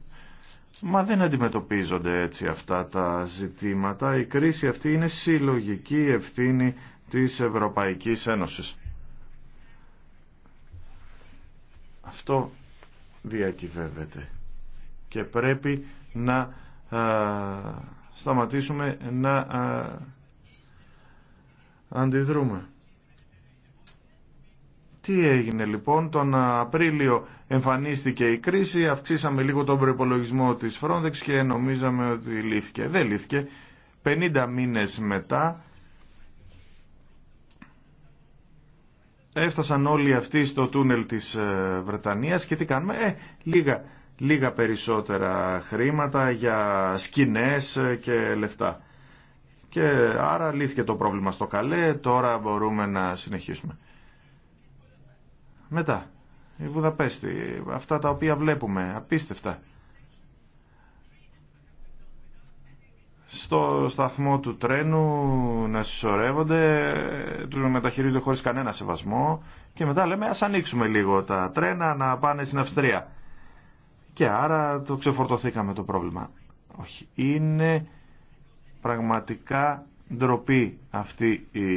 Μα δεν αντιμετωπίζονται έτσι αυτά τα ζητήματα. Η κρίση αυτή είναι συλλογική ευθύνη της Ευρωπαϊκής Ένωσης. Αυτό διακυβεύεται και πρέπει να σταματήσουμε να αντιδρούμε. Τι έγινε λοιπόν, τον Απρίλιο εμφανίστηκε η κρίση, αυξήσαμε λίγο τον προπολογισμό της Frontex και νομίζαμε ότι λύθηκε. Δεν λύθηκε. 50 μήνες μετά έφτασαν όλοι αυτοί στο τούνελ της ε, Βρετανίας και τι κάνουμε, ε, λίγα λίγα περισσότερα χρήματα για σκηνές και λεφτά. Και άρα λύθηκε το πρόβλημα στο καλέ, τώρα μπορούμε να συνεχίσουμε. Μετά, η Βουδαπέστη, αυτά τα οποία βλέπουμε, απίστευτα. Στο σταθμό του τρένου να συσσωρεύονται, τους μεταχειρίζονται χωρίς κανένα σεβασμό και μετά λέμε ας ανοίξουμε λίγο τα τρένα να πάνε στην Αυστρία και άρα το ξεφορτωθήκαμε το πρόβλημα. Όχι, είναι πραγματικά ντροπή αυτή η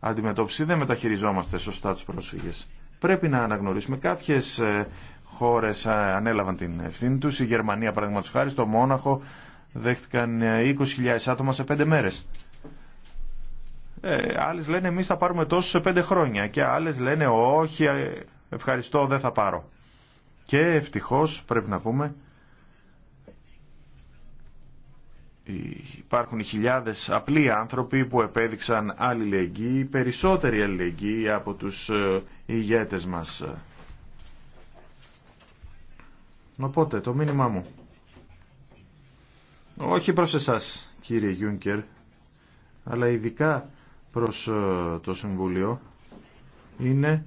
αντιμετώπιση. Δεν μεταχειριζόμαστε σωστά τους πρόσφυγες. Πρέπει να αναγνωρίσουμε κάποιες ε, χώρες ε, ανέλαβαν την ευθύνη τους. Η Γερμανία, παραδείγματος χάρη, στο Μόναχο δέχτηκαν 20.000 ε, άτομα σε 5 μέρες. Ε, άλλες λένε εμείς θα πάρουμε τόσο σε 5 χρόνια και άλλες λένε όχι, ευχαριστώ, δεν θα πάρω. Και ευτυχώς πρέπει να πούμε υπάρχουν χιλιάδες απλοί άνθρωποι που επέδειξαν αλληλεγγύη, περισσότερη αλληλεγγύη από τους ε, ηγέτες μας. Οπότε το μήνυμά μου. Όχι προς εσάς κύριε Γιούνκερ, αλλά ειδικά προς ε, το Συμβούλιο είναι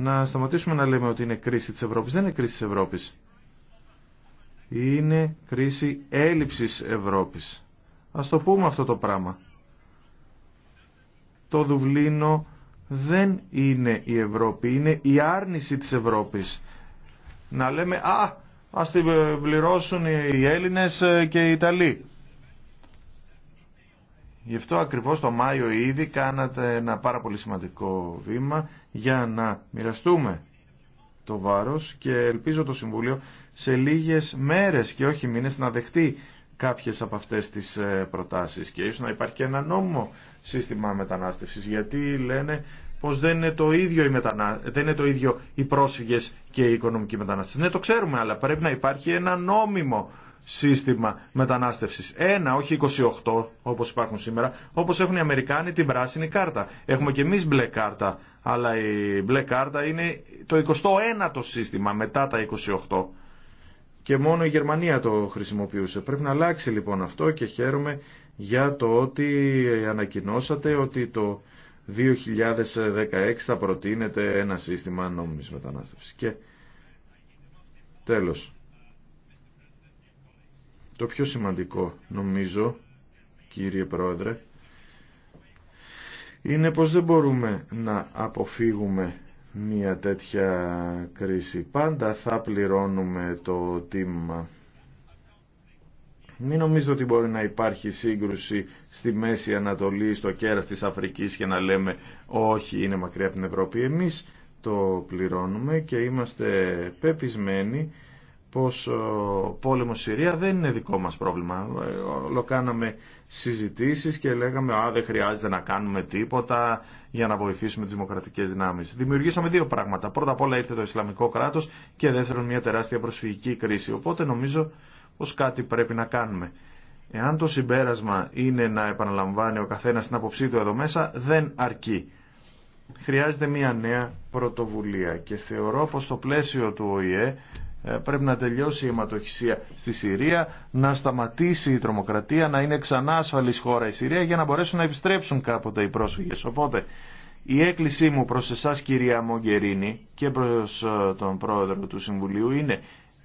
να σταματήσουμε να λέμε ότι είναι κρίση της Ευρώπης. Δεν είναι κρίση της Ευρώπης. Είναι κρίση έλλειψης Ευρώπης. Ας το πούμε αυτό το πράγμα. Το Δουβλίνο δεν είναι η Ευρώπη, είναι η άρνηση της Ευρώπης. Να λέμε, α, ας την πληρώσουν οι Έλληνες και οι Ιταλοί. Γι' αυτό ακριβώς το Μάιο ήδη κάνατε ένα πάρα πολύ σημαντικό βήμα για να μοιραστούμε το βάρος και ελπίζω το Συμβούλιο σε λίγες μέρες και όχι μήνες να δεχτεί κάποιες από αυτές τις ε, προτάσεις και ίσως να υπάρχει και ένα νόμιμο σύστημα μετανάστευσης γιατί λένε πως δεν είναι το ίδιο οι, μετανα... δεν είναι το ίδιο οι πρόσφυγες και οι οικονομικοί μετανάστες. Ναι το ξέρουμε αλλά πρέπει να υπάρχει ένα νόμιμο σύστημα μετανάστευσης. Ένα, όχι 28 όπως υπάρχουν σήμερα, όπως έχουν οι Αμερικάνοι την πράσινη κάρτα. Έχουμε και εμείς μπλε κάρτα αλλά η μπλε κάρτα είναι το 21 ο σύστημα μετά τα 28 και μόνο η Γερμανία το χρησιμοποιούσε. Πρέπει να αλλάξει λοιπόν αυτό και χαίρομαι για το ότι ανακοινώσατε ότι το 2016 θα προτείνεται ένα σύστημα νόμιμης μετανάστευσης. Και τέλος, το πιο σημαντικό νομίζω κύριε Πρόεδρε είναι πως δεν μπορούμε να αποφύγουμε μια τέτοια κρίση. Πάντα θα πληρώνουμε το τίμημα. Μην νομίζετε ότι μπορεί να υπάρχει σύγκρουση στη Μέση Ανατολή, στο κέρας της Αφρικής και να λέμε όχι είναι μακριά από την Ευρώπη. Εμείς το πληρώνουμε και είμαστε πεπισμένοι πως ο πόλεμος στη Συρία δεν είναι δικό μας πρόβλημα. Ε, ολοκάναμε συζητήσεις και λέγαμε «Α, δεν χρειάζεται να κάνουμε τίποτα για να βοηθήσουμε τις δημοκρατικές δυνάμεις». Δημιουργήσαμε δύο πράγματα. Πρώτα απ' όλα ήρθε το Ισλαμικό κράτος και δεύτερον μια τεράστια προσφυγική κρίση. Οπότε νομίζω πως κάτι πρέπει να κάνουμε. Εάν το συμπέρασμα είναι να επαναλαμβάνει ο καθένας την αποψή του εδώ μέσα, δεν αρκεί. Χρειάζεται μια νέα πρωτοβουλία και θεωρώ πως στο πλαίσιο του ΟΗΕ ε, πρέπει να τελειώσει η αιματοχυσία στη Συρία, να σταματήσει η τρομοκρατία, να είναι ξανά ασφαλή χώρα η Συρία για να μπορέσουν να επιστρέψουν κάποτε οι πρόσφυγες. Οπότε η έκκλησή μου προς εσάς κυρία Μογκερίνη και προς ε, τον πρόεδρο του Συμβουλίου είναι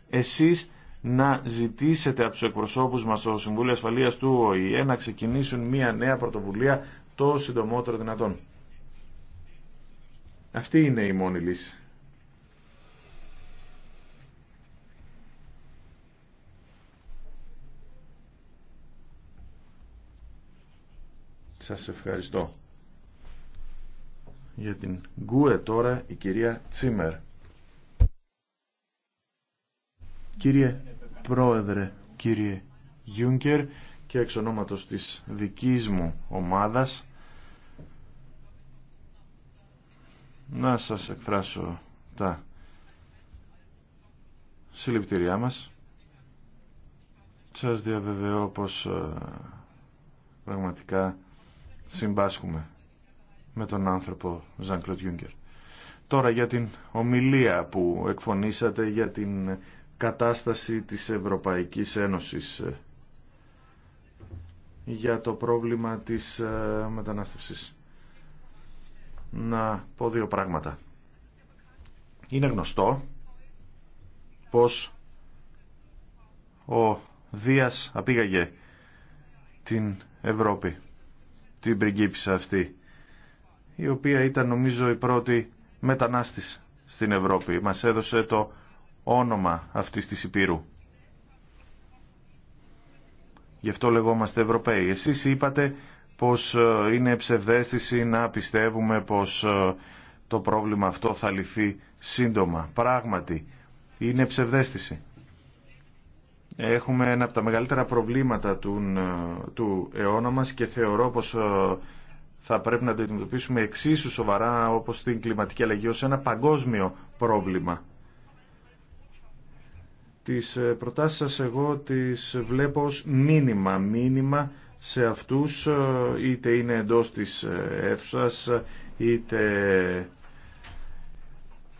εσείς να ζητήσετε από τους εκπροσώπους μας στο Συμβούλιο Ασφαλείας του ΟΗΕ να ξεκινήσουν μια νέα πρωτοβουλία το συντομότερο δυνατόν. Αυτή είναι η μόνη λύση. Σας ευχαριστώ. Για την Γκουε τώρα η κυρία Τσίμερ. Κύριε Πρόεδρε, κύριε Γιούνκερ και εξ ονόματος της δικής μου ομάδας να σας εκφράσω τα συλληπιτήριά μας. Σας διαβεβαιώ πως ε, πραγματικά συμπάσχουμε με τον άνθρωπο Ζαν Κλοντ Τώρα για την ομιλία που εκφωνήσατε για την κατάσταση της Ευρωπαϊκής Ένωσης ε, για το πρόβλημα της ε, μετανάστευσης. Να πω δύο πράγματα. Είναι γνωστό πως ο Δίας απήγαγε την Ευρώπη την πριγκίπισσα αυτή, η οποία ήταν νομίζω η πρώτη μετανάστης στην Ευρώπη. Μας έδωσε το όνομα αυτής της Υπήρου. Γι' αυτό λεγόμαστε Ευρωπαίοι. Εσείς είπατε πως ε, είναι ψευδέστηση να πιστεύουμε πως ε, το πρόβλημα αυτό θα λυθεί σύντομα. Πράγματι, είναι ψευδέστηση. Έχουμε ένα από τα μεγαλύτερα προβλήματα του, ε, του αιώνα μας και θεωρώ πως ε, θα πρέπει να το αντιμετωπίσουμε εξίσου σοβαρά όπως την κλιματική αλλαγή ως ένα παγκόσμιο πρόβλημα. Τις ε, προτάσεις σας εγώ τις βλέπω ως μήνυμα, μήνυμα σε αυτούς είτε είναι εντός της αίθουσα είτε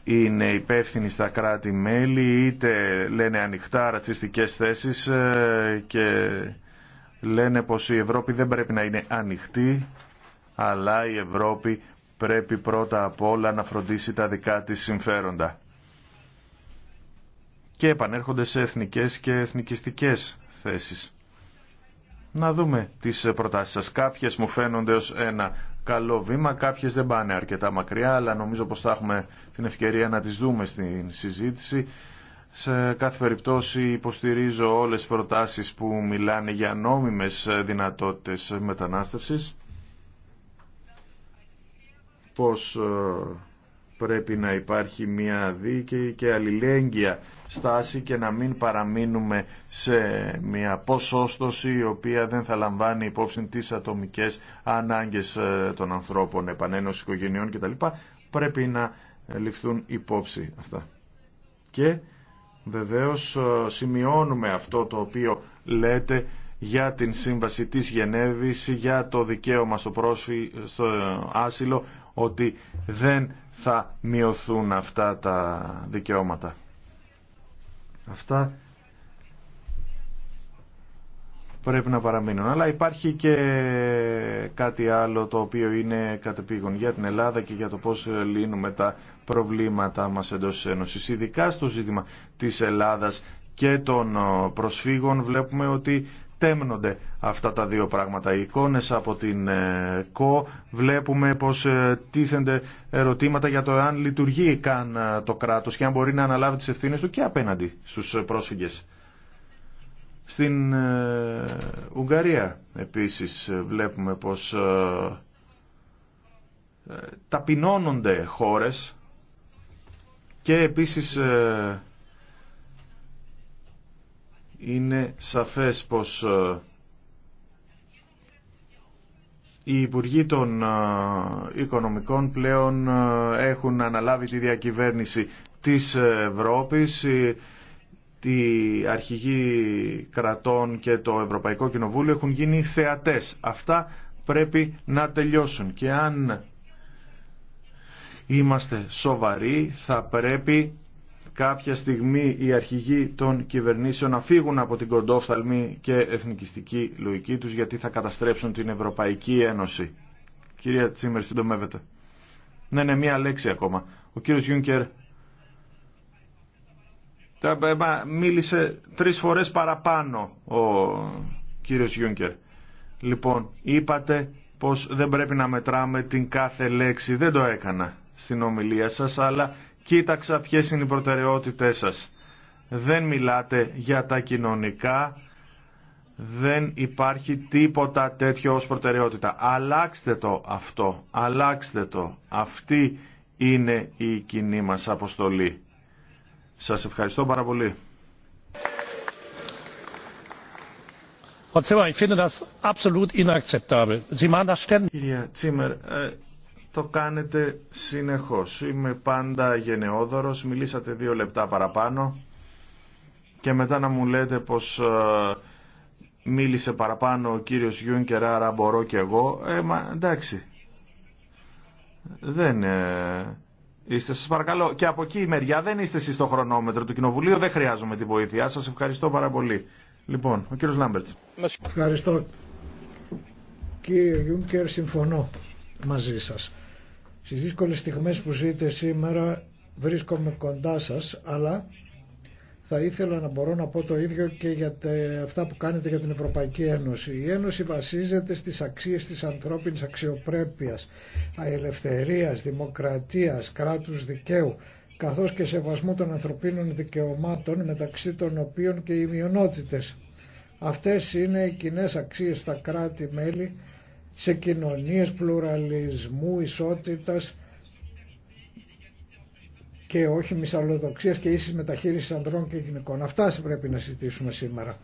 είναι υπεύθυνοι στα κράτη-μέλη, είτε λένε ανοιχτά ρατσιστικές θέσεις ε, και λένε πως η Ευρώπη δεν πρέπει να είναι ανοιχτή, αλλά η Ευρώπη πρέπει πρώτα απ' όλα να φροντίσει τα δικά της συμφέροντα. Και επανέρχονται σε εθνικές και εθνικιστικές θέσεις. Να δούμε τις προτάσεις σας. Κάποιες μου φαίνονται ως ένα καλό βήμα. Κάποιε δεν πάνε αρκετά μακριά, αλλά νομίζω πως θα έχουμε την ευκαιρία να τις δούμε στην συζήτηση. Σε κάθε περιπτώση υποστηρίζω όλες τις προτάσεις που μιλάνε για νόμιμες δυνατότητες μετανάστευσης. Πως ε, πρέπει να υπάρχει μια δίκαιη και αλληλέγγυα στάση και να μην παραμείνουμε σε μια ποσόστοση η οποία δεν θα λαμβάνει υπόψη τις ατομικές ανάγκες ε, των ανθρώπων, επανένωση οικογενειών κτλ. Πρέπει να ε, ληφθούν υπόψη αυτά. Και βεβαίως ε, σημειώνουμε αυτό το οποίο λέτε για την Σύμβαση της Γενέβης, για το δικαίωμα στο, στο άσυλο, ότι δεν θα μειωθούν αυτά τα δικαιώματα. Αυτά πρέπει να παραμείνουν. Αλλά υπάρχει και κάτι άλλο το οποίο είναι κατεπήγον για την Ελλάδα και για το πώς λύνουμε τα προβλήματα μας εντός Ένωσης. Ειδικά στο ζήτημα της Ελλάδας και των προσφύγων βλέπουμε ότι στέμνονται αυτά τα δύο πράγματα. Οι εικόνες από την ε, ΚΟ βλέπουμε πως ε, τίθενται ερωτήματα για το αν λειτουργεί καν ε, το κράτος και αν μπορεί να αναλάβει τις ευθύνες του και απέναντι στους πρόσφυγες. Στην Ουγγαρία επίσης βλέπουμε πως ταπεινώνονται χώρες και επίσης είναι σαφές πως ε, οι Υπουργοί των ε, Οικονομικών πλέον ε, έχουν αναλάβει τη διακυβέρνηση της Ευρώπης. Οι αρχηγοί κρατών και το Ευρωπαϊκό Κοινοβούλιο έχουν γίνει θεατές. Αυτά πρέπει να τελειώσουν και αν είμαστε σοβαροί θα πρέπει κάποια στιγμή οι αρχηγοί των κυβερνήσεων να φύγουν από την κοντόφθαλμη και εθνικιστική λογική τους γιατί θα καταστρέψουν την Ευρωπαϊκή Ένωση. Κυρία Τσίμερ, συντομεύετε. Ναι, ναι, μία λέξη ακόμα. Ο κύριος Γιούνκερ ε, μίλησε τρεις φορές παραπάνω ο κύριος Γιούνκερ. Λοιπόν, είπατε πως δεν πρέπει να μετράμε την κάθε λέξη. Δεν το έκανα στην ομιλία σας, αλλά κοίταξα ποιες είναι οι προτεραιότητές σας. Δεν μιλάτε για τα κοινωνικά, δεν υπάρχει τίποτα τέτοιο ως προτεραιότητα. Αλλάξτε το αυτό, αλλάξτε το. Αυτή είναι η κοινή μας αποστολή. Σας ευχαριστώ πάρα πολύ. Τσίμερ, το κάνετε συνεχώς. Είμαι πάντα γενναιόδωρος, μιλήσατε δύο λεπτά παραπάνω και μετά να μου λέτε πως ε, μίλησε παραπάνω ο κύριος Γιούνκερ, άρα μπορώ και εγώ. Ε, εντάξει. Δεν ε, είστε, σας παρακαλώ. Και από εκεί η μεριά δεν είστε εσείς στο χρονόμετρο του Κοινοβουλίου, δεν χρειάζομαι την βοήθειά σας. Ευχαριστώ πάρα πολύ. Λοιπόν, ο κύριος Λάμπερτς. Ευχαριστώ. Κύριε Γιούνκερ, συμφωνώ μαζί σας. Στις δύσκολες στιγμές που ζείτε σήμερα βρίσκομαι κοντά σας, αλλά θα ήθελα να μπορώ να πω το ίδιο και για αυτά που κάνετε για την Ευρωπαϊκή Ένωση. Η Ένωση βασίζεται στις αξίες της ανθρώπινης αξιοπρέπειας, ελευθερίας, δημοκρατίας, κράτους δικαίου, καθώς και σεβασμού των ανθρωπίνων δικαιωμάτων, μεταξύ των οποίων και οι μειονότητες. Αυτές είναι οι κοινέ αξίες στα κράτη-μέλη σε κοινωνίες πλουραλισμού, ισότητας και όχι μυσαλλοδοξίας και ίσης μεταχείρισης ανδρών και γυναικών. Αυτά πρέπει να συζητήσουμε σήμερα.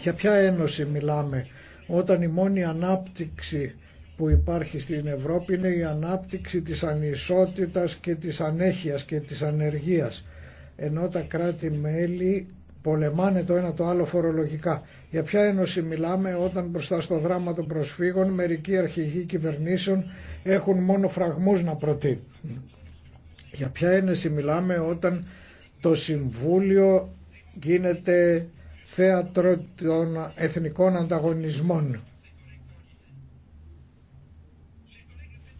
Για ποια ένωση μιλάμε όταν η μόνη ανάπτυξη που υπάρχει στην Ευρώπη είναι η ανάπτυξη της ανισότητας και της ανέχειας και της ανεργίας ενώ τα κράτη-μέλη πολεμάνε το ένα το άλλο φορολογικά. Για ποια ένωση μιλάμε όταν μπροστά στο δράμα των προσφύγων μερικοί αρχηγοί κυβερνήσεων έχουν μόνο φραγμούς να προτείνουν. Για ποια ένωση μιλάμε όταν το Συμβούλιο γίνεται θέατρο των εθνικών ανταγωνισμών.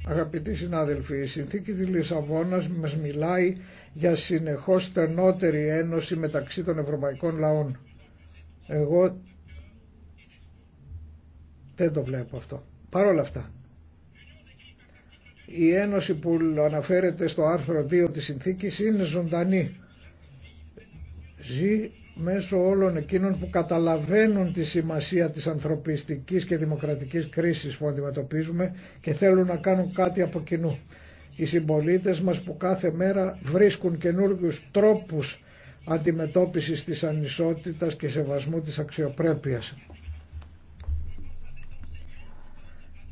Αγαπητοί συνάδελφοι, η συνθήκη της Λισαβόνας μας μιλάει για συνεχώς στενότερη ένωση μεταξύ των ευρωπαϊκών λαών. Εγώ δεν το βλέπω αυτό. Παρ' όλα αυτά, η ένωση που αναφέρεται στο άρθρο 2 της συνθήκης είναι ζωντανή. Ζει μέσω όλων εκείνων που καταλαβαίνουν τη σημασία της ανθρωπιστικής και δημοκρατικής κρίσης που αντιμετωπίζουμε και θέλουν να κάνουν κάτι από κοινού οι συμπολίτες μας που κάθε μέρα βρίσκουν καινούργιους τρόπους αντιμετώπισης της ανισότητας και σεβασμού της αξιοπρέπειας.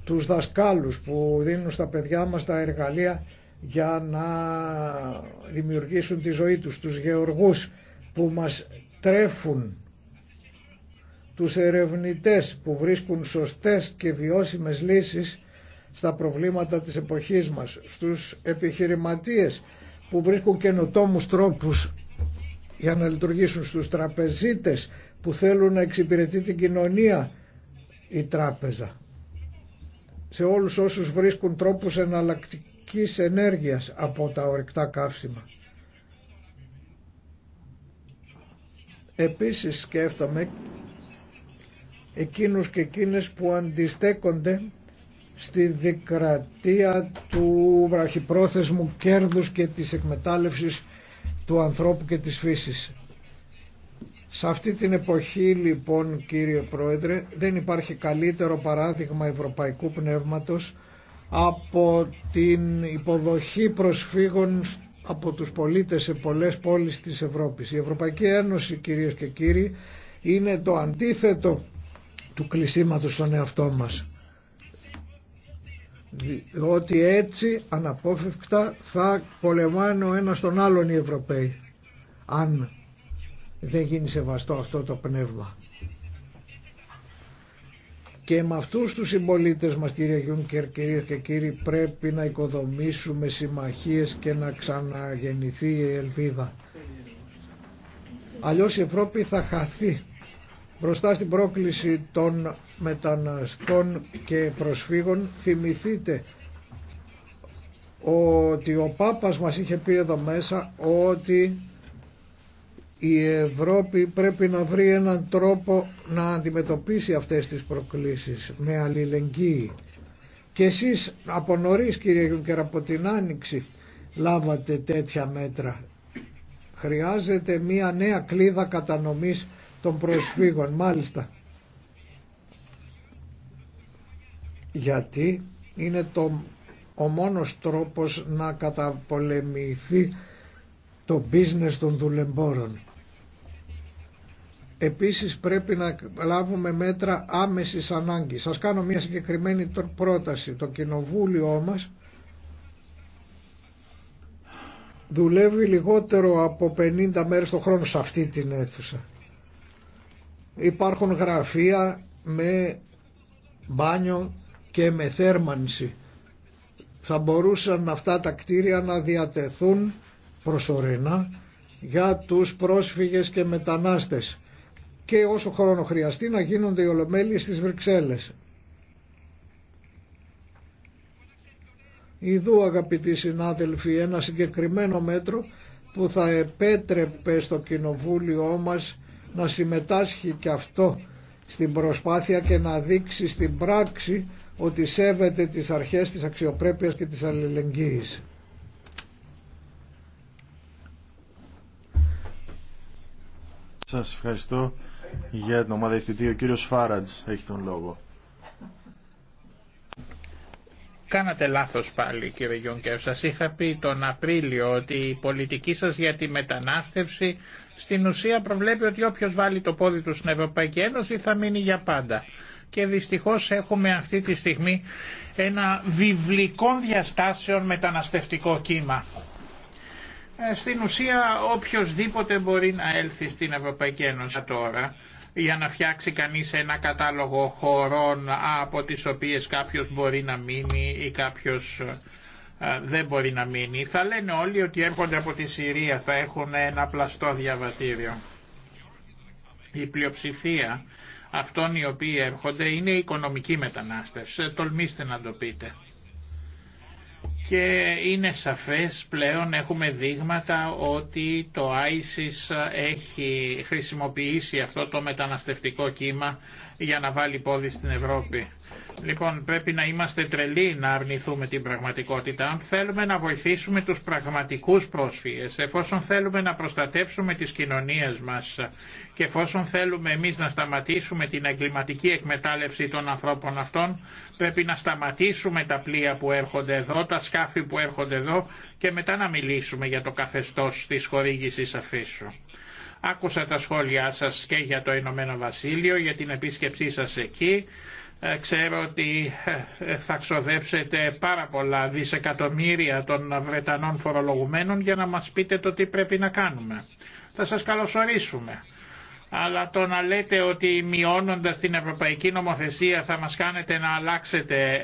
Τους δασκάλους που δίνουν στα παιδιά μας τα εργαλεία για να δημιουργήσουν τη ζωή τους, τους γεωργούς που μας τρέφουν, τους ερευνητές που βρίσκουν σωστές και βιώσιμες λύσεις στα προβλήματα της εποχής μας, στους επιχειρηματίες που βρίσκουν καινοτόμους τρόπους για να λειτουργήσουν, στους τραπεζίτες που θέλουν να εξυπηρετεί την κοινωνία η τράπεζα. Σε όλους όσους βρίσκουν τρόπους εναλλακτικής ενέργειας από τα ορυκτά καύσιμα. Επίσης σκέφτομαι εκείνους και εκείνες που αντιστέκονται στη δικρατεία του βραχυπρόθεσμου κέρδους και της εκμετάλλευσης του ανθρώπου και της φύσης. Σε αυτή την εποχή λοιπόν κύριε Πρόεδρε δεν υπάρχει καλύτερο παράδειγμα ευρωπαϊκού πνεύματος από την υποδοχή προσφύγων από τους πολίτες σε πολλές πόλεις της Ευρώπης. Η Ευρωπαϊκή Ένωση κυρίες και κύριοι είναι το αντίθετο του κλεισίματος στον εαυτό μας ότι έτσι αναπόφευκτα θα πολεμάνε ο ένας τον άλλον οι Ευρωπαίοι αν δεν γίνει σεβαστό αυτό το πνεύμα. Και με αυτούς τους συμπολίτες μας κύριε Γιούνκερ, κύριε και κύριοι πρέπει να οικοδομήσουμε συμμαχίες και να ξαναγεννηθεί η ελπίδα. Αλλιώς η Ευρώπη θα χαθεί μπροστά στην πρόκληση των μεταναστών και προσφύγων θυμηθείτε ότι ο Πάπας μας είχε πει εδώ μέσα ότι η Ευρώπη πρέπει να βρει έναν τρόπο να αντιμετωπίσει αυτές τις προκλήσεις με αλληλεγγύη. Και εσείς από νωρίς κύριε Γιούγκερ από την Άνοιξη λάβατε τέτοια μέτρα. Χρειάζεται μια νέα κλίδα κατανομής των προσφύγων. Μάλιστα γιατί είναι το, ο μόνος τρόπος να καταπολεμηθεί το business των δουλεμπόρων. Επίσης πρέπει να λάβουμε μέτρα άμεσης ανάγκης. Σας κάνω μια συγκεκριμένη πρόταση. Το κοινοβούλιο μας δουλεύει λιγότερο από 50 μέρες το χρόνο σε αυτή την αίθουσα. Υπάρχουν γραφεία με μπάνιο και με θέρμανση. Θα μπορούσαν αυτά τα κτίρια να διατεθούν προσωρινά για τους πρόσφυγες και μετανάστες και όσο χρόνο χρειαστεί να γίνονται οι Ολομέλειες στις Βρυξέλλες. Ιδού αγαπητοί συνάδελφοι ένα συγκεκριμένο μέτρο που θα επέτρεπε στο κοινοβούλιο μας να συμμετάσχει και αυτό στην προσπάθεια και να δείξει στην πράξη ότι σέβεται τις αρχές της αξιοπρέπειας και της αλληλεγγύης. Σας ευχαριστώ για την ομάδα ευθυντή. Ο κύριος Φάραντς έχει τον λόγο. Κάνατε λάθος πάλι κύριε Γιονκέρ. Σας είχα πει τον Απρίλιο ότι η πολιτική σας για τη μετανάστευση στην ουσία προβλέπει ότι όποιος βάλει το πόδι του στην Ευρωπαϊκή Ένωση θα μείνει για πάντα και δυστυχώς έχουμε αυτή τη στιγμή ένα βιβλικό διαστάσεων μεταναστευτικό κύμα. Ε, στην ουσία οποιοδήποτε μπορεί να έλθει στην Ευρωπαϊκή Ένωση τώρα για να φτιάξει κανείς ένα κατάλογο χωρών από τις οποίες κάποιος μπορεί να μείνει ή κάποιος ε, δεν μπορεί να μείνει. Θα λένε όλοι ότι έρχονται από τη Συρία, θα έχουν ένα πλαστό διαβατήριο. Η πλειοψηφία αυτών οι οποίοι έρχονται είναι η οικονομική μετανάστευση. Ε, τολμήστε να το πείτε. Και είναι σαφές πλέον έχουμε δείγματα ότι το ISIS έχει χρησιμοποιήσει αυτό το μεταναστευτικό κύμα για να βάλει πόδι στην Ευρώπη. Λοιπόν, πρέπει να είμαστε τρελοί να αρνηθούμε την πραγματικότητα. Αν θέλουμε να βοηθήσουμε τους πραγματικούς πρόσφυγες, εφόσον θέλουμε να προστατεύσουμε τις κοινωνίες μας και εφόσον θέλουμε εμείς να σταματήσουμε την εγκληματική εκμετάλλευση των ανθρώπων αυτών, πρέπει να σταματήσουμε τα πλοία που έρχονται εδώ, τα σκάφη που έρχονται εδώ και μετά να μιλήσουμε για το καθεστώς της χορήγησης αφήσου. Άκουσα τα σχόλιά σας και για το Ηνωμένο Βασίλειο, για την επίσκεψή σας εκεί. Ε, ξέρω ότι ε, ε, θα ξοδέψετε πάρα πολλά δισεκατομμύρια των Βρετανών φορολογουμένων για να μας πείτε το τι πρέπει να κάνουμε. Θα σας καλωσορίσουμε. Αλλά το να λέτε ότι μειώνοντας την ευρωπαϊκή νομοθεσία θα μας κάνετε να αλλάξετε,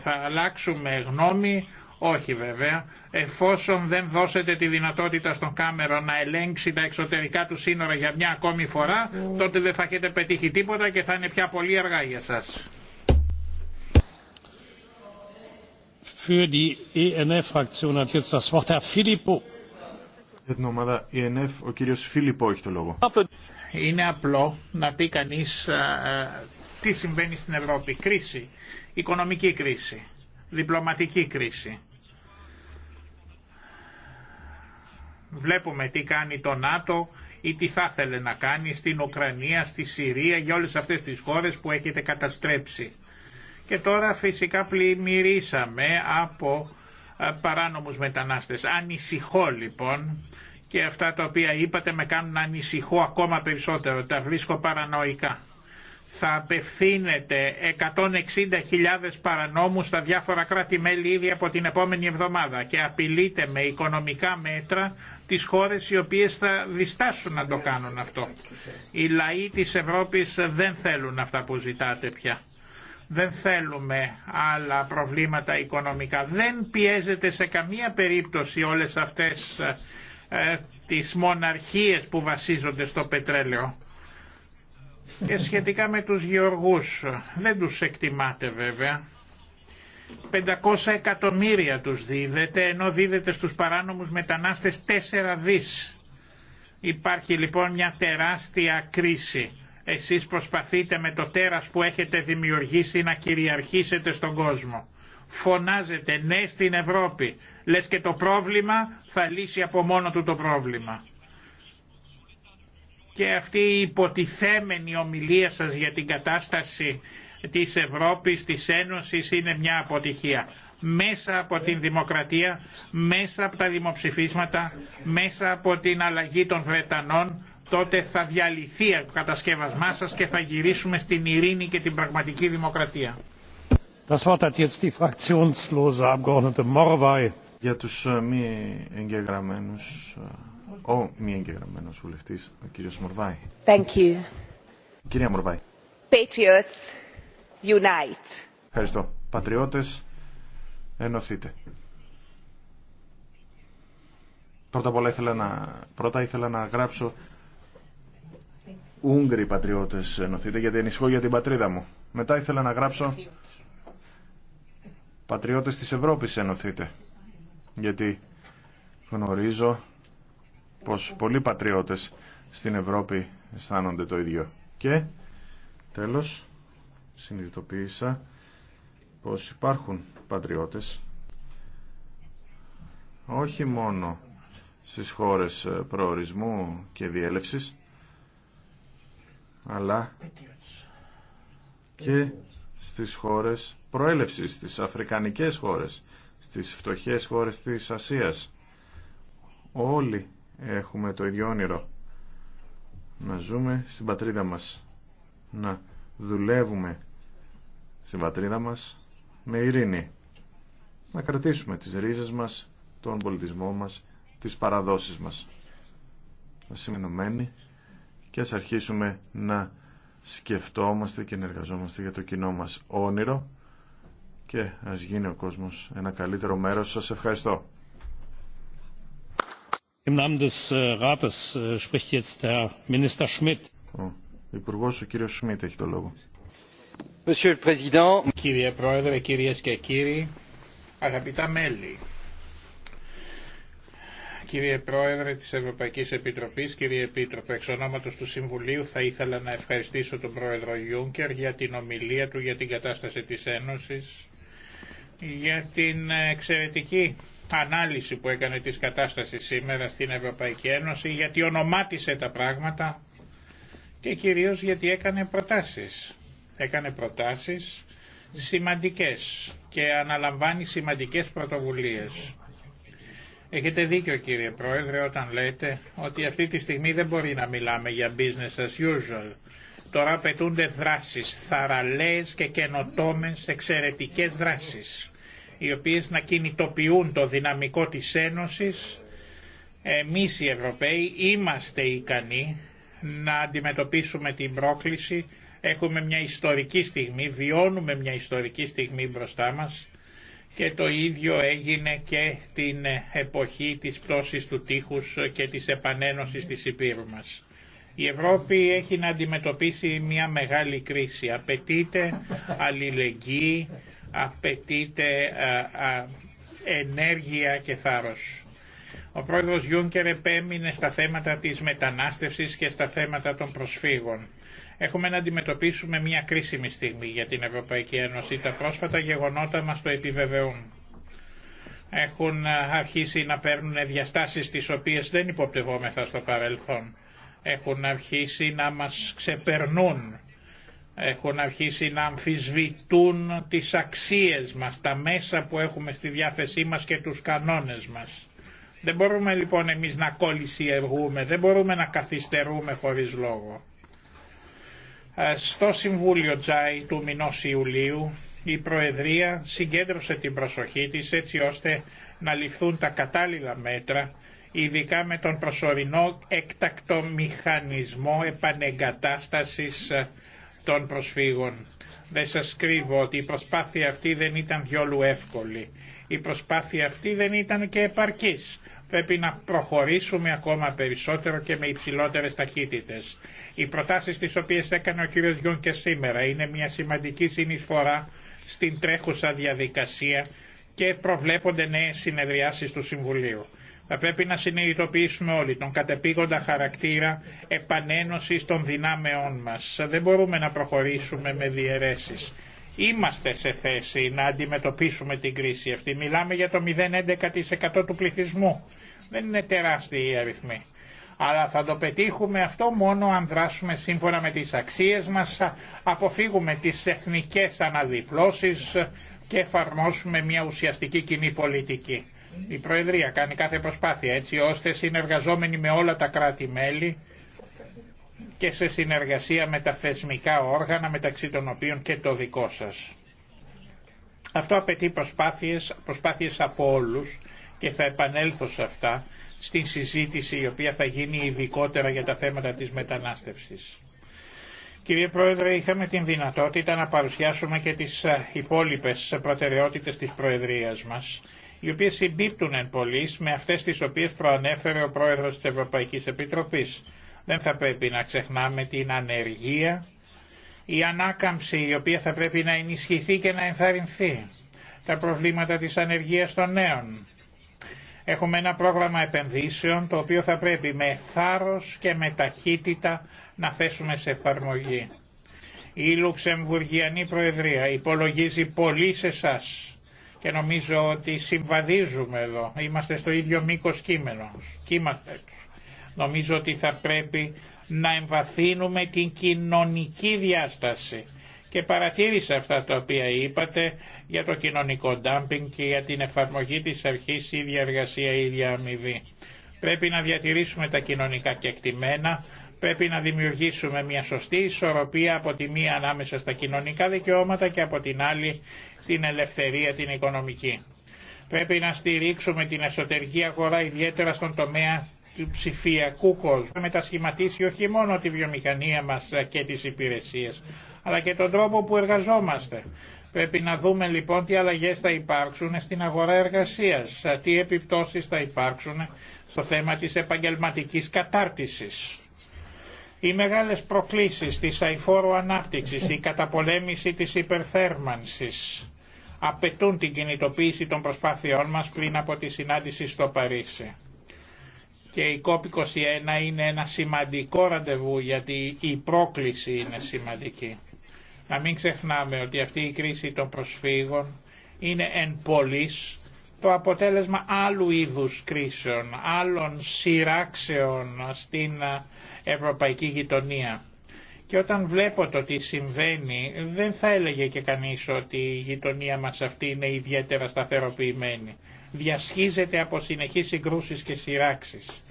θα αλλάξουμε γνώμη, όχι βέβαια, εφόσον δεν δώσετε τη δυνατότητα στον Κάμερο να ελέγξει τα εξωτερικά του σύνορα για μια ακόμη φορά, mm. τότε δεν θα έχετε πετύχει τίποτα και θα είναι πια πολύ αργά για σας. ENF, e e ο κύριος Φίλιππο έχει το λόγο. Είναι απλό να πει κανείς τι συμβαίνει στην Ευρώπη. Κρίση, οικονομική κρίση, διπλωματική κρίση. Βλέπουμε τι κάνει το ΝΑΤΟ ή τι θα ήθελε να κάνει στην Ουκρανία, στη Συρία, για όλες αυτές τις χώρες που έχετε καταστρέψει. Και τώρα φυσικά πλημμυρίσαμε από ε, παράνομους μετανάστες. Ανησυχώ λοιπόν και αυτά τα οποία είπατε με κάνουν να ανησυχώ ακόμα περισσότερο. Τα βρίσκω παρανοϊκά θα απευθύνεται 160.000 παρανόμους στα διάφορα κράτη-μέλη ήδη από την επόμενη εβδομάδα και απειλείται με οικονομικά μέτρα τις χώρες οι οποίες θα διστάσουν να το κάνουν αυτό. Οι λαοί της Ευρώπης δεν θέλουν αυτά που ζητάτε πια. Δεν θέλουμε άλλα προβλήματα οικονομικά. Δεν πιέζεται σε καμία περίπτωση όλες αυτές ε, τις μοναρχίες που βασίζονται στο πετρέλαιο. Και ε, σχετικά με τους γεωργούς, δεν τους εκτιμάτε βέβαια. 500 εκατομμύρια τους δίδεται, ενώ δίδεται στους παράνομους μετανάστες 4 δις. Υπάρχει λοιπόν μια τεράστια κρίση. Εσείς προσπαθείτε με το τέρας που έχετε δημιουργήσει να κυριαρχήσετε στον κόσμο. Φωνάζετε ναι στην Ευρώπη. Λες και το πρόβλημα θα λύσει από μόνο του το πρόβλημα και αυτή η υποτιθέμενη ομιλία σας για την κατάσταση της Ευρώπης, της Ένωσης είναι μια αποτυχία. Μέσα από την δημοκρατία, μέσα από τα δημοψηφίσματα, μέσα από την αλλαγή των Βρετανών, τότε θα διαλυθεί το κατασκευασμά σας και θα γυρίσουμε στην ειρήνη και την πραγματική δημοκρατία. Για τους ε, μη εγγεγραμμένους ε, ο μη εγγεγραμμένο βουλευτή, ο κύριος Μορβάη. Κυρία Μορβάη. Patriots unite. Ευχαριστώ. Πατριώτες, ενωθείτε. Πρώτα απ' όλα ήθελα να, πρώτα ήθελα να γράψω Ούγγροι πατριώτες ενωθείτε γιατί ενισχώ για την πατρίδα μου. Μετά ήθελα να γράψω πατριώτε τη Ευρώπη ενωθείτε. Γιατί γνωρίζω πως πολλοί πατριώτες στην Ευρώπη αισθάνονται το ίδιο. Και τέλος συνειδητοποίησα πως υπάρχουν πατριώτες όχι μόνο στις χώρες προορισμού και διέλευσης αλλά και στις χώρες προέλευσης, στις αφρικανικές χώρες, στις φτωχές χώρες της Ασίας. Όλοι έχουμε το ίδιο όνειρο. Να ζούμε στην πατρίδα μας. Να δουλεύουμε στην πατρίδα μας με ειρήνη. Να κρατήσουμε τις ρίζες μας, τον πολιτισμό μας, τις παραδόσεις μας. Να ενωμένοι και ας αρχίσουμε να σκεφτόμαστε και να εργαζόμαστε για το κοινό μας όνειρο και ας γίνει ο κόσμος ένα καλύτερο μέρος. Σας ευχαριστώ. Im Namen des äh, Rates Κύριε Πρόεδρε, και κύριοι, αγαπητά μέλη, κύριε Πρόεδρε της Ευρωπαϊκής Επιτροπής, κύριε Επίτροπε, εξ ονόματος του Συμβουλίου θα ήθελα να ευχαριστήσω τον Πρόεδρο Γιούνκερ για την ομιλία του για την κατάσταση της Ένωσης, για την ε, εξαιρετική ανάλυση που έκανε της κατάστασης σήμερα στην Ευρωπαϊκή Ένωση γιατί ονομάτισε τα πράγματα και κυρίως γιατί έκανε προτάσεις. Έκανε προτάσεις σημαντικές και αναλαμβάνει σημαντικές πρωτοβουλίες. Έχετε δίκιο κύριε Πρόεδρε όταν λέτε ότι αυτή τη στιγμή δεν μπορεί να μιλάμε για business as usual. Τώρα απαιτούνται δράσεις, θαραλέες και καινοτόμες εξαιρετικές δράσεις οι οποίες να κινητοποιούν το δυναμικό της Ένωσης. Εμείς οι Ευρωπαίοι είμαστε ικανοί να αντιμετωπίσουμε την πρόκληση. Έχουμε μια ιστορική στιγμή, βιώνουμε μια ιστορική στιγμή μπροστά μας και το ίδιο έγινε και την εποχή της πτώσης του τείχους και της επανένωσης της Υπήρου μας. Η Ευρώπη έχει να αντιμετωπίσει μια μεγάλη κρίση. Απαιτείται αλληλεγγύη, απαιτείται ε, ε, ενέργεια και θάρρος. Ο πρόεδρος Γιούνκερ επέμεινε στα θέματα της μετανάστευσης και στα θέματα των προσφύγων. Έχουμε να αντιμετωπίσουμε μια κρίσιμη στιγμή για την Ευρωπαϊκή Ένωση. Τα πρόσφατα γεγονότα μας το επιβεβαιούν. Έχουν ε, αρχίσει να παίρνουν διαστάσεις τις οποίες δεν υποπτευόμεθα στο παρελθόν. Έχουν αρχίσει να μας ξεπερνούν έχουν αρχίσει να αμφισβητούν τις αξίες μας, τα μέσα που έχουμε στη διάθεσή μας και τους κανόνες μας. Δεν μπορούμε λοιπόν εμείς να κολλησιεργούμε, δεν μπορούμε να καθυστερούμε χωρίς λόγο. Ε, στο Συμβούλιο Τζάι του μηνός Ιουλίου η Προεδρία συγκέντρωσε την προσοχή της έτσι ώστε να ληφθούν τα κατάλληλα μέτρα ειδικά με τον προσωρινό έκτακτο μηχανισμό επανεγκατάστασης ε, των προσφύγων. Δεν σας κρύβω ότι η προσπάθεια αυτή δεν ήταν διόλου εύκολη. Η προσπάθεια αυτή δεν ήταν και επαρκής. Πρέπει να προχωρήσουμε ακόμα περισσότερο και με υψηλότερες ταχύτητες. Οι προτάσεις τις οποίες έκανε ο κ. Γιούν και σήμερα είναι μια σημαντική συνεισφορά στην τρέχουσα διαδικασία και προβλέπονται νέες συνεδριάσεις του Συμβουλίου. Θα πρέπει να συνειδητοποιήσουμε όλοι τον κατεπήγοντα χαρακτήρα επανένωσης των δυνάμεών μας. Δεν μπορούμε να προχωρήσουμε με διαιρέσεις. Είμαστε σε θέση να αντιμετωπίσουμε την κρίση αυτή. Μιλάμε για το 0,11% του πληθυσμού. Δεν είναι τεράστιοι οι αριθμοί. Αλλά θα το πετύχουμε αυτό μόνο αν δράσουμε σύμφωνα με τις αξίες μας, αποφύγουμε τις εθνικές αναδιπλώσεις και εφαρμόσουμε μια ουσιαστική κοινή πολιτική. Η Προεδρία κάνει κάθε προσπάθεια έτσι ώστε συνεργαζόμενοι με όλα τα κράτη-μέλη και σε συνεργασία με τα θεσμικά όργανα μεταξύ των οποίων και το δικό σας. Αυτό απαιτεί προσπάθειες, προσπάθειες από όλους και θα επανέλθω σε αυτά στην συζήτηση η οποία θα γίνει ειδικότερα για τα θέματα της μετανάστευσης. Κύριε Πρόεδρε, είχαμε την δυνατότητα να παρουσιάσουμε και τις ε, υπόλοιπες προτεραιότητες της Προεδρίας μας οι οποίε συμπίπτουν εν με αυτές τις οποίες προανέφερε ο Πρόεδρος τη Ευρωπαϊκή Επιτροπή. Δεν θα πρέπει να ξεχνάμε την ανεργία, η ανάκαμψη η οποία θα πρέπει να ενισχυθεί και να ενθαρρυνθεί, τα προβλήματα της ανεργίας των νέων. Έχουμε ένα πρόγραμμα επενδύσεων το οποίο θα πρέπει με θάρρος και με ταχύτητα να θέσουμε σε εφαρμογή. Η Λουξεμβουργιανή Προεδρία υπολογίζει πολύ σε εσάς και νομίζω ότι συμβαδίζουμε εδώ, είμαστε στο ίδιο μήκος κείμενο, Κείμαστε τους. Νομίζω ότι θα πρέπει να εμβαθύνουμε την κοινωνική διάσταση και παρατήρησα αυτά τα οποία είπατε για το κοινωνικό ντάμπινγκ και για την εφαρμογή της αρχής ίδια εργασία, ίδια αμοιβή. Πρέπει να διατηρήσουμε τα κοινωνικά κεκτημένα, Πρέπει να δημιουργήσουμε μια σωστή ισορροπία από τη μία ανάμεσα στα κοινωνικά δικαιώματα και από την άλλη στην ελευθερία την οικονομική. Πρέπει να στηρίξουμε την εσωτερική αγορά ιδιαίτερα στον τομέα του ψηφιακού κόσμου. Μετασχηματίσει όχι μόνο τη βιομηχανία μας και τις υπηρεσίες, αλλά και τον τρόπο που εργαζόμαστε. Πρέπει να δούμε λοιπόν τι αλλαγές θα υπάρξουν στην αγορά εργασίας, τι επιπτώσεις θα υπάρξουν στο θέμα της επαγγελματικής κατάρτισης. Οι μεγάλες προκλήσεις της αηφόρου ανάπτυξης, η καταπολέμηση της υπερθέρμανσης απαιτούν την κινητοποίηση των προσπάθειών μας πριν από τη συνάντηση στο Παρίσι. Και η COP21 είναι ένα σημαντικό ραντεβού γιατί η πρόκληση είναι σημαντική. Να μην ξεχνάμε ότι αυτή η κρίση των προσφύγων είναι εν πολλής το αποτέλεσμα άλλου είδους κρίσεων, άλλων σειράξεων στην ευρωπαϊκή γειτονία. Και όταν βλέπω το τι συμβαίνει, δεν θα έλεγε και κανείς ότι η γειτονία μας αυτή είναι ιδιαίτερα σταθεροποιημένη. Διασχίζεται από συνεχείς συγκρούσεις και σειράξεις.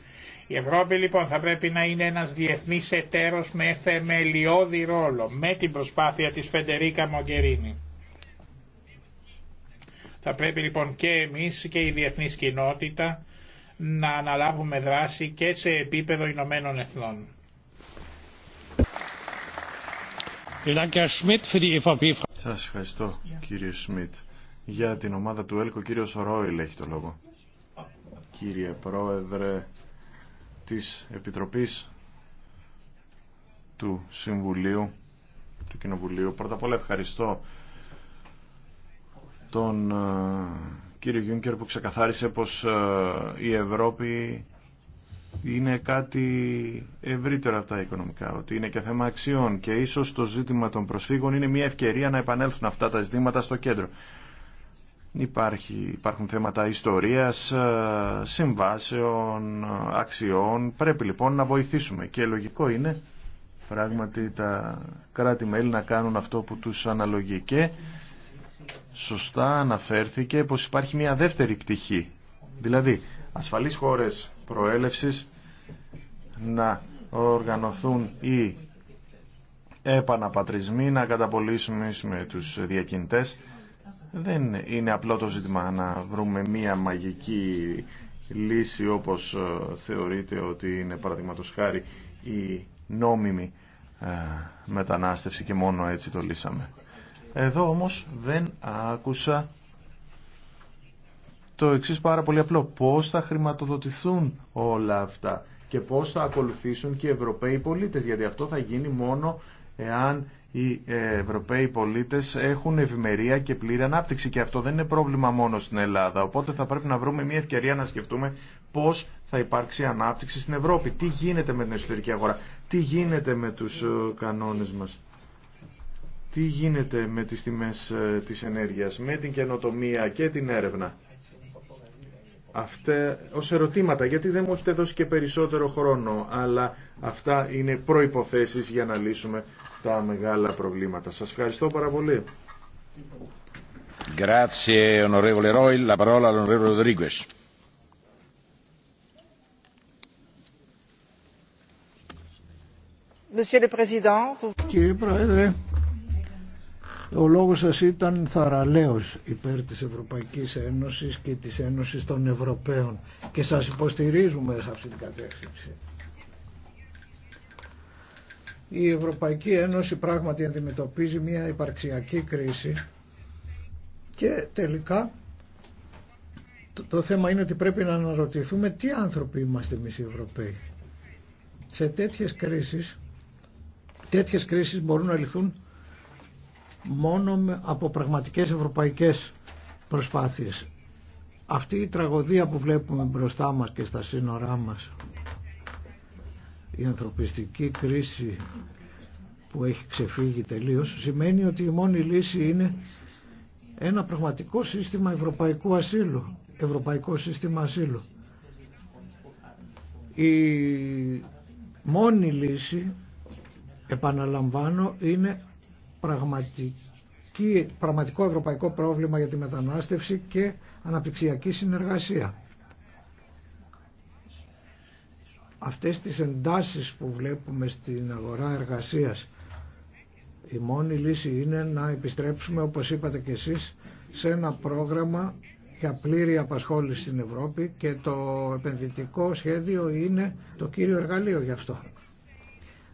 Η Ευρώπη λοιπόν θα πρέπει να είναι ένας διεθνής εταίρος με θεμελιώδη ρόλο, με την προσπάθεια της Φεντερίκα Μογκερίνη. Θα πρέπει λοιπόν και εμείς και η διεθνής κοινότητα να αναλάβουμε δράση και σε επίπεδο Ηνωμένων Εθνών. Σας ευχαριστώ κύριε Σμιτ. Για την ομάδα του ΕΛΚΟ κύριο Ρόιλ έχει το λόγο. Κύριε Πρόεδρε της Επιτροπής του Συμβουλίου του Κοινοβουλίου. Πρώτα απ' όλα ευχαριστώ τον ε, κύριο Γιούνκερ που ξεκαθάρισε πως ε, η Ευρώπη είναι κάτι ευρύτερο από τα οικονομικά, ότι είναι και θέμα αξιών και ίσως το ζήτημα των προσφύγων είναι μια ευκαιρία να επανέλθουν αυτά τα ζητήματα στο κέντρο. Υπάρχει, υπάρχουν θέματα ιστορίας, ε, συμβάσεων, αξιών. Πρέπει λοιπόν να βοηθήσουμε και λογικό είναι πράγματι τα κράτη-μέλη να κάνουν αυτό που τους αναλογεί και σωστά αναφέρθηκε πως υπάρχει μια δεύτερη πτυχή. Δηλαδή, ασφαλείς χώρες προέλευσης να οργανωθούν οι επαναπατρισμοί, να καταπολύσουμε τους διακινητές. Δεν είναι απλό το ζήτημα να βρούμε μια μαγική λύση όπως ε, θεωρείται ότι είναι παραδείγματο χάρη η νόμιμη ε, μετανάστευση και μόνο έτσι το λύσαμε. Εδώ όμως δεν άκουσα το εξής πάρα πολύ απλό. Πώς θα χρηματοδοτηθούν όλα αυτά και πώς θα ακολουθήσουν και οι Ευρωπαίοι πολίτες. Γιατί αυτό θα γίνει μόνο εάν οι ε, Ευρωπαίοι πολίτες έχουν ευημερία και πλήρη ανάπτυξη και αυτό δεν είναι πρόβλημα μόνο στην Ελλάδα. Οπότε θα πρέπει να βρούμε μια ευκαιρία να σκεφτούμε πώς θα υπάρξει ανάπτυξη στην Ευρώπη. Τι γίνεται με την εσωτερική αγορά, τι γίνεται με τους ε, κανόνες μας τι γίνεται με τις τιμές ε, της ενέργειας, με την καινοτομία και την έρευνα. Αυτά ως ερωτήματα, γιατί δεν μου έχετε δώσει και περισσότερο χρόνο, αλλά αυτά είναι προϋποθέσεις για να λύσουμε τα μεγάλα προβλήματα. Σας ευχαριστώ πάρα πολύ. Monsieur le Κύριε Πρόεδρε, ο λόγος σας ήταν θαραλέος υπέρ της Ευρωπαϊκής Ένωσης και της Ένωσης των Ευρωπαίων και σας υποστηρίζουμε σε αυτή την κατεύθυνση. Η Ευρωπαϊκή Ένωση πράγματι αντιμετωπίζει μια υπαρξιακή κρίση και τελικά το θέμα είναι ότι πρέπει να αναρωτηθούμε τι άνθρωποι είμαστε εμείς οι Ευρωπαίοι. Σε τέτοιες κρίσεις, τέτοιες κρίσεις μπορούν να λυθούν μόνο από πραγματικές ευρωπαϊκές προσπάθειες. Αυτή η τραγωδία που βλέπουμε μπροστά μας και στα σύνορά μας, η ανθρωπιστική κρίση που έχει ξεφύγει τελείως, σημαίνει ότι η μόνη λύση είναι ένα πραγματικό σύστημα ευρωπαϊκού ασύλου, ευρωπαϊκό σύστημα ασύλου. Η μόνη λύση, επαναλαμβάνω, είναι πραγματική, πραγματικό ευρωπαϊκό πρόβλημα για τη μετανάστευση και αναπτυξιακή συνεργασία. Αυτές τις εντάσεις που βλέπουμε στην αγορά εργασίας η μόνη λύση είναι να επιστρέψουμε όπως είπατε και εσείς σε ένα πρόγραμμα για πλήρη απασχόληση στην Ευρώπη και το επενδυτικό σχέδιο είναι το κύριο εργαλείο γι' αυτό.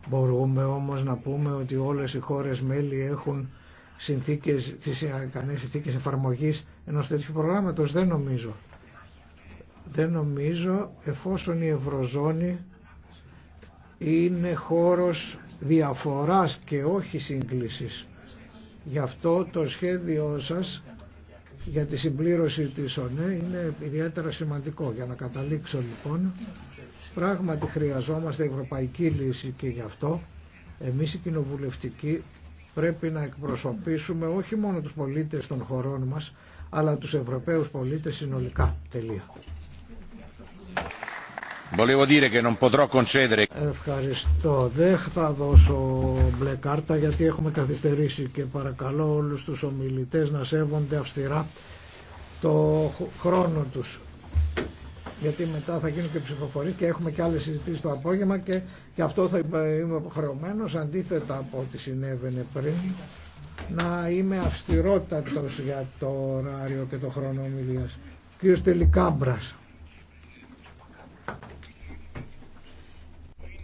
Μπορούμε όμως να πούμε ότι όλες οι χώρες μέλη έχουν συνθήκες, τις ικανές ε, συνθήκες εφαρμογής ενός τέτοιου προγράμματος. Δεν νομίζω. Δεν νομίζω εφόσον η Ευρωζώνη είναι χώρος διαφοράς και όχι σύγκλησης. Γι' αυτό το σχέδιό σας για τη συμπλήρωση της ΩΝΕ είναι ιδιαίτερα σημαντικό. Για να καταλήξω λοιπόν Πράγματι χρειαζόμαστε ευρωπαϊκή λύση και γι' αυτό εμείς οι κοινοβουλευτικοί πρέπει να εκπροσωπήσουμε όχι μόνο τους πολίτες των χωρών μας, αλλά τους Ευρωπαίους πολίτες συνολικά. Τελεία. Ευχαριστώ. Δεν θα δώσω μπλε κάρτα γιατί έχουμε καθυστερήσει και παρακαλώ όλους τους ομιλητές να σέβονται αυστηρά το χρόνο τους γιατί μετά θα γίνουν και ψηφοφορίε και έχουμε και άλλε συζητήσει το απόγευμα και γι' αυτό θα είμαι υποχρεωμένο αντίθετα από ό,τι συνέβαινε πριν να είμαι αυστηρότατο για το ωράριο και το χρόνο ομιλία. Κύριος Τελικάμπρας.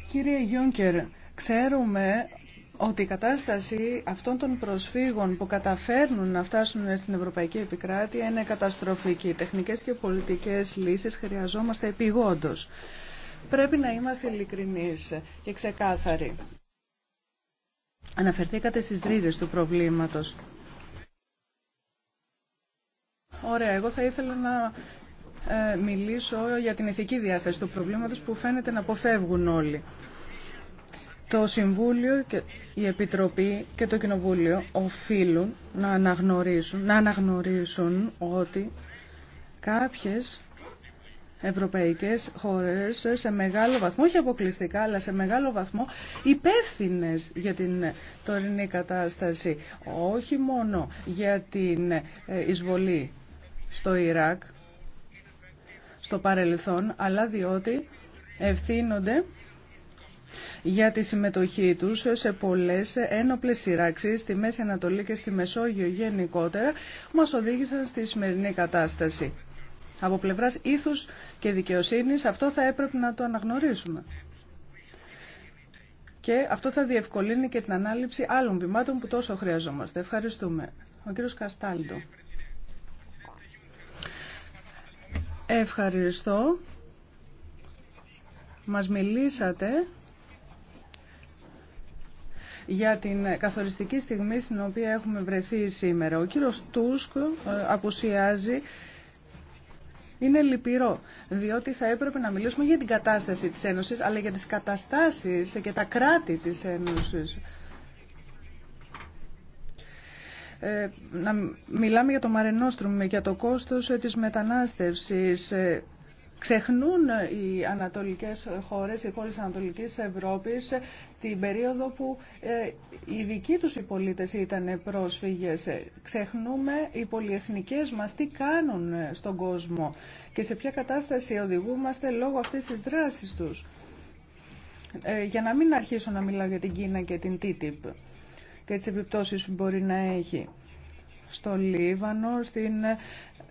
Κύριε Γιόνκερ, ξέρουμε ότι η κατάσταση αυτών των προσφύγων που καταφέρνουν να φτάσουν στην Ευρωπαϊκή Επικράτεια είναι καταστροφική. Τεχνικές και πολιτικές λύσεις χρειαζόμαστε επιγόντως. Πρέπει να είμαστε ειλικρινείς και ξεκάθαροι. Αναφερθήκατε στις ρίζες του προβλήματος. Ωραία, εγώ θα ήθελα να ε, μιλήσω για την ηθική διάσταση του προβλήματος που φαίνεται να αποφεύγουν όλοι. Το Συμβούλιο, και η Επιτροπή και το Κοινοβούλιο οφείλουν να αναγνωρίσουν, να αναγνωρίσουν ότι κάποιες ευρωπαϊκές χώρες σε μεγάλο βαθμό, όχι αποκλειστικά, αλλά σε μεγάλο βαθμό υπεύθυνε για την τωρινή κατάσταση. Όχι μόνο για την ε, εισβολή στο Ιράκ, στο παρελθόν, αλλά διότι ευθύνονται για τη συμμετοχή τους σε πολλές ένοπλες σειράξεις στη Μέση Ανατολή και στη Μεσόγειο γενικότερα που μας οδήγησαν στη σημερινή κατάσταση. Από πλευράς ήθους και δικαιοσύνης αυτό θα έπρεπε να το αναγνωρίσουμε. Και αυτό θα διευκολύνει και την ανάληψη άλλων βημάτων που τόσο χρειαζόμαστε. Ευχαριστούμε. Ο κύριος Καστάλντο. Ευχαριστώ. Μας μιλήσατε για την καθοριστική στιγμή στην οποία έχουμε βρεθεί σήμερα. Ο κύριος Τούσκ ε, απουσιάζει. Είναι λυπηρό, διότι θα έπρεπε να μιλήσουμε για την κατάσταση της Ένωσης, αλλά για τις καταστάσεις και τα κράτη της Ένωσης. Ε, να μιλάμε για το Μαρενόστρουμ, για το κόστος ε, της μετανάστευσης, Ξεχνούν οι ανατολικές χώρες, οι χώρες Ανατολικής Ευρώπης, την περίοδο που ε, οι δικοί τους οι πολίτες ήταν πρόσφυγες. Ξεχνούμε οι πολυεθνικές μας τι κάνουν στον κόσμο και σε ποια κατάσταση οδηγούμαστε λόγω αυτής της δράσης τους. Ε, για να μην αρχίσω να μιλάω για την Κίνα και την TTIP και τις επιπτώσεις που μπορεί να έχει στο Λίβανο, στην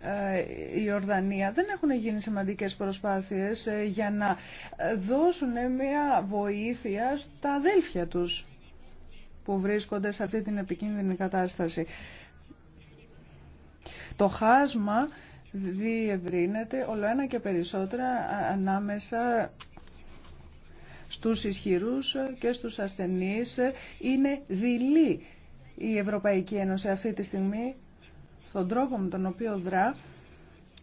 ε, η Ορδανία δεν έχουν γίνει σημαντικές προσπάθειες ε, για να ε, δώσουν μια βοήθεια στα αδέλφια τους που βρίσκονται σε αυτή την επικίνδυνη κατάσταση. Το χάσμα διευρύνεται όλο ένα και περισσότερα ανάμεσα στους ισχυρούς και στους ασθενείς. Είναι δειλή η Ευρωπαϊκή Ένωση αυτή τη στιγμή τον τρόπο με τον οποίο δρά,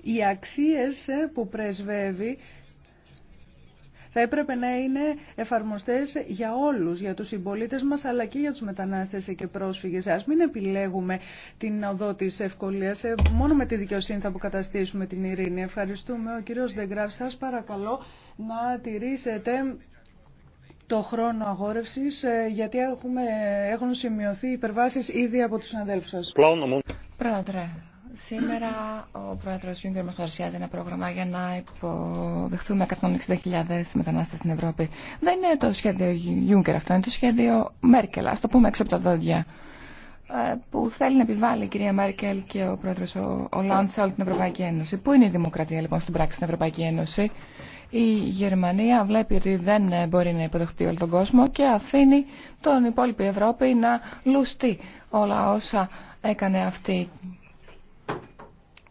οι αξίες ε, που πρεσβεύει θα έπρεπε να είναι εφαρμοστές για όλους, για τους συμπολίτε μας, αλλά και για τους μετανάστες και πρόσφυγες. Ας μην επιλέγουμε την οδό της ευκολίας. Ε, μόνο με τη δικαιοσύνη θα αποκαταστήσουμε την ειρήνη. Ευχαριστούμε. Ο κύριος Δεγκράφ, σας παρακαλώ να τηρήσετε το χρόνο αγόρευσης, ε, γιατί έχουμε, έχουν σημειωθεί υπερβάσεις ήδη από τους συναδέλφους σας. Πρόεδρε, σήμερα ο πρόεδρο Γιούγκερ μα παρουσιάζει ένα πρόγραμμα για να υποδεχτούμε 160.000 μετανάστε στην Ευρώπη. Δεν είναι το σχέδιο Γιούγκερ αυτό, είναι το σχέδιο Μέρκελ, α το πούμε έξω από τα δόντια ε, που θέλει να επιβάλλει η κυρία Μέρκελ και ο πρόεδρο ο, σε όλη την Ευρωπαϊκή Ένωση. Πού είναι η δημοκρατία λοιπόν στην πράξη στην Ευρωπαϊκή Ένωση. Η Γερμανία βλέπει ότι δεν μπορεί να υποδεχτεί όλο τον κόσμο και αφήνει τον υπόλοιπη Ευρώπη να λουστεί όλα όσα έκανε αυτή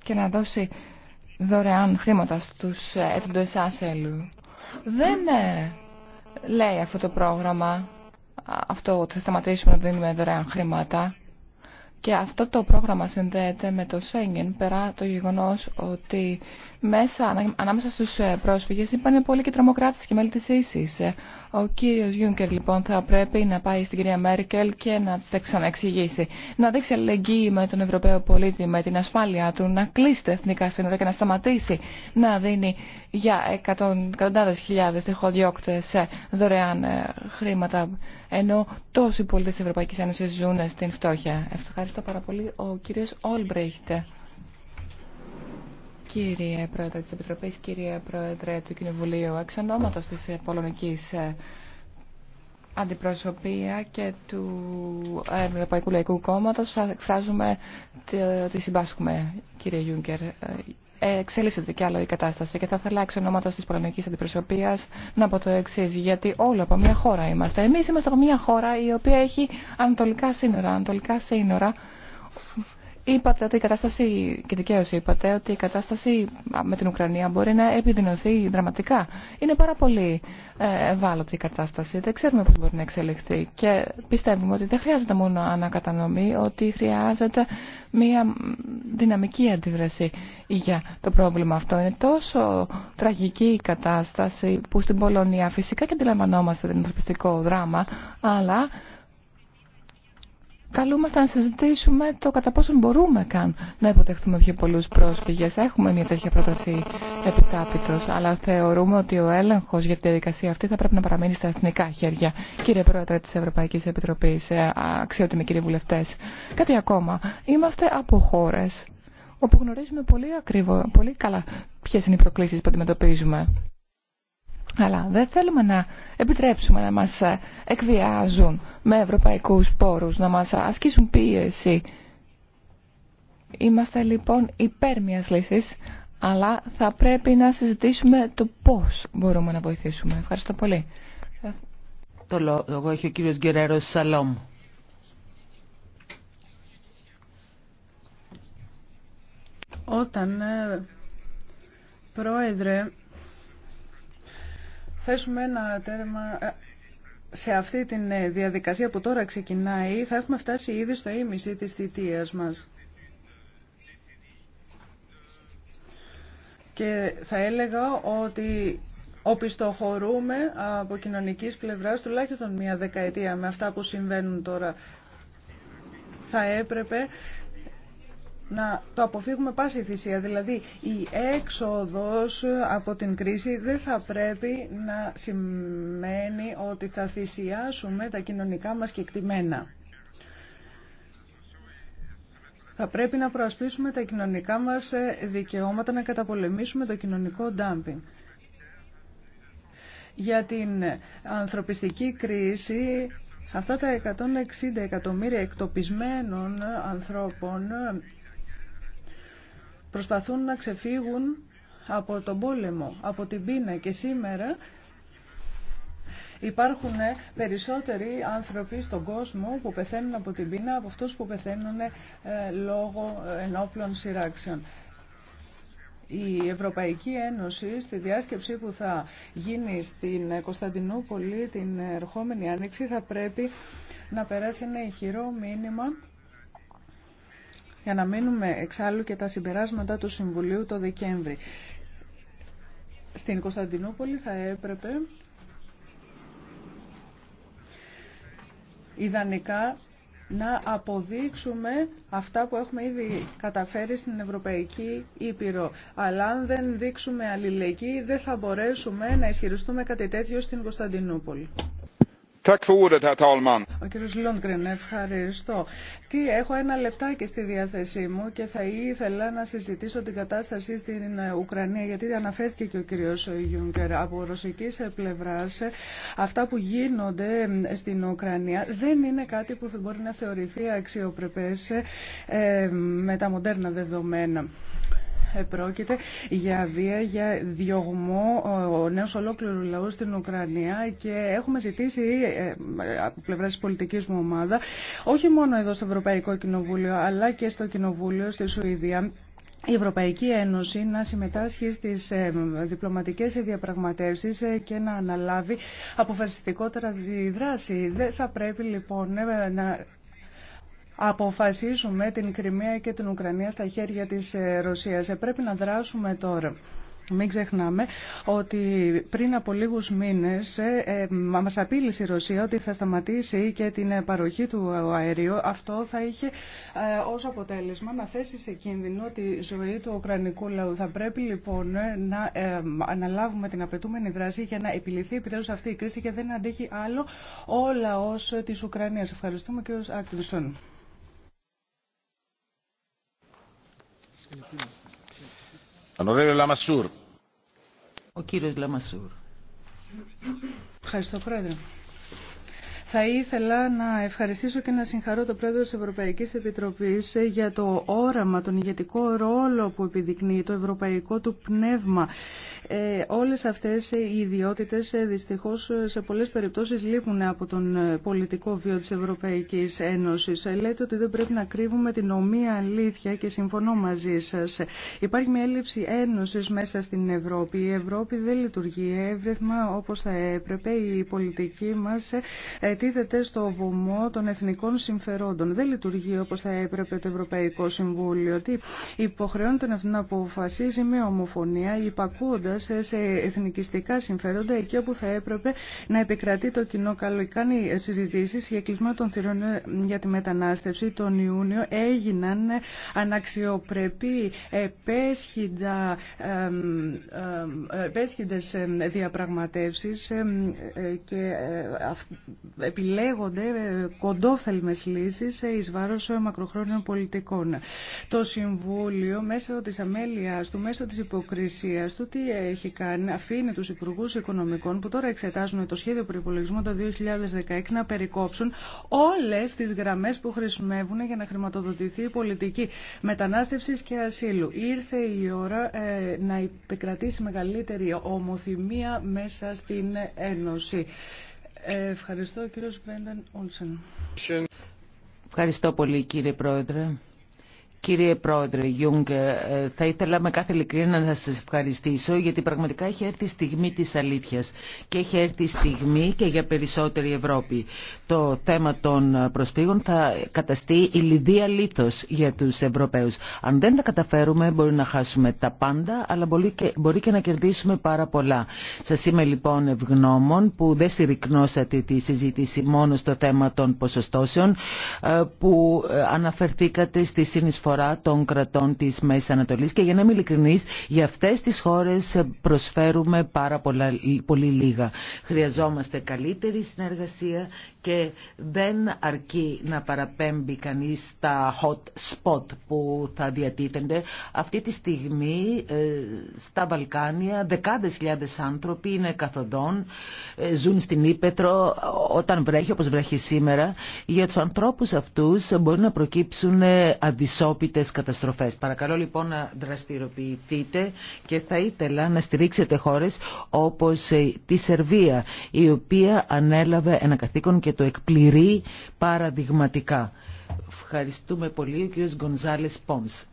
και να δώσει δωρεάν χρήματα στους έτοντες άσελου. Δεν ε, λέει αυτό το πρόγραμμα, αυτό ότι θα σταματήσουμε να δίνουμε δωρεάν χρήματα. Και αυτό το πρόγραμμα συνδέεται με το Σέγγεν περά το γεγονός ότι μέσα, ανάμεσα στους ε, πρόσφυγες υπάρχουν πολλοί και τρομοκράτες και μέλη της ο κύριος Γιούνκερ λοιπόν θα πρέπει να πάει στην κυρία Μέρκελ και να της τα ξαναεξηγήσει. Να δείξει αλληλεγγύη με τον Ευρωπαίο πολίτη, με την ασφάλειά του, να κλείσει τα εθνικά σύνορα και να σταματήσει να δίνει για εκατοντάδες χιλιάδες τεχοδιώκτες ε, δωρεάν ε, χρήματα, ενώ τόσοι πολίτες της Ευρωπαϊκής Ένωσης ζουν στην φτώχεια. Ευχαριστώ πάρα πολύ. Ο κύριος Όλμπρεχτ. Κύριε Πρόεδρε της Επιτροπής, κύριε Πρόεδρε του Κοινοβουλίου, εξ ονόματος της Πολωνικής ε, Αντιπροσωπεία και του ε, Ευρωπαϊκού Λαϊκού Κόμματος εκφράζουμε ότι συμπάσχουμε, κύριε Γιούγκερ. Ε, Εξέλισσεται κι άλλο η κατάσταση και θα ήθελα εξ ονόματος της Πολωνικής Αντιπροσωπείας να πω το εξή, γιατί όλοι από μια χώρα είμαστε. Εμείς είμαστε από μια χώρα η οποία έχει ανατολικά σύνορα, ανατολικά σύνορα Είπατε ότι η κατάσταση, και δικαίω είπατε, ότι η κατάσταση με την Ουκρανία μπορεί να επιδεινωθεί δραματικά. Είναι πάρα πολύ ε, ευάλωτη η κατάσταση. Δεν ξέρουμε πώ μπορεί να εξελιχθεί. Και πιστεύουμε ότι δεν χρειάζεται μόνο ανακατανομή, ότι χρειάζεται μια δυναμική αντίδραση για το πρόβλημα αυτό. Είναι τόσο τραγική η κατάσταση που στην Πολωνία φυσικά και αντιλαμβανόμαστε την ανθρωπιστικό δράμα, αλλά καλούμαστε να συζητήσουμε το κατά πόσον μπορούμε καν να υποδεχθούμε πιο πολλούς πρόσφυγες. Έχουμε μια τέτοια πρόταση επιτάπητος, αλλά θεωρούμε ότι ο έλεγχος για τη διαδικασία αυτή θα πρέπει να παραμείνει στα εθνικά χέρια. Κύριε Πρόεδρε της Ευρωπαϊκής Επιτροπής, ε, αξιότιμοι κύριοι βουλευτές, κάτι ακόμα. Είμαστε από χώρε όπου γνωρίζουμε πολύ, ακριβό, πολύ καλά ποιες είναι οι προκλήσεις που αντιμετωπίζουμε. Αλλά δεν θέλουμε να επιτρέψουμε να μας ε, εκδιάζουν με ευρωπαϊκούς πόρους, να μας ασκήσουν πίεση. Είμαστε λοιπόν υπέρ μιας λύσης, αλλά θα πρέπει να συζητήσουμε το πώς μπορούμε να βοηθήσουμε. Ευχαριστώ πολύ. Το λόγο έχει Σαλόμ. Όταν, ε, πρόεδρε, θέσουμε ένα τέρμα ε, σε αυτή τη ε, διαδικασία που τώρα ξεκινάει, θα έχουμε φτάσει ήδη στο ίμιση της θητείας μας. Και θα έλεγα ότι οπισθοχωρούμε από κοινωνικής πλευράς τουλάχιστον μία δεκαετία με αυτά που συμβαίνουν τώρα. Θα έπρεπε να το αποφύγουμε πάση θυσία. Δηλαδή η έξοδος από την κρίση δεν θα πρέπει να σημαίνει ότι θα θυσιάσουμε τα κοινωνικά μας κεκτημένα. Θα πρέπει να προασπίσουμε τα κοινωνικά μας δικαιώματα, να καταπολεμήσουμε το κοινωνικό ντάμπινγκ. Για την ανθρωπιστική κρίση Αυτά τα 160 εκατομμύρια εκτοπισμένων ανθρώπων προσπαθούν να ξεφύγουν από τον πόλεμο, από την πείνα και σήμερα υπάρχουν ε, περισσότεροι άνθρωποι στον κόσμο που πεθαίνουν από την πείνα από αυτούς που πεθαίνουν ε, λόγω ενόπλων σειράξεων. Η Ευρωπαϊκή Ένωση στη διάσκεψη που θα γίνει στην Κωνσταντινούπολη την ερχόμενη άνοιξη θα πρέπει να περάσει ένα ηχηρό μήνυμα για να μείνουμε εξάλλου και τα συμπεράσματα του Συμβουλίου το Δεκέμβρη. Στην Κωνσταντινούπολη θα έπρεπε ιδανικά να αποδείξουμε αυτά που έχουμε ήδη καταφέρει στην Ευρωπαϊκή Ήπειρο. Αλλά αν δεν δείξουμε αλληλεγγύη δεν θα μπορέσουμε να ισχυριστούμε κάτι τέτοιο στην Κωνσταντινούπολη. Ο κύριος Λόντγκριν, ευχαριστώ. Τι, έχω ένα λεπτάκι στη διάθεσή μου και θα ήθελα να συζητήσω την κατάσταση στην ε, Ουκρανία, γιατί αναφέρθηκε και ο κύριος Γιούγκερ. Από ρωσικής πλευράς, αυτά που γίνονται στην Ουκρανία δεν είναι κάτι που μπορεί να θεωρηθεί αξιοπρεπές ε, ε, με τα μοντέρνα δεδομένα πρόκειται για βία, για διωγμό νέος ολόκληρου λαού στην Ουκρανία και έχουμε ζητήσει ε, από πλευρά της πολιτικής μου ομάδα, όχι μόνο εδώ στο Ευρωπαϊκό Κοινοβούλιο, αλλά και στο Κοινοβούλιο στη Σουηδία, η Ευρωπαϊκή Ένωση να συμμετάσχει στις ε, διπλωματικές διαπραγματεύσεις ε, και να αναλάβει αποφασιστικότερα τη δράση. Δεν θα πρέπει λοιπόν να αποφασίσουμε την Κρυμαία και την Ουκρανία στα χέρια της ε, Ρωσίας. Ε, πρέπει να δράσουμε τώρα. Μην ξεχνάμε ότι πριν από λίγους μήνες ε, μας απείλησε η Ρωσία ότι θα σταματήσει και την παροχή του αερίου. Αυτό θα είχε ως αποτέλεσμα να θέσει σε κίνδυνο τη ζωή του Ουκρανικού λαού. Θα πρέπει λοιπόν να αναλάβουμε την απαιτούμενη δράση για να επιληθεί επιτέλους αυτή η κρίση και δεν αντέχει άλλο ο λαός της Ουκρανίας. Ευχαριστούμε κύριο Άκτινσον. Ο Λαμασούρ. Ευχαριστώ, Πρόεδρε. Θα ήθελα να ευχαριστήσω και να συγχαρώ τον Πρόεδρο της Ευρωπαϊκής Επιτροπής για το όραμα, τον ηγετικό ρόλο που επιδεικνύει το ευρωπαϊκό του πνεύμα ε, όλες αυτές οι ιδιότητες ε, δυστυχώς ε, σε πολλές περιπτώσεις λείπουν από τον πολιτικό βίο της Ευρωπαϊκής Ένωσης. Λέτε ότι δεν πρέπει να κρύβουμε την ομοία αλήθεια και συμφωνώ μαζί σας. Υπάρχει μια έλλειψη ένωσης μέσα στην Ευρώπη. Η Ευρώπη δεν λειτουργεί εύρεθμα όπως θα έπρεπε. Η πολιτική μας τίθεται στο βωμό των εθνικών συμφερόντων. Δεν λειτουργεί όπως θα έπρεπε το Ευρωπαϊκό Συμβούλιο. Τι υποχρεώνεται να αποφασίζει με ομοφωνία ε, σε εθνικιστικά συμφέροντα εκεί όπου θα έπρεπε να επικρατεί το κοινό καλό. Κάνει ε, συζητήσεις για κλεισμό των θυρών ε, για τη μετανάστευση τον Ιούνιο έγιναν αναξιοπρεπή επέσχυντα, επέσχυντες διαπραγματεύσεις και επιλέγονται κοντόφθαλμες λύσεις εις βάρος μακροχρόνιων πολιτικών. Το Συμβούλιο μέσω της αμέλειας του, μέσω της υποκρισίας του, τι έχει κάνει αφήνει τους Υπουργούς Οικονομικών που τώρα εξετάζουν το σχέδιο προϋπολογισμού το 2016 να περικόψουν όλες τις γραμμές που χρησιμεύουν για να χρηματοδοτηθεί η πολιτική μετανάστευσης και ασύλου. Ήρθε η ώρα ε, να επικρατήσει μεγαλύτερη ομοθυμία μέσα στην Ένωση. Ε, ευχαριστώ κύριο Βένταν Όλσεν. Ευχαριστώ πολύ κύριε Πρόεδρε. Κύριε Πρόεδρε Γιούγκ, ε, θα ήθελα με κάθε ειλικρίνεια να σας ευχαριστήσω γιατί πραγματικά έχει έρθει η στιγμή της αλήθειας και έχει έρθει η στιγμή και για περισσότερη Ευρώπη. Το θέμα των προσφύγων θα καταστεί η λιδία λίθος για τους Ευρωπαίους. Αν δεν τα καταφέρουμε μπορεί να χάσουμε τα πάντα αλλά μπορεί και, μπορεί και να κερδίσουμε πάρα πολλά. Σας είμαι λοιπόν ευγνώμων που δεν συρρυκνώσατε τη συζήτηση μόνο στο θέμα των ποσοστώσεων ε, που ε, αναφερθήκατε στη συνεισφορά συμπεριφορά των κρατών της Μέσης Ανατολής και για να είμαι ειλικρινής για αυτές τις χώρες προσφέρουμε πάρα πολλά, πολύ λίγα. Χρειαζόμαστε καλύτερη συνεργασία και δεν αρκεί να παραπέμπει κανείς στα hot spot που θα διατίθενται. Αυτή τη στιγμή ε, στα Βαλκάνια δεκάδες χιλιάδες άνθρωποι είναι καθοδόν, ε, ζουν στην Ήπετρο όταν βρέχει όπω βρέχει σήμερα. Για του ανθρώπου αυτού μπορεί να προκύψουν ε, αντισόπιες καταστροφές. Παρακαλώ λοιπόν να δραστηριοποιηθείτε και θα ήθελα να στηρίξετε χώρες όπως ε, τη Σερβία η οποία ανέλαβε ένα καθήκον και το εκπληρεί παραδειγματικά. Ευχαριστούμε πολύ ο κ. Γκονζάλες Πόμς.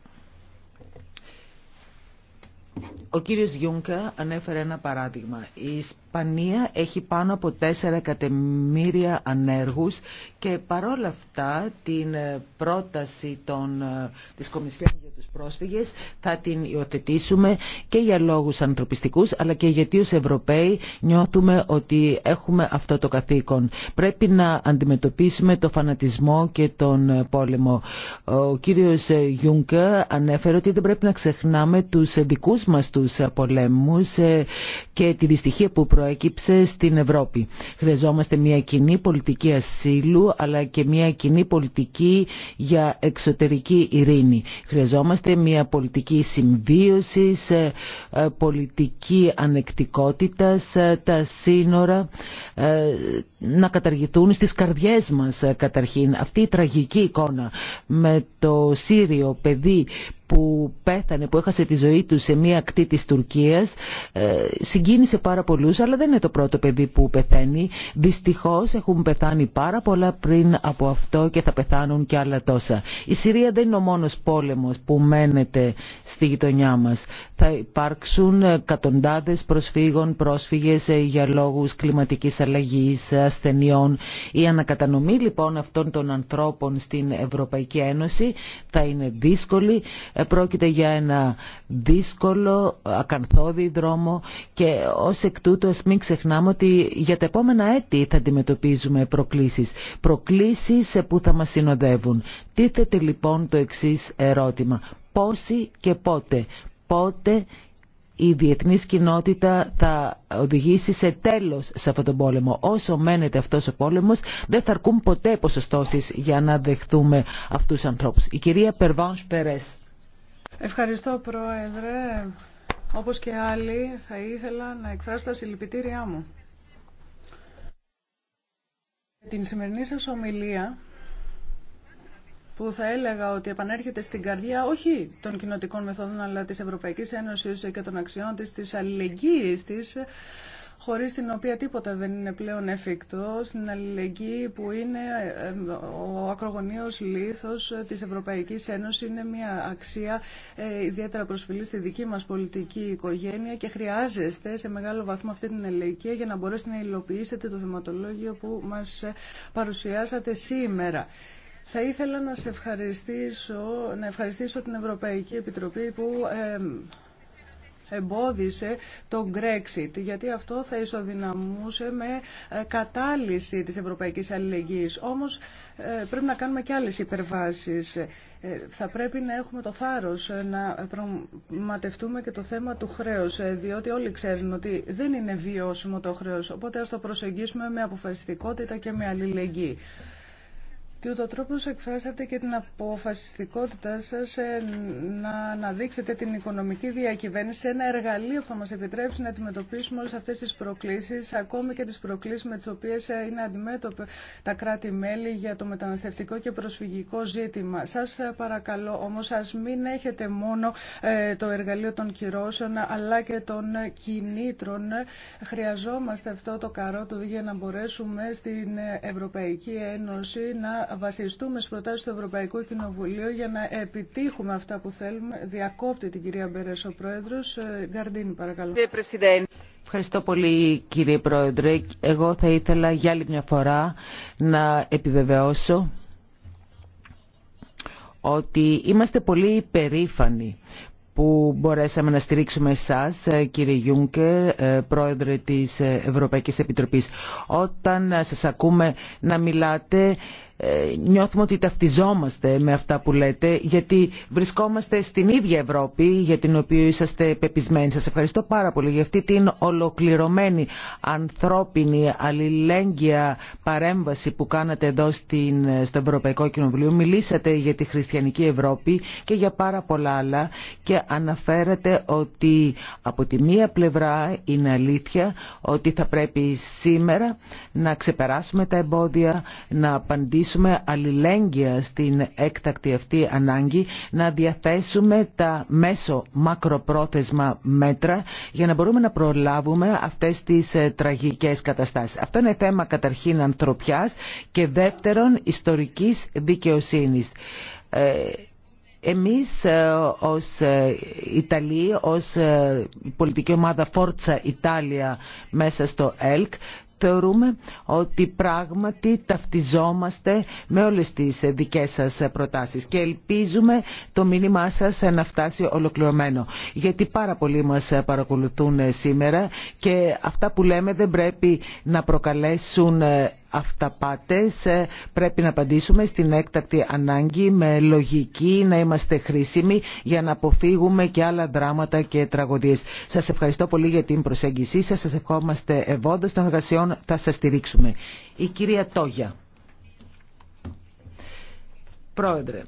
Ο κύριος Γιούνκα ανέφερε ένα παράδειγμα. Η Ισπανία έχει πάνω από 4 εκατομμύρια ανέργους και παρόλα αυτά την ε, πρόταση των, ε, της Κομισιόν τους πρόσφυγες θα την υιοθετήσουμε και για λόγους ανθρωπιστικούς αλλά και γιατί ως Ευρωπαίοι νιώθουμε ότι έχουμε αυτό το καθήκον. Πρέπει να αντιμετωπίσουμε το φανατισμό και τον πόλεμο. Ο κύριος Γιούγκα ανέφερε ότι δεν πρέπει να ξεχνάμε τους δικούς μας τους πολέμους ε, και τη δυστυχία που προέκυψε στην Ευρώπη. Χρειαζόμαστε μια κοινή πολιτική ασύλου αλλά και μια κοινή πολιτική για εξωτερική ειρήνη. Χρειαζόμαστε χρειαζόμαστε μια πολιτική συμβίωσης, ε, πολιτική ανεκτικότητας, τα σύνορα ε, να καταργηθούν στις καρδιές μας ε, καταρχήν. Αυτή η τραγική εικόνα με το Σύριο παιδί που πέθανε, που έχασε τη ζωή του σε μία ακτή της Τουρκίας ε, συγκίνησε πάρα πολλούς, αλλά δεν είναι το πρώτο παιδί που πεθαίνει. Δυστυχώς έχουν πεθάνει πάρα πολλά πριν από αυτό και θα πεθάνουν και άλλα τόσα. Η Συρία δεν είναι ο μόνος πόλεμος που μένεται στη γειτονιά μας. Θα υπάρξουν ε, κατοντάδες προσφύγων, πρόσφυγες ε, για λόγους κλιματικής αλλαγής, ασθενειών. Η ανακατανομή λοιπόν αυτών των ανθρώπων στην Ευρωπαϊκή Ένωση θα είναι δύσκολη Πρόκειται για ένα δύσκολο, ακαθόδη δρόμο και ως εκ τούτου ας μην ξεχνάμε ότι για τα επόμενα έτη θα αντιμετωπίζουμε προκλήσεις. Προκλήσεις που θα μας συνοδεύουν. Τίθεται λοιπόν το εξής ερώτημα. Πόσοι και πότε. Πότε η διεθνής κοινότητα θα οδηγήσει σε τέλος σε αυτόν τον πόλεμο. Όσο μένεται αυτός ο πόλεμος δεν θα αρκούν ποτέ ποσοστώσεις για να δεχθούμε αυτούς τους ανθρώπους. Η κυρία Περβάνς Περές. Ευχαριστώ, Πρόεδρε. Όπως και άλλοι, θα ήθελα να εκφράσω τα συλληπιτήριά μου. Την σημερινή σας ομιλία, που θα έλεγα ότι επανέρχεται στην καρδιά όχι των κοινοτικών μεθόδων αλλά της Ευρωπαϊκής Ένωσης και των αξιών της, της αλληλεγγύης της, χωρίς την οποία τίποτα δεν είναι πλέον εφικτό, στην αλληλεγγύη που είναι ε, ο ακρογωνίος λίθος της Ευρωπαϊκής Ένωσης, είναι μια αξία ε, ιδιαίτερα προσφυλή στη δική μας πολιτική οικογένεια και χρειάζεστε σε μεγάλο βαθμό αυτή την αλληλεγγύη για να μπορέσετε να υλοποιήσετε το θεματολόγιο που μας ε, παρουσιάσατε σήμερα. Θα ήθελα να σε ευχαριστήσω, να ευχαριστήσω την Ευρωπαϊκή Επιτροπή που εμπόδισε το Brexit, γιατί αυτό θα ισοδυναμούσε με ε, κατάλυση της ευρωπαϊκής αλληλεγγύης. Όμως ε, πρέπει να κάνουμε και άλλες υπερβάσεις. Ε, θα πρέπει να έχουμε το θάρρος να πραγματευτούμε και το θέμα του χρέους, διότι όλοι ξέρουν ότι δεν είναι βιώσιμο το χρέος, οπότε ας το προσεγγίσουμε με αποφασιστικότητα και με αλληλεγγύη. Και ούτω τρόπος εκφράσατε και την αποφασιστικότητά σας ε, να δείξετε την οικονομική διακυβέρνηση σε ένα εργαλείο που θα μας επιτρέψει να αντιμετωπίσουμε όλες αυτές τις προκλήσεις, ακόμη και τις προκλήσεις με τις οποίες ε, είναι αντιμέτωπε τα κράτη-μέλη για το μεταναστευτικό και προσφυγικό ζήτημα. Σας ε, παρακαλώ όμως ας μην έχετε μόνο το εργαλείο των κυρώσεων αλλά και των κινήτρων. Χρειαζόμαστε αυτό το καρότο για να μπορέσουμε στην Ευρωπαϊκή Ένωση να βασιστούμε στι προτάσει του Ευρωπαϊκού Κοινοβουλίου για να επιτύχουμε αυτά που θέλουμε. Διακόπτει την κυρία Μπερέσο, ο Πρόεδρος. Ε, Γκαρντίνη παρακαλώ. Ευχαριστώ πολύ κύριε Πρόεδρε. Εγώ θα ήθελα για άλλη μια φορά να επιβεβαιώσω ότι είμαστε πολύ υπερήφανοι που μπορέσαμε να στηρίξουμε εσάς, ε, κύριε Γιούγκερ, ε, πρόεδρε της Ευρωπαϊκής Επιτροπής. Όταν σας ακούμε να μιλάτε, ε, νιώθουμε ότι ταυτιζόμαστε με αυτά που λέτε γιατί βρισκόμαστε στην ίδια Ευρώπη για την οποία είσαστε πεπισμένοι. Σας ευχαριστώ πάρα πολύ για αυτή την ολοκληρωμένη ανθρώπινη αλληλέγγυα παρέμβαση που κάνατε εδώ στην, στο Ευρωπαϊκό Κοινοβουλίο. Μιλήσατε για τη χριστιανική Ευρώπη και για πάρα πολλά άλλα και αναφέρατε ότι από τη μία πλευρά είναι αλήθεια ότι θα πρέπει σήμερα να ξεπεράσουμε τα εμπόδια, να απαντήσουμε δημιουργήσουμε αλληλέγγυα στην έκτακτη αυτή ανάγκη, να διαθέσουμε τα μέσο μακροπρόθεσμα μέτρα για να μπορούμε να προλάβουμε αυτές τις ε, τραγικές καταστάσεις. Αυτό είναι θέμα καταρχήν ανθρωπιάς και δεύτερον ιστορικής δικαιοσύνης. Ε, εμείς ε, ως Ιταλοί, ως πολιτική ομάδα Φόρτσα Ιταλία μέσα στο ΕΛΚ θεωρούμε ότι πράγματι ταυτιζόμαστε με όλες τις δικές σας προτάσεις και ελπίζουμε το μήνυμά σας να φτάσει ολοκληρωμένο. Γιατί πάρα πολλοί μας παρακολουθούν σήμερα και αυτά που λέμε δεν πρέπει να προκαλέσουν αυταπάτες. Ε, πρέπει να απαντήσουμε στην έκτακτη ανάγκη με λογική, να είμαστε χρήσιμοι για να αποφύγουμε και άλλα δράματα και τραγωδίες. Σας ευχαριστώ πολύ για την προσέγγισή σας. Σας ευχόμαστε ευόντως των εργασιών. Θα σας στηρίξουμε. Η κυρία Τόγια. Πρόεδρε,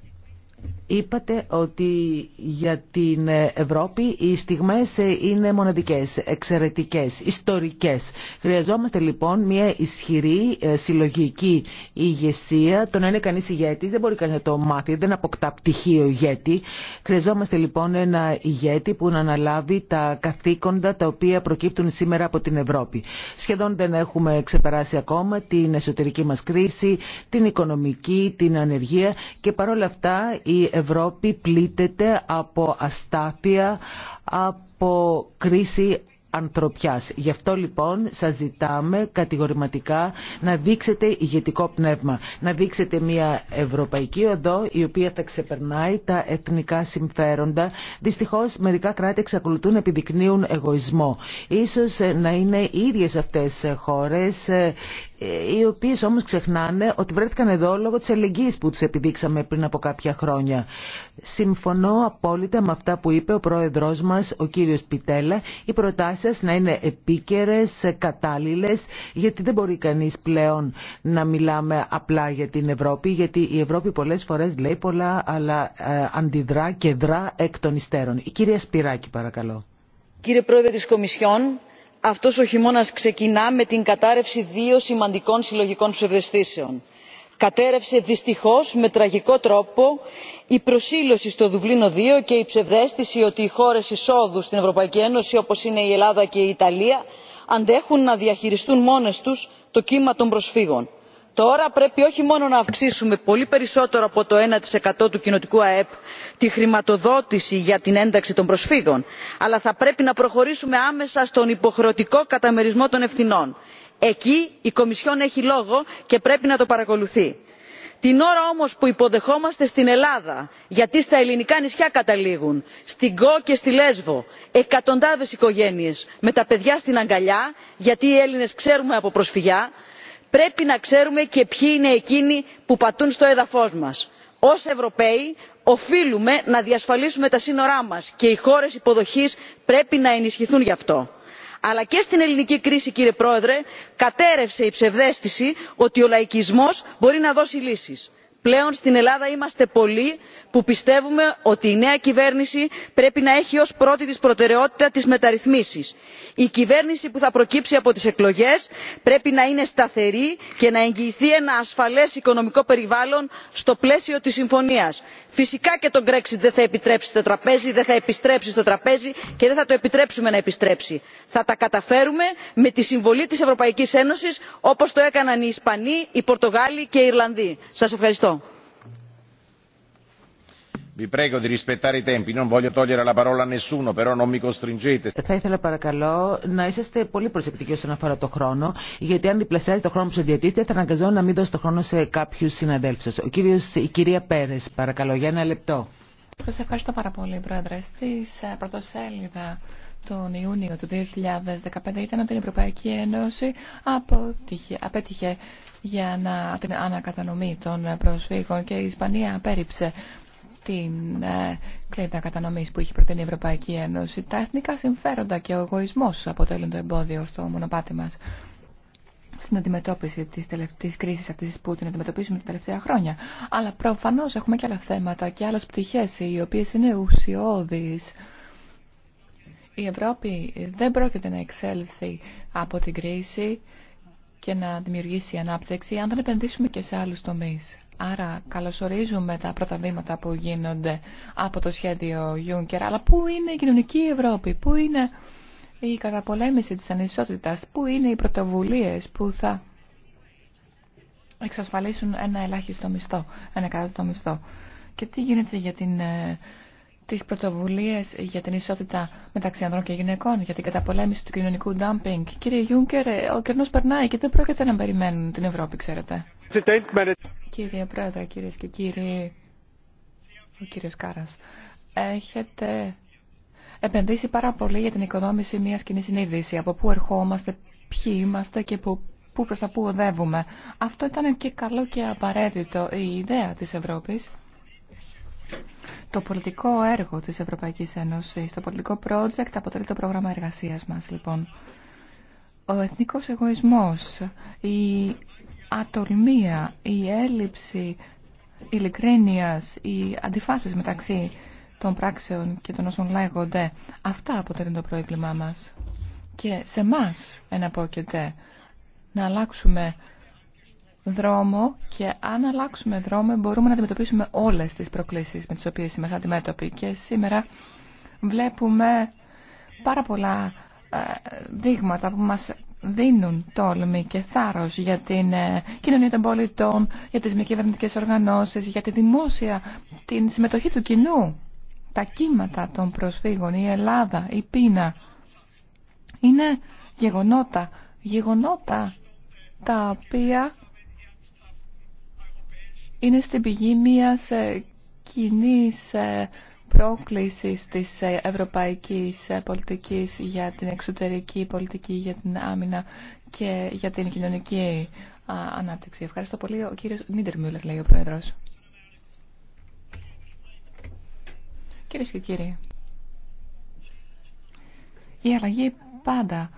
Είπατε ότι για την Ευρώπη οι στιγμές είναι μοναδικές, εξαιρετικές, ιστορικές. Χρειαζόμαστε λοιπόν μια ισχυρή ε, συλλογική ηγεσία. Το να είναι κανείς ηγέτης δεν μπορεί κανείς να το μάθει, δεν αποκτά πτυχίο ηγέτη. Χρειαζόμαστε λοιπόν ένα ηγέτη που να αναλάβει τα καθήκοντα τα οποία προκύπτουν σήμερα από την Ευρώπη. Σχεδόν δεν έχουμε ξεπεράσει ακόμα την εσωτερική μας κρίση, την οικονομική, την ανεργία και παρόλα αυτά η Ευρώπη πλήττεται από αστάθεια, από κρίση ανθρωπιάς. Γι' αυτό λοιπόν σας ζητάμε κατηγορηματικά να δείξετε ηγετικό πνεύμα, να δείξετε μια ευρωπαϊκή οδό η οποία θα ξεπερνάει τα εθνικά συμφέροντα. Δυστυχώς μερικά κράτη εξακολουθούν να επιδεικνύουν εγωισμό. Ίσως να είναι οι ίδιες αυτές χώρες οι οποίες όμως ξεχνάνε ότι βρέθηκαν εδώ λόγω της ελεγγύης που τους επιδείξαμε πριν από κάποια χρόνια. Συμφωνώ απόλυτα με αυτά που είπε ο πρόεδρός μας, ο κύριος Πιτέλα, οι προτάσεις σας να είναι επίκαιρες, κατάλληλες, γιατί δεν μπορεί κανείς πλέον να μιλάμε απλά για την Ευρώπη, γιατί η Ευρώπη πολλές φορές λέει πολλά, αλλά ε, αντιδρά και δρά εκ των υστέρων. Η κυρία Σπυράκη παρακαλώ. Κύριε Πρόεδρε της Κομισιόν, αυτό ο χειμώνα ξεκινά με την κατάρρευση δύο σημαντικών συλλογικών ψευδεστήσεων. Κατέρευσε δυστυχώς με τραγικό τρόπο η προσήλωση στο δουβλίνο 2 και η ψευδαίσθηση ότι οι χώρε εισόδου στην ευρωπαϊκή ένωση όπως είναι η ελλάδα και η ιταλία αντέχουν να διαχειριστούν μόνες τους το κύμα των προσφύγων τώρα πρέπει όχι μόνο να αυξήσουμε πολύ περισσότερο από το 1% του κοινοτικού αεπ τη χρηματοδότηση για την ένταξη των προσφύγων αλλά θα πρέπει να προχωρήσουμε άμεσα στον υποχρεωτικό καταμερισμό των ευθυνών. εκεί η κομισιόν έχει λόγο και πρέπει να το παρακολουθεί. την ώρα όμως που υποδεχόμαστε στην ελλάδα γιατί στα ελληνικά νησιά καταλήγουν στην κο και στη λέσβο εκατοντάδες οικογένειες με τα παιδιά στην αγκαλιά γιατί οι έλληνες ξέρουμε από προσφυγιά πρέπει να ξέρουμε και ποιοι είναι εκείνοι που πατούν στο έδαφος μας. ως ευρωπαίοι οφείλουμε να διασφαλίσουμε τα σύνορά μας και οι χώρες υποδοχής πρέπει να ενισχυθούν γι' αυτό. αλλά και στην ελληνική κρίση κύριε πρόεδρε κατέρευσε η ψευδαίσθηση ότι ο λαϊκισμός μπορεί να δώσει λύσεις πλέον στην ελλάδα είμαστε πολλοί που πιστεύουμε ότι η νέα κυβέρνηση πρέπει να έχει ως πρώτη της προτεραιότητα τις μεταρρυθμίσεις. η κυβέρνηση που θα προκύψει από τις εκλογές πρέπει να είναι σταθερή και να εγγυηθεί ένα ασφαλές οικονομικό περιβάλλον στο πλαίσιο της συμφωνίας φυσικά και το Grexit δεν θα επιτρέψει το τραπέζι δεν θα επιστρέψει στο τραπέζι και δεν θα το επιτρέψουμε να επιστρέψει. θα τα καταφέρουμε με τη συμβολή της ευρωπαϊκής ένωσης όπως το έκαναν οι ισπανοί οι πορτογάλοι και οι ιρλανδοί. σας ευχαριστώ. Vi prego di rispettare i tempi. Non voglio togliere la parola a nessuno, però non mi costringete. Θα ήθελα παρακαλώ να είσαστε πολύ προσεκτικοί όσον αφορά το χρόνο, γιατί αν διπλασιάζει το χρόνο που σε διατίθεται, θα αναγκαζώ να μην δώσει το χρόνο σε κάποιου συναδέλφου σα. Ο κύριος, η κυρία Πέρε, παρακαλώ, για ένα λεπτό. Σα ευχαριστώ πάρα πολύ, Πρόεδρε. Στη ε, πρωτοσέλιδα τον Ιούνιο του 2015 ήταν ότι η Ευρωπαϊκή Ένωση αποτύχε, απέτυχε για να, την ανακατανομή των προσφύγων και η Ισπανία απέρριψε την ε, κλίδα κατανομής που έχει προτείνει η Ευρωπαϊκή Ένωση. Τα εθνικά συμφέροντα και ο εγωισμός αποτελούν το εμπόδιο στο μονοπάτι μας στην αντιμετώπιση της, της κρίσης αυτής που την αντιμετωπίσουμε τα τελευταία χρόνια. Αλλά προφανώς έχουμε και άλλα θέματα και άλλες πτυχές οι οποίες είναι ουσιώδεις. Η Ευρώπη δεν πρόκειται να εξέλθει από την κρίση και να δημιουργήσει ανάπτυξη αν δεν επενδύσουμε και σε άλλους τομείς. Άρα καλωσορίζουμε τα πρώτα βήματα που γίνονται από το σχέδιο Juncker. Αλλά πού είναι η κοινωνική Ευρώπη, πού είναι η καταπολέμηση της ανισότητας, πού είναι οι πρωτοβουλίες που θα εξασφαλίσουν ένα ελάχιστο μισθό, ένα το μισθό. Και τι γίνεται για την, ε, τις πρωτοβουλίες για την ισότητα μεταξύ ανδρών και γυναικών, για την καταπολέμηση του κοινωνικού ντάμπινγκ. Κύριε Γιούνκερ, ο κερνός περνάει και δεν πρόκειται να περιμένουν την Ευρώπη, ξέρετε. Κύριε Πρόεδρε, κυρίε και κύριοι, ο κύριο Κάρα, έχετε επενδύσει πάρα πολύ για την οικοδόμηση μια κοινή συνείδηση. Από πού ερχόμαστε, ποιοι είμαστε και που πού προς τα πού οδεύουμε. Αυτό ήταν και καλό και απαραίτητο η ιδέα της Ευρώπης. Το πολιτικό έργο της Ευρωπαϊκής Ένωσης, το πολιτικό project αποτελεί το πρόγραμμα εργασίας μας λοιπόν. Ο εθνικός εγωισμός, η ατολμία, η έλλειψη ειλικρίνειας, οι αντιφάσεις μεταξύ των πράξεων και των όσων λέγονται, αυτά αποτελούν το πρόβλημά μας. Και σε εμά εναπόκειται να αλλάξουμε δρόμο και αν αλλάξουμε δρόμο μπορούμε να αντιμετωπίσουμε όλες τις προκλήσεις με τις οποίες είμαστε αντιμέτωποι. Και σήμερα βλέπουμε πάρα πολλά ε, δείγματα που μας δίνουν τόλμη και θάρρος για την ε, κοινωνία των πολιτών, για τις μη κυβερνητικές οργανώσεις, για τη δημόσια, την συμμετοχή του κοινού. Τα κύματα των προσφύγων, η Ελλάδα, η πείνα, είναι γεγονότα, γεγονότα τα οποία είναι στην πηγή μιας ε, κοινής ε, πρόκλησης της ε, ευρωπαϊκής ε, πολιτικής για την εξωτερική πολιτική, για την άμυνα και για την κοινωνική ανάπτυξη. Ευχαριστώ πολύ. Ο κύριος Νίτερμιουλερ λέει ο Πρόεδρος. Κυρίε και κύριοι, η αλλαγή πάντα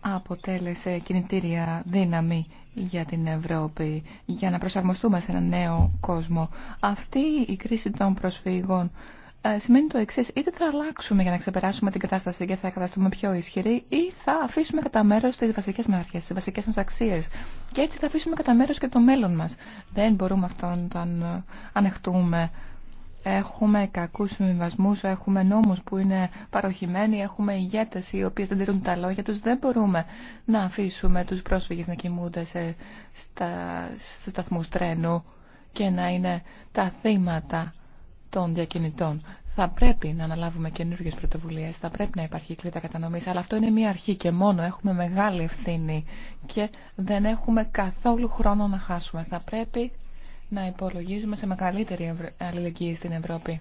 αποτέλεσε κινητήρια δύναμη για την Ευρώπη, για να προσαρμοστούμε σε έναν νέο κόσμο. Αυτή η κρίση των προσφύγων ε, σημαίνει το εξή. Είτε θα αλλάξουμε για να ξεπεράσουμε την κατάσταση και θα καταστούμε πιο ισχυροί, ή θα αφήσουμε κατά μέρο τι βασικέ μα αρχέ, τι βασικέ μα αξίε. Και έτσι θα αφήσουμε κατά μέρο και το μέλλον μα. Δεν μπορούμε αυτό να το ε, ανεχτούμε. Έχουμε κακού συμβιβασμού, έχουμε νόμου που είναι παροχημένοι, έχουμε ηγέτε οι οποίε δεν τηρούν τα λόγια του. Δεν μπορούμε να αφήσουμε του πρόσφυγε να κοιμούνται στου σταθμού τρένου και να είναι τα θύματα των διακινητών. Θα πρέπει να αναλάβουμε καινούργιες πρωτοβουλίες, θα πρέπει να υπάρχει κλίτα κατανομής, αλλά αυτό είναι μια αρχή και μόνο έχουμε μεγάλη ευθύνη και δεν έχουμε καθόλου χρόνο να χάσουμε. Θα πρέπει να υπολογίζουμε σε μεγαλύτερη αλληλεγγύη στην Ευρώπη.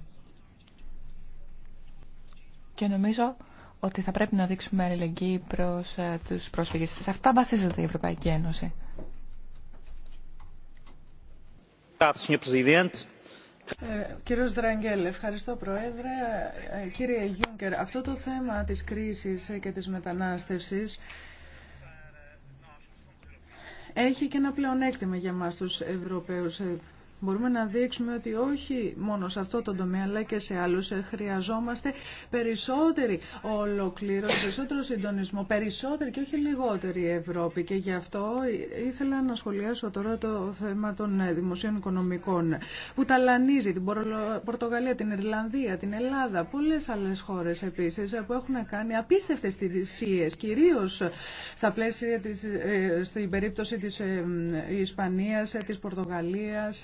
Και νομίζω ότι θα πρέπει να δείξουμε αλληλεγγύη προς ε, τους πρόσφυγες. Σε αυτά βασίζεται η Ευρωπαϊκή Ένωση. Ε, Δραγγέλ, ευχαριστώ Πρόεδρε. Ε, κύριε Γιούγκερ, αυτό το θέμα της κρίσης και της μετανάστευσης έχει και ένα πλεονέκτημα για μας τους Ευρωπαίους ε, Μπορούμε να δείξουμε ότι όχι μόνο σε αυτό το τομέα αλλά και σε άλλους ε, χρειαζόμαστε περισσότερη ολοκλήρωση, περισσότερο συντονισμό, περισσότερη και όχι λιγότερη Ευρώπη. Και γι' αυτό ήθελα να σχολιάσω τώρα το θέμα των ε, δημοσίων οικονομικών που ταλανίζει την Πορτογαλία, την Ιρλανδία, την Ελλάδα, πολλές άλλες χώρες επίσης ε, που έχουν κάνει απίστευτες θυσίες, κυρίως στα πλαίσια της, στην περίπτωση της Ισπανίας, της Πορτογαλίας,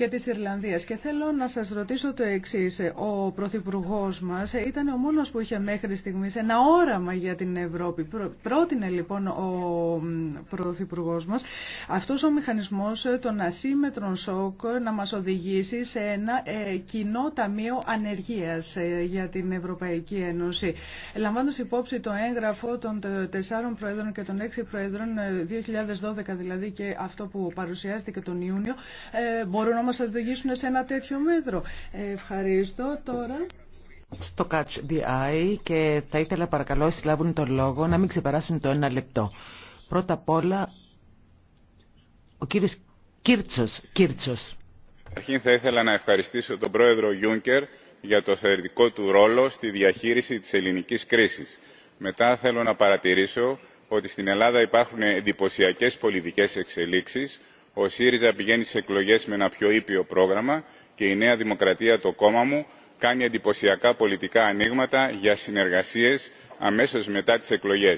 και της Ιρλανδίας. Και θέλω να σας ρωτήσω το εξή Ο Πρωθυπουργό μας ήταν ο μόνος που είχε μέχρι στιγμής ένα όραμα για την Ευρώπη. Πρότεινε λοιπόν ο Πρωθυπουργό μας αυτός ο μηχανισμός των ασύμετρων σοκ να μας οδηγήσει σε ένα ε, κοινό ταμείο ανεργίας ε, για την Ευρωπαϊκή Ένωση. Λαμβάνοντας υπόψη το έγγραφο των τεσσάρων Προέδρων και των έξι Προέδρων 2012 ε, δηλαδή και αυτό που παρουσιάστηκε τον Ιούνιο μας οδηγήσουν σε ένα τέτοιο μέτρο. Ευχαριστώ τώρα στο Catch the Eye και θα ήθελα παρακαλώ όσοι λάβουν τον λόγο να μην ξεπεράσουν το ένα λεπτό. Πρώτα απ' όλα, ο κύριος Κίρτσος. Κίρτσος. Αρχήν θα ήθελα να ευχαριστήσω τον πρόεδρο Γιούνκερ για το θεωρητικό του ρόλο στη διαχείριση της ελληνικής κρίσης. Μετά θέλω να παρατηρήσω ότι στην Ελλάδα υπάρχουν εντυπωσιακέ πολιτικές εξελίξεις ο ΣΥΡΙΖΑ πηγαίνει στι εκλογέ με ένα πιο ήπιο πρόγραμμα και η Νέα Δημοκρατία, το κόμμα μου, κάνει εντυπωσιακά πολιτικά ανοίγματα για συνεργασίε αμέσω μετά τι εκλογέ.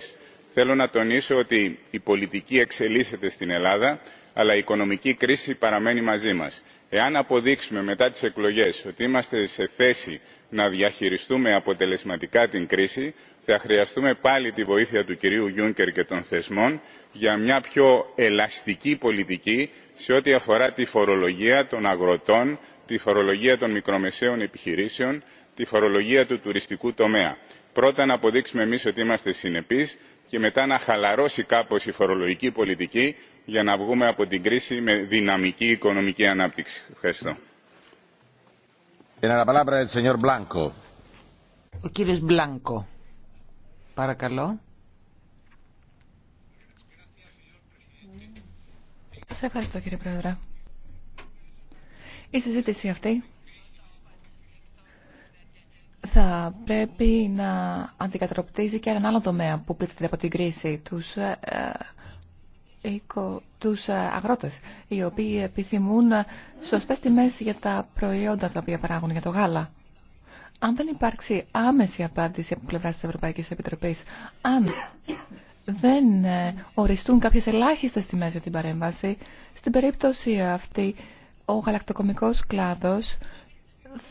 Θέλω να τονίσω ότι η πολιτική εξελίσσεται στην Ελλάδα αλλά η οικονομική κρίση παραμένει μαζί μα. εάν αποδείξουμε μετά τι εκλογέ ότι είμαστε σε θέση να διαχειριστούμε αποτελεσματικά την κρίση θα χρειαστούμε πάλι τη βοήθεια του κυρίου Γιούνκερ και των θεσμών για μια πιο ελαστική πολιτική σε ό,τι αφορά τη φορολογία των αγροτών τη φορολογία των μικρομεσαίων επιχειρήσεων τη φορολογία του τουριστικού τομέα. πρώτα να αποδείξουμε εμείς ότι είμαστε συνεπείς και μετά να χαλαρώσει κάπως η φορολογική πολιτική για να βγούμε από την κρίση με δυναμική οικονομική ανάπτυξη. Ευχαριστώ. Ο κύριος Μπλάνκο, παρακαλώ. Σας ευχαριστώ κύριε Πρόεδρε. Η συζήτηση αυτή θα πρέπει να αντικατροπτίζει και έναν άλλο τομέα που πλήττεται από την κρίση, τους ε, τους ε, αγρότες, οι οποίοι επιθυμούν ε, σωστές τιμές για τα προϊόντα τα οποία παράγουν για το γάλα. Αν δεν υπάρξει άμεση απάντηση από πλευρά της Ευρωπαϊκής Επιτροπής, αν δεν ε, οριστούν κάποιες ελάχιστες τιμές για την παρέμβαση, στην περίπτωση αυτή ο γαλακτοκομικός κλάδος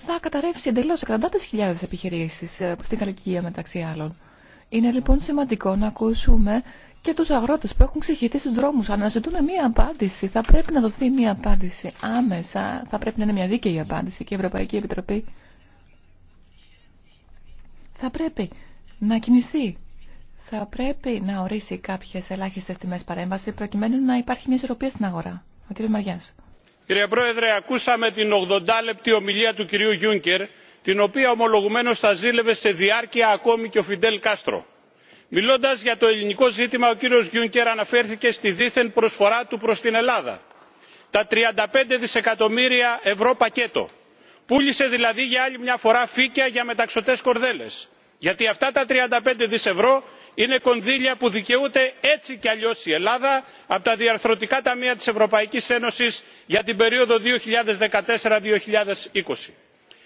θα καταρρεύσει εντελώς εκατοντάδες χιλιάδες επιχειρήσεις στην καλλικία μεταξύ άλλων. Είναι λοιπόν σημαντικό να ακούσουμε και τους αγρότες που έχουν ξεχυθεί στους δρόμους αναζητούν μία απάντηση. Θα πρέπει να δοθεί μία απάντηση άμεσα. Θα πρέπει να είναι μία δίκαιη απάντηση και η Ευρωπαϊκή Επιτροπή θα πρέπει να κινηθεί. Θα πρέπει να ορίσει κάποιες ελάχιστες τιμές παρέμβαση προκειμένου να υπάρχει μια ισορροπία στην αγορά. Ο κ. Μαριάς. Κύριε Πρόεδρε, ακούσαμε την 80 λεπτή ομιλία του κυρίου Γιούνκερ, την οποία ομολογουμένως θα ζήλευε σε διάρκεια ακόμη και ο Φιντέλ Κάστρο μιλώντας για το ελληνικό ζήτημα ο κύριος juncker αναφέρθηκε στη δίθεν προσφορά του προς την ελλάδα τα 35 δισεκατομμύρια ευρώ πακέτο. Πούλησε δηλαδή για άλλη μια φορά φύκια για μεταξωτές κορδέλες. Γιατί αυτά τα 35 δις ευρώ είναι κονδύλια που δικαιούται έτσι κι αλλιώς η Ελλάδα από τα διαρθρωτικά ταμεία της Ευρωπαϊκής Ένωσης για την περίοδο 2014-2020.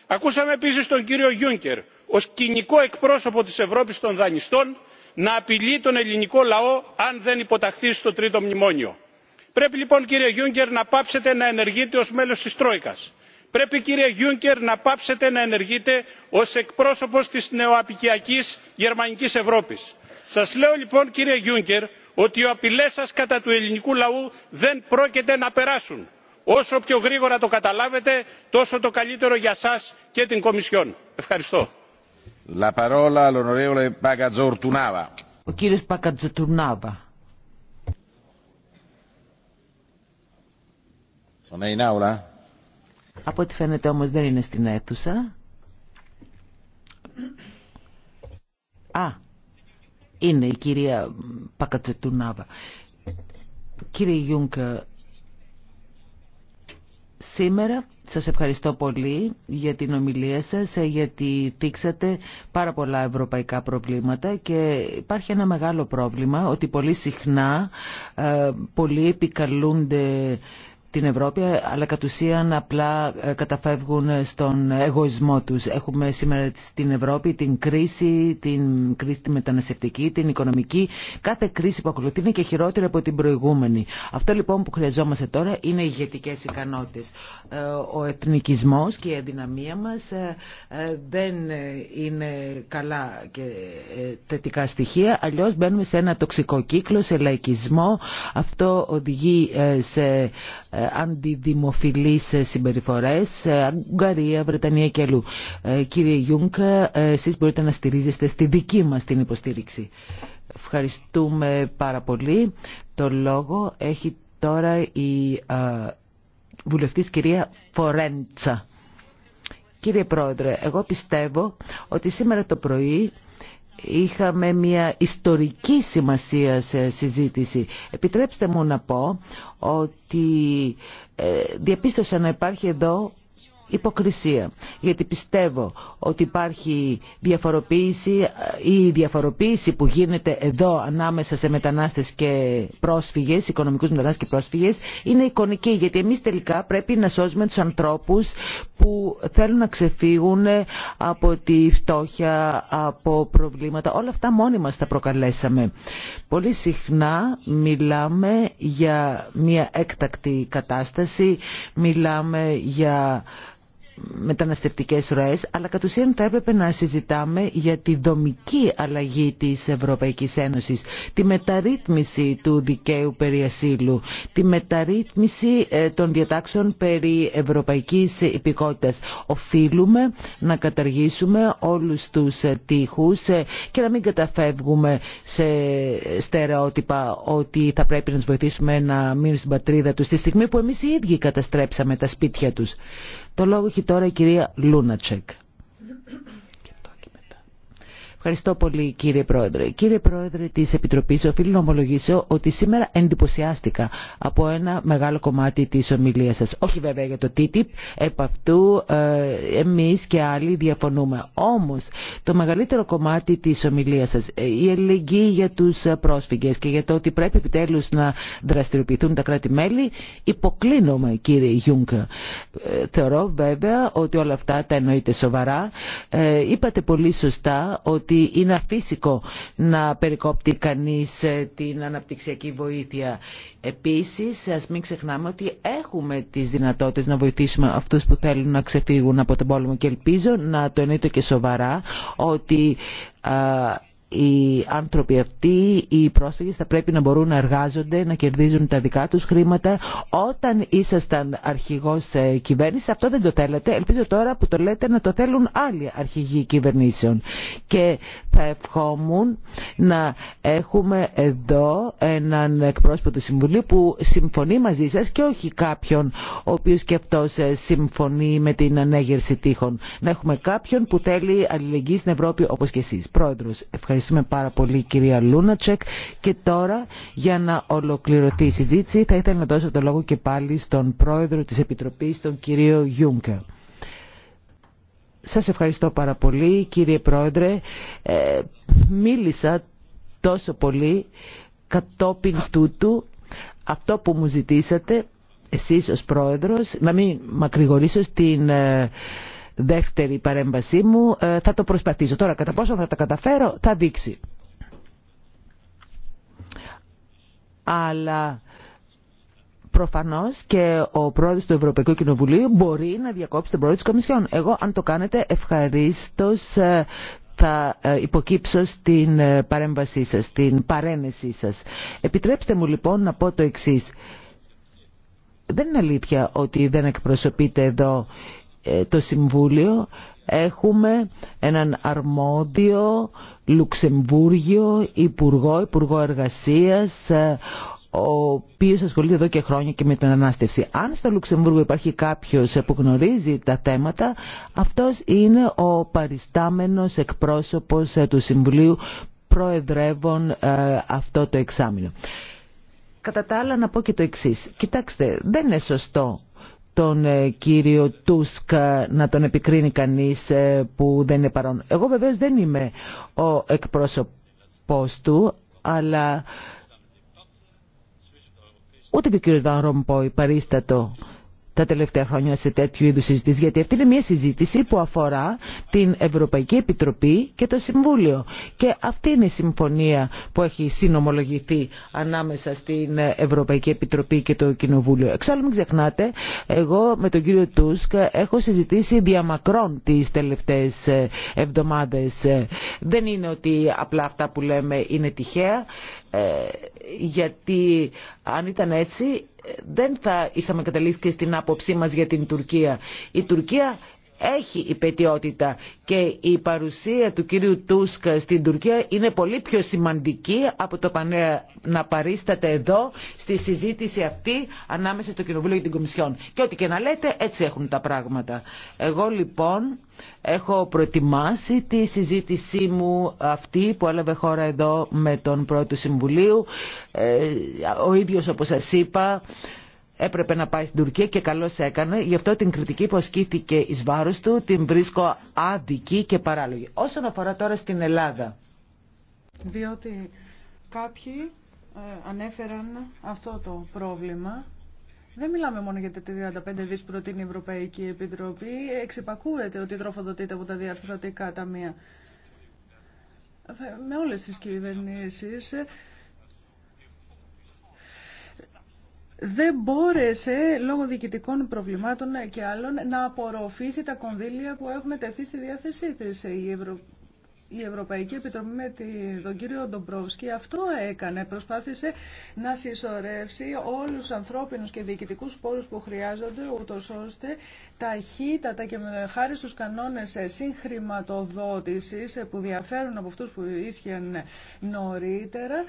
Ακούσαμε επίσης τον κύριο Γιούνκερ ως κοινικό εκπρόσωπο της Ευρώπης των δανειστών να απειλεί τον ελληνικό λαό αν δεν υποταχθεί στο τρίτο μνημόνιο. Πρέπει λοιπόν κύριε Γιούγκερ να πάψετε να ενεργείτε ως μέλος της Τρόικας. Πρέπει κύριε Γιούγκερ να πάψετε να ενεργείτε ως εκπρόσωπος της νεοαπικιακής γερμανικής Ευρώπης. Σας λέω λοιπόν κύριε Γιούγκερ ότι οι απειλές σας κατά του ελληνικού λαού δεν πρόκειται να περάσουν. Όσο πιο γρήγορα το καταλάβετε τόσο το καλύτερο για σας και την Κομισιόν. Ευχαριστώ. La parola all'onorevole Pagazzortunava. Ο κύριος Πακατζοτουνάβα. Non è in aula? Από ό,τι φαίνεται όμως δεν είναι στην αίθουσα. Α, είναι η κυρία Πακατζετουνάβα. Κύριε Γιούγκα, Σήμερα σας ευχαριστώ πολύ για την ομιλία σας, γιατί δείξατε πάρα πολλά ευρωπαϊκά προβλήματα και υπάρχει ένα μεγάλο πρόβλημα ότι πολύ συχνά ε, πολλοί επικαλούνται την Ευρώπη, αλλά κατ' ουσίαν απλά ε, καταφεύγουν στον εγωισμό τους. Έχουμε σήμερα στην Ευρώπη την κρίση, την κρίση τη μεταναστευτική, την οικονομική. Κάθε κρίση που ακολουθεί είναι και χειρότερη από την προηγούμενη. Αυτό λοιπόν που χρειαζόμαστε τώρα είναι οι ικανότητε. ικανότητες. Ε, ο εθνικισμός και η αδυναμία μας ε, δεν είναι καλά και θετικά στοιχεία, αλλιώς μπαίνουμε σε ένα τοξικό κύκλο, σε λαϊκισμό. Αυτό οδηγεί σε αντιδημοφιλείς συμπεριφορές, ε, Ουγγαρία, Βρετανία και αλλού. Ε, κύριε Γιούγκα, ε, εσείς μπορείτε να στηρίζεστε στη δική μας την υποστήριξη. Ευχαριστούμε πάρα πολύ. Το λόγο έχει τώρα η βουλευτής κυρία Φορέντσα. Κύριε Πρόεδρε, εγώ πιστεύω ότι σήμερα το πρωί είχαμε μια ιστορική σημασία σε συζήτηση. Επιτρέψτε μου να πω ότι ε, διαπίστωσα να υπάρχει εδώ υποκρισία. Γιατί πιστεύω ότι υπάρχει διαφοροποίηση ή ε, η διαφοροποίηση που γίνεται εδώ ανάμεσα σε μετανάστες και πρόσφυγες, οικονομικούς μετανάστες και πρόσφυγες, είναι εικονική. Γιατί εμείς τελικά πρέπει να σώσουμε τους ανθρώπους που θέλουν να ξεφύγουν ε, από τη φτώχεια, από προβλήματα. Όλα αυτά μόνοι μας τα προκαλέσαμε. Πολύ συχνά μιλάμε για μια έκτακτη κατάσταση, μιλάμε για μεταναστευτικές ροές, αλλά κατ' ουσίαν θα έπρεπε να συζητάμε για τη δομική αλλαγή της Ευρωπαϊκής Ένωσης, τη μεταρρύθμιση του δικαίου περί ασύλου, τη μεταρρύθμιση ε, των διατάξεων περί ευρωπαϊκής υπηκότητας. Οφείλουμε να καταργήσουμε όλους τους ε, τείχους ε, και να μην καταφεύγουμε σε στερεότυπα ότι θα πρέπει να τους βοηθήσουμε να μείνουν στην πατρίδα τους, στη στιγμή που εμείς οι ίδιοι καταστρέψαμε τα σπίτια τους. Το λόγο έχει τώρα η κυρία Λούνατσεκ. Ευχαριστώ πολύ κύριε Πρόεδρε. Κύριε Πρόεδρε της Επιτροπής, οφείλω να ομολογήσω ότι σήμερα εντυπωσιάστηκα από ένα μεγάλο κομμάτι της ομιλίας σας. Όχι βέβαια για το TTIP, επ' αυτού ε, εμείς και άλλοι διαφωνούμε. Όμως το μεγαλύτερο κομμάτι της ομιλίας σας, ε, η ελεγγύη για τους ε, πρόσφυγες και για το ότι πρέπει επιτέλους να δραστηριοποιηθούν τα κράτη-μέλη, υποκλίνομαι κύριε Γιούγκα. Θεωρώ βέβαια ότι όλα αυτά τα εννοείται σοβαρά. Είπατε πολύ σωστά ότι είναι αφύσικο να περικόπτει κανείς ε, την αναπτυξιακή βοήθεια. Επίσης, ας μην ξεχνάμε ότι έχουμε τις δυνατότητες να βοηθήσουμε αυτούς που θέλουν να ξεφύγουν από τον πόλεμο και ελπίζω να το εννοείται και σοβαρά ότι οι άνθρωποι αυτοί, οι πρόσφυγες θα πρέπει να μπορούν να εργάζονται, να κερδίζουν τα δικά τους χρήματα. Όταν ήσασταν αρχηγός ε, κυβέρνηση, αυτό δεν το θέλετε. Ελπίζω τώρα που το λέτε να το θέλουν άλλοι αρχηγοί κυβερνήσεων. Και θα ευχόμουν να έχουμε εδώ έναν εκπρόσωπο του Συμβουλίου που συμφωνεί μαζί σας και όχι κάποιον ο οποίος και αυτός ε, συμφωνεί με την ανέγερση τείχων. Να έχουμε κάποιον που θέλει αλληλεγγύη στην Ευρώπη όπως και εσείς. Πρόεδρος, Ευχαριστούμε πάρα πολύ κυρία Λούνατσεκ και τώρα για να ολοκληρωθεί η συζήτηση θα ήθελα να δώσω το λόγο και πάλι στον πρόεδρο της Επιτροπής, τον κύριο Γιούγκερ. Σας ευχαριστώ πάρα πολύ κύριε πρόεδρε. Ε, μίλησα τόσο πολύ κατόπιν τούτου αυτό που μου ζητήσατε εσείς ως πρόεδρος, να μην μακρηγορήσω στην ε, δεύτερη παρέμβασή μου. Ε, θα το προσπαθήσω. Τώρα κατά πόσο θα τα καταφέρω θα δείξει. Αλλά προφανώς και ο πρόεδρος του Ευρωπαϊκού Κοινοβουλίου μπορεί να διακόψει τον πρόεδρο της Κομισιόν. Εγώ αν το κάνετε ευχαρίστως ε, θα ε, υποκύψω στην παρέμβασή σας, στην παρένεσή σας. Επιτρέψτε μου λοιπόν να πω το εξής. Δεν είναι αλήθεια ότι δεν εκπροσωπείτε εδώ το Συμβούλιο έχουμε έναν αρμόδιο Λουξεμβούργιο Υπουργό, Υπουργό Εργασίας, ε, ο οποίος ασχολείται εδώ και χρόνια και με την ανάστευση. Αν στο Λουξεμβούργο υπάρχει κάποιος που γνωρίζει τα θέματα, αυτός είναι ο παριστάμενος εκπρόσωπος ε, του Συμβουλίου προεδρεύων ε, αυτό το εξάμεινο. Κατά τα άλλα να πω και το εξής. Κοιτάξτε, δεν είναι σωστό τον ε, κύριο Τούσκ ε, να τον επικρίνει κανείς ε, που δεν είναι παρόν. Εγώ βεβαίως δεν είμαι ο εκπρόσωπος του, αλλά ούτε και ο κύριος Βαν Ρομπόη παρίστατο τα τελευταία χρόνια σε τέτοιου είδου συζητήσει, γιατί αυτή είναι μια συζήτηση που αφορά την Ευρωπαϊκή Επιτροπή και το Συμβούλιο. Και αυτή είναι η συμφωνία που έχει συνομολογηθεί ανάμεσα στην Ευρωπαϊκή Επιτροπή και το Κοινοβούλιο. Εξάλλου μην ξεχνάτε, εγώ με τον κύριο Τούσκ έχω συζητήσει διαμακρών τις τελευταίε εβδομάδε. Δεν είναι ότι απλά αυτά που λέμε είναι τυχαία, ε, γιατί αν ήταν έτσι δεν θα είχαμε καταλήξει και στην άποψή μας για την Τουρκία. Η Τουρκία έχει υπετιότητα και η παρουσία του κυρίου Τούσκα στην Τουρκία είναι πολύ πιο σημαντική από το να παρίσταται εδώ στη συζήτηση αυτή ανάμεσα στο Κοινοβούλιο και την Κομισιόν. Και ό,τι και να λέτε έτσι έχουν τα πράγματα. Εγώ λοιπόν έχω προετοιμάσει τη συζήτησή μου αυτή που έλαβε χώρα εδώ με τον πρώτο Συμβουλίου. Ε, ο ίδιος όπως σας είπα έπρεπε να πάει στην Τουρκία και καλώ έκανε. Γι' αυτό την κριτική που ασκήθηκε ει βάρος του την βρίσκω άδικη και παράλογη. Όσον αφορά τώρα στην Ελλάδα. Διότι κάποιοι ε, ανέφεραν αυτό το πρόβλημα. Δεν μιλάμε μόνο για τα 35 δις που προτείνει Ευρωπαϊκή Επιτροπή. Εξυπακούεται ότι τροφοδοτείται από τα διαρθρωτικά ταμεία. Με όλες τις κυβερνήσεις ε, δεν μπόρεσε λόγω διοικητικών προβλημάτων και άλλων να απορροφήσει τα κονδύλια που έχουν τεθεί στη διάθεσή της. Η Ευρω η Ευρωπαϊκή Επιτροπή με τον κύριο Ντομπρόσκι αυτό έκανε. Προσπάθησε να συσσωρεύσει όλου του ανθρώπινους και διοικητικού πόρους που χρειάζονται ούτω ώστε ταχύτατα και με χάρη στου κανόνες συγχρηματοδότηση που διαφέρουν από αυτού που ίσχυαν νωρίτερα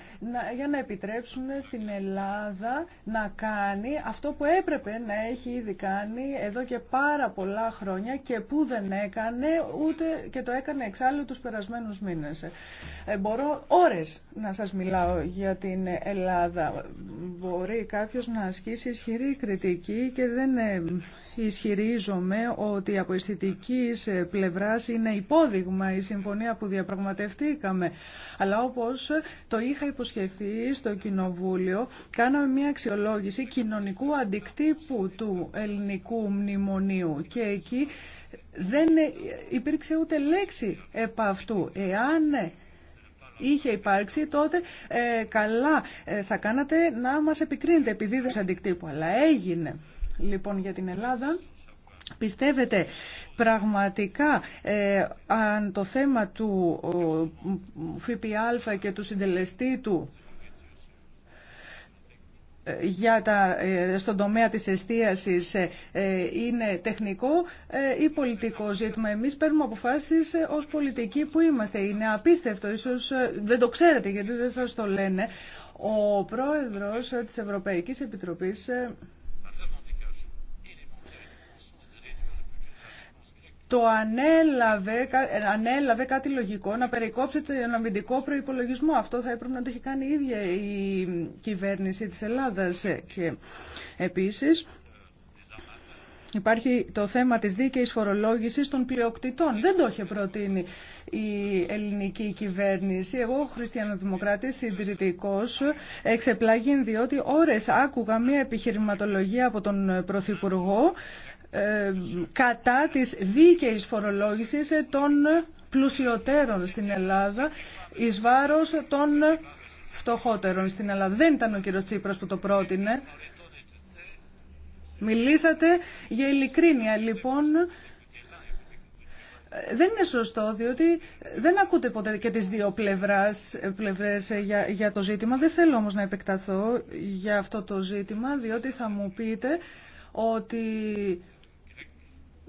για να επιτρέψουν στην Ελλάδα να κάνει αυτό που έπρεπε να έχει ήδη κάνει εδώ και πάρα πολλά χρόνια και που δεν έκανε ούτε και το έκανε εξάλλου του περασμένου. Ε, μπορώ ώρες να σας μιλάω για την Ελλάδα. Μπορεί κάποιος να ασκήσει ισχυρή κριτική και δεν ε, ισχυρίζομαι ότι από αισθητική ε, πλευρά είναι υπόδειγμα η συμφωνία που διαπραγματευτήκαμε. Αλλά όπως το είχα υποσχεθεί στο Κοινοβούλιο, κάναμε μια αξιολόγηση κοινωνικού αντικτύπου του ελληνικού μνημονίου και εκεί δεν ε, υπήρξε ούτε λέξη επ' αυτού. Εάν είχε υπάρξει, τότε ε, καλά ε, θα κάνατε να μας επικρίνετε επειδή δεν αντικτύπου. Αλλά έγινε. Λοιπόν, για την Ελλάδα, πιστεύετε πραγματικά αν το θέμα του ΦΠΑ και του συντελεστή του για τα, ε, στον τομέα της εστίασης ε, ε, είναι τεχνικό ή πολιτικό ζήτημα. Εμείς παίρνουμε αποφάσεις ως πολιτικοί που είμαστε. Είναι απίστευτο, ίσως δεν το ξέρετε γιατί δεν σας το λένε. Ο πρόεδρος της Ευρωπαϊκής Επιτροπής το ανέλαβε, ε, ανέλαβε κάτι λογικό να περικόψει το αμυντικό προϋπολογισμό. Αυτό θα έπρεπε να το έχει κάνει η ίδια η κυβέρνηση της Ελλάδας. Ε, και επίσης Υπάρχει το θέμα της δίκαιης φορολόγησης των πλειοκτητών. Δεν το είχε προτείνει η ελληνική κυβέρνηση. Εγώ, χριστιανοδημοκράτης, συντηρητικός, εξεπλάγει διότι ώρες άκουγα μία επιχειρηματολογία από τον Πρωθυπουργό ε, κατά της δίκαιης φορολόγησης των πλουσιωτέρων στην Ελλάδα εις βάρος των φτωχότερων στην Ελλάδα. Δεν ήταν ο κύριος Τσίπρας που το πρότεινε. Μιλήσατε για ειλικρίνεια. Λοιπόν, ε, δεν είναι σωστό, διότι δεν ακούτε ποτέ και τις δύο πλευράς, ε, πλευρές για, για το ζήτημα. Δεν θέλω όμως να επεκταθώ για αυτό το ζήτημα, διότι θα μου πείτε ότι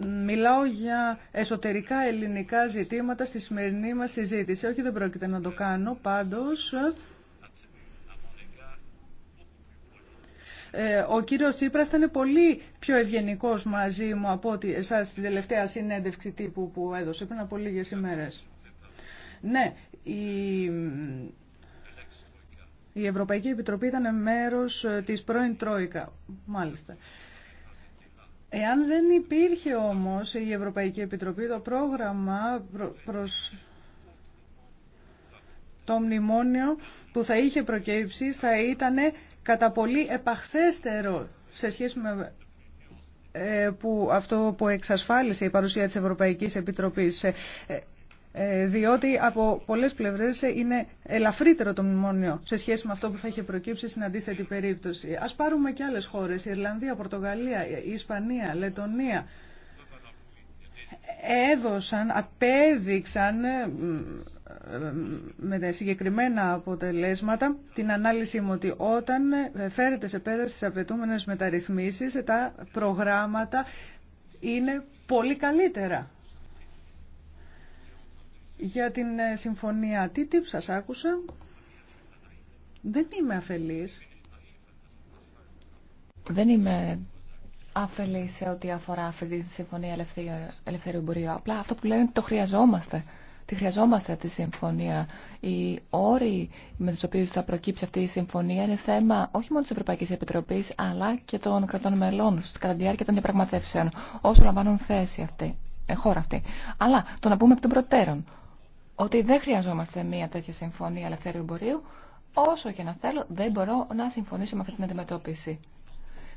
Μιλάω για εσωτερικά ελληνικά ζητήματα στη σημερινή μας συζήτηση. Όχι, δεν πρόκειται να το κάνω. Πάντως, ε, ο κύριος Τσίπρας ήταν πολύ πιο ευγενικός μαζί μου από ότι εσάς στην τελευταία συνέντευξη τύπου που έδωσε πριν από λίγες ημέρες. Ναι, η, η Ευρωπαϊκή Επιτροπή ήταν μέρος ε, της πρώην Τρόικα, μάλιστα. Εάν δεν υπήρχε όμως η Ευρωπαϊκή Επιτροπή, το πρόγραμμα προ, προς το μνημόνιο που θα είχε προκύψει θα ήταν κατά πολύ επαχθέστερο σε σχέση με ε, που αυτό που εξασφάλισε η παρουσία της Ευρωπαϊκής Επιτροπής. Ε, ε, ε, διότι από πολλές πλευρές είναι ελαφρύτερο το μνημόνιο σε σχέση με αυτό που θα είχε προκύψει στην αντίθετη περίπτωση. Ας πάρουμε και άλλες χώρες, Ιρλανδία, Πορτογαλία, Ισπανία, Λετωνία. Έδωσαν, απέδειξαν ε, ε, με συγκεκριμένα αποτελέσματα την ανάλυση μου ότι όταν φέρεται σε πέρα στις απαιτούμενες μεταρρυθμίσεις τα προγράμματα είναι πολύ καλύτερα για την ε, συμφωνία TTIP σας άκουσα. Δεν είμαι αφελής. Δεν είμαι αφελή σε ό,τι αφορά αυτή τη συμφωνία ελευθερίου εμπορίου. Απλά αυτό που λένε ότι το χρειαζόμαστε. Τη χρειαζόμαστε τη συμφωνία. Οι όροι με του οποίου θα προκύψει αυτή η συμφωνία είναι θέμα όχι μόνο τη Ευρωπαϊκή Επιτροπή αλλά και των κρατών μελών κατά τη διάρκεια των διαπραγματεύσεων όσο λαμβάνουν θέση αυτή, ε, χώρα αυτή. Αλλά το να πούμε εκ των προτέρων ότι δεν χρειαζόμαστε μια τέτοια συμφωνία ελευθερίου εμπορίου, όσο και να θέλω δεν μπορώ να συμφωνήσω με αυτή την αντιμετώπιση.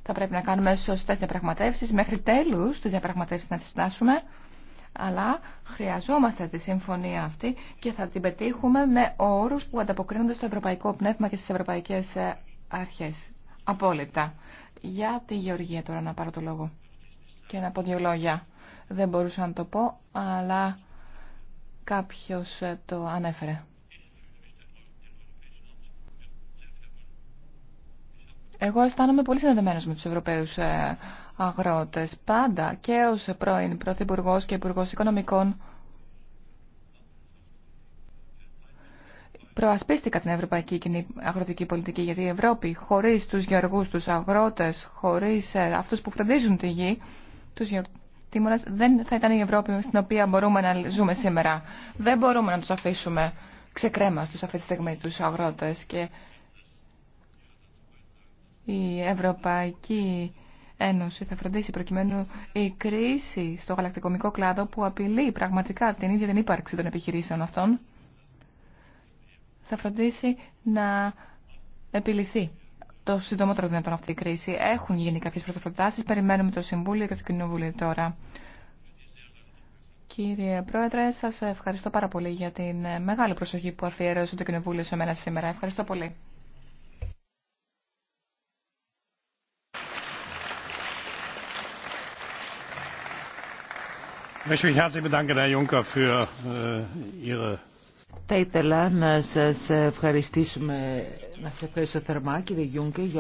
Θα πρέπει να κάνουμε σωστέ διαπραγματεύσει, μέχρι τέλου τι διαπραγματεύσει να τι φτάσουμε, αλλά χρειαζόμαστε τη συμφωνία αυτή και θα την πετύχουμε με όρου που ανταποκρίνονται στο ευρωπαϊκό πνεύμα και στι ευρωπαϊκέ ε, αρχέ. Απόλυτα. Για τη Γεωργία τώρα να πάρω το λόγο και να πω δύο λόγια. Δεν μπορούσα να το πω, αλλά Κάποιος ε, το ανέφερε. Εγώ αισθάνομαι πολύ συνδεδεμένος με τους Ευρωπαίους ε, αγρότες. Πάντα και ως πρώην Πρωθυπουργό και υπουργό Οικονομικών προασπίστηκα την ευρωπαϊκή κοινή αγροτική πολιτική γιατί η Ευρώπη χωρίς τους γεωργούς, τους αγρότες, χωρίς ε, αυτούς που φροντίζουν τη γη, τους Τίμωρας δεν θα ήταν η Ευρώπη στην οποία μπορούμε να ζούμε σήμερα. Δεν μπορούμε να τους αφήσουμε ξεκρέμα αυτή τη στιγμή αγρότες και η Ευρωπαϊκή Ένωση θα φροντίσει προκειμένου η κρίση στο γαλακτικομικό κλάδο που απειλεί πραγματικά την ίδια την ύπαρξη των επιχειρήσεων αυτών θα φροντίσει να επιληθεί το συντομότερο δυνατόν αυτή η κρίση. Έχουν γίνει κάποιες πρωτοπροτάσεις. Περιμένουμε το Συμβούλιο και το Κοινοβούλιο τώρα. Κύριε Πρόεδρε, σας ευχαριστώ πάρα πολύ για την μεγάλη προσοχή που αφιέρωσε το Κοινοβούλιο σε μένα σήμερα. Ευχαριστώ πολύ. Äh, θα ήθελα να σας ευχαριστήσουμε, να σας ευχαριστήσω θερμά κύριε Γιούνκε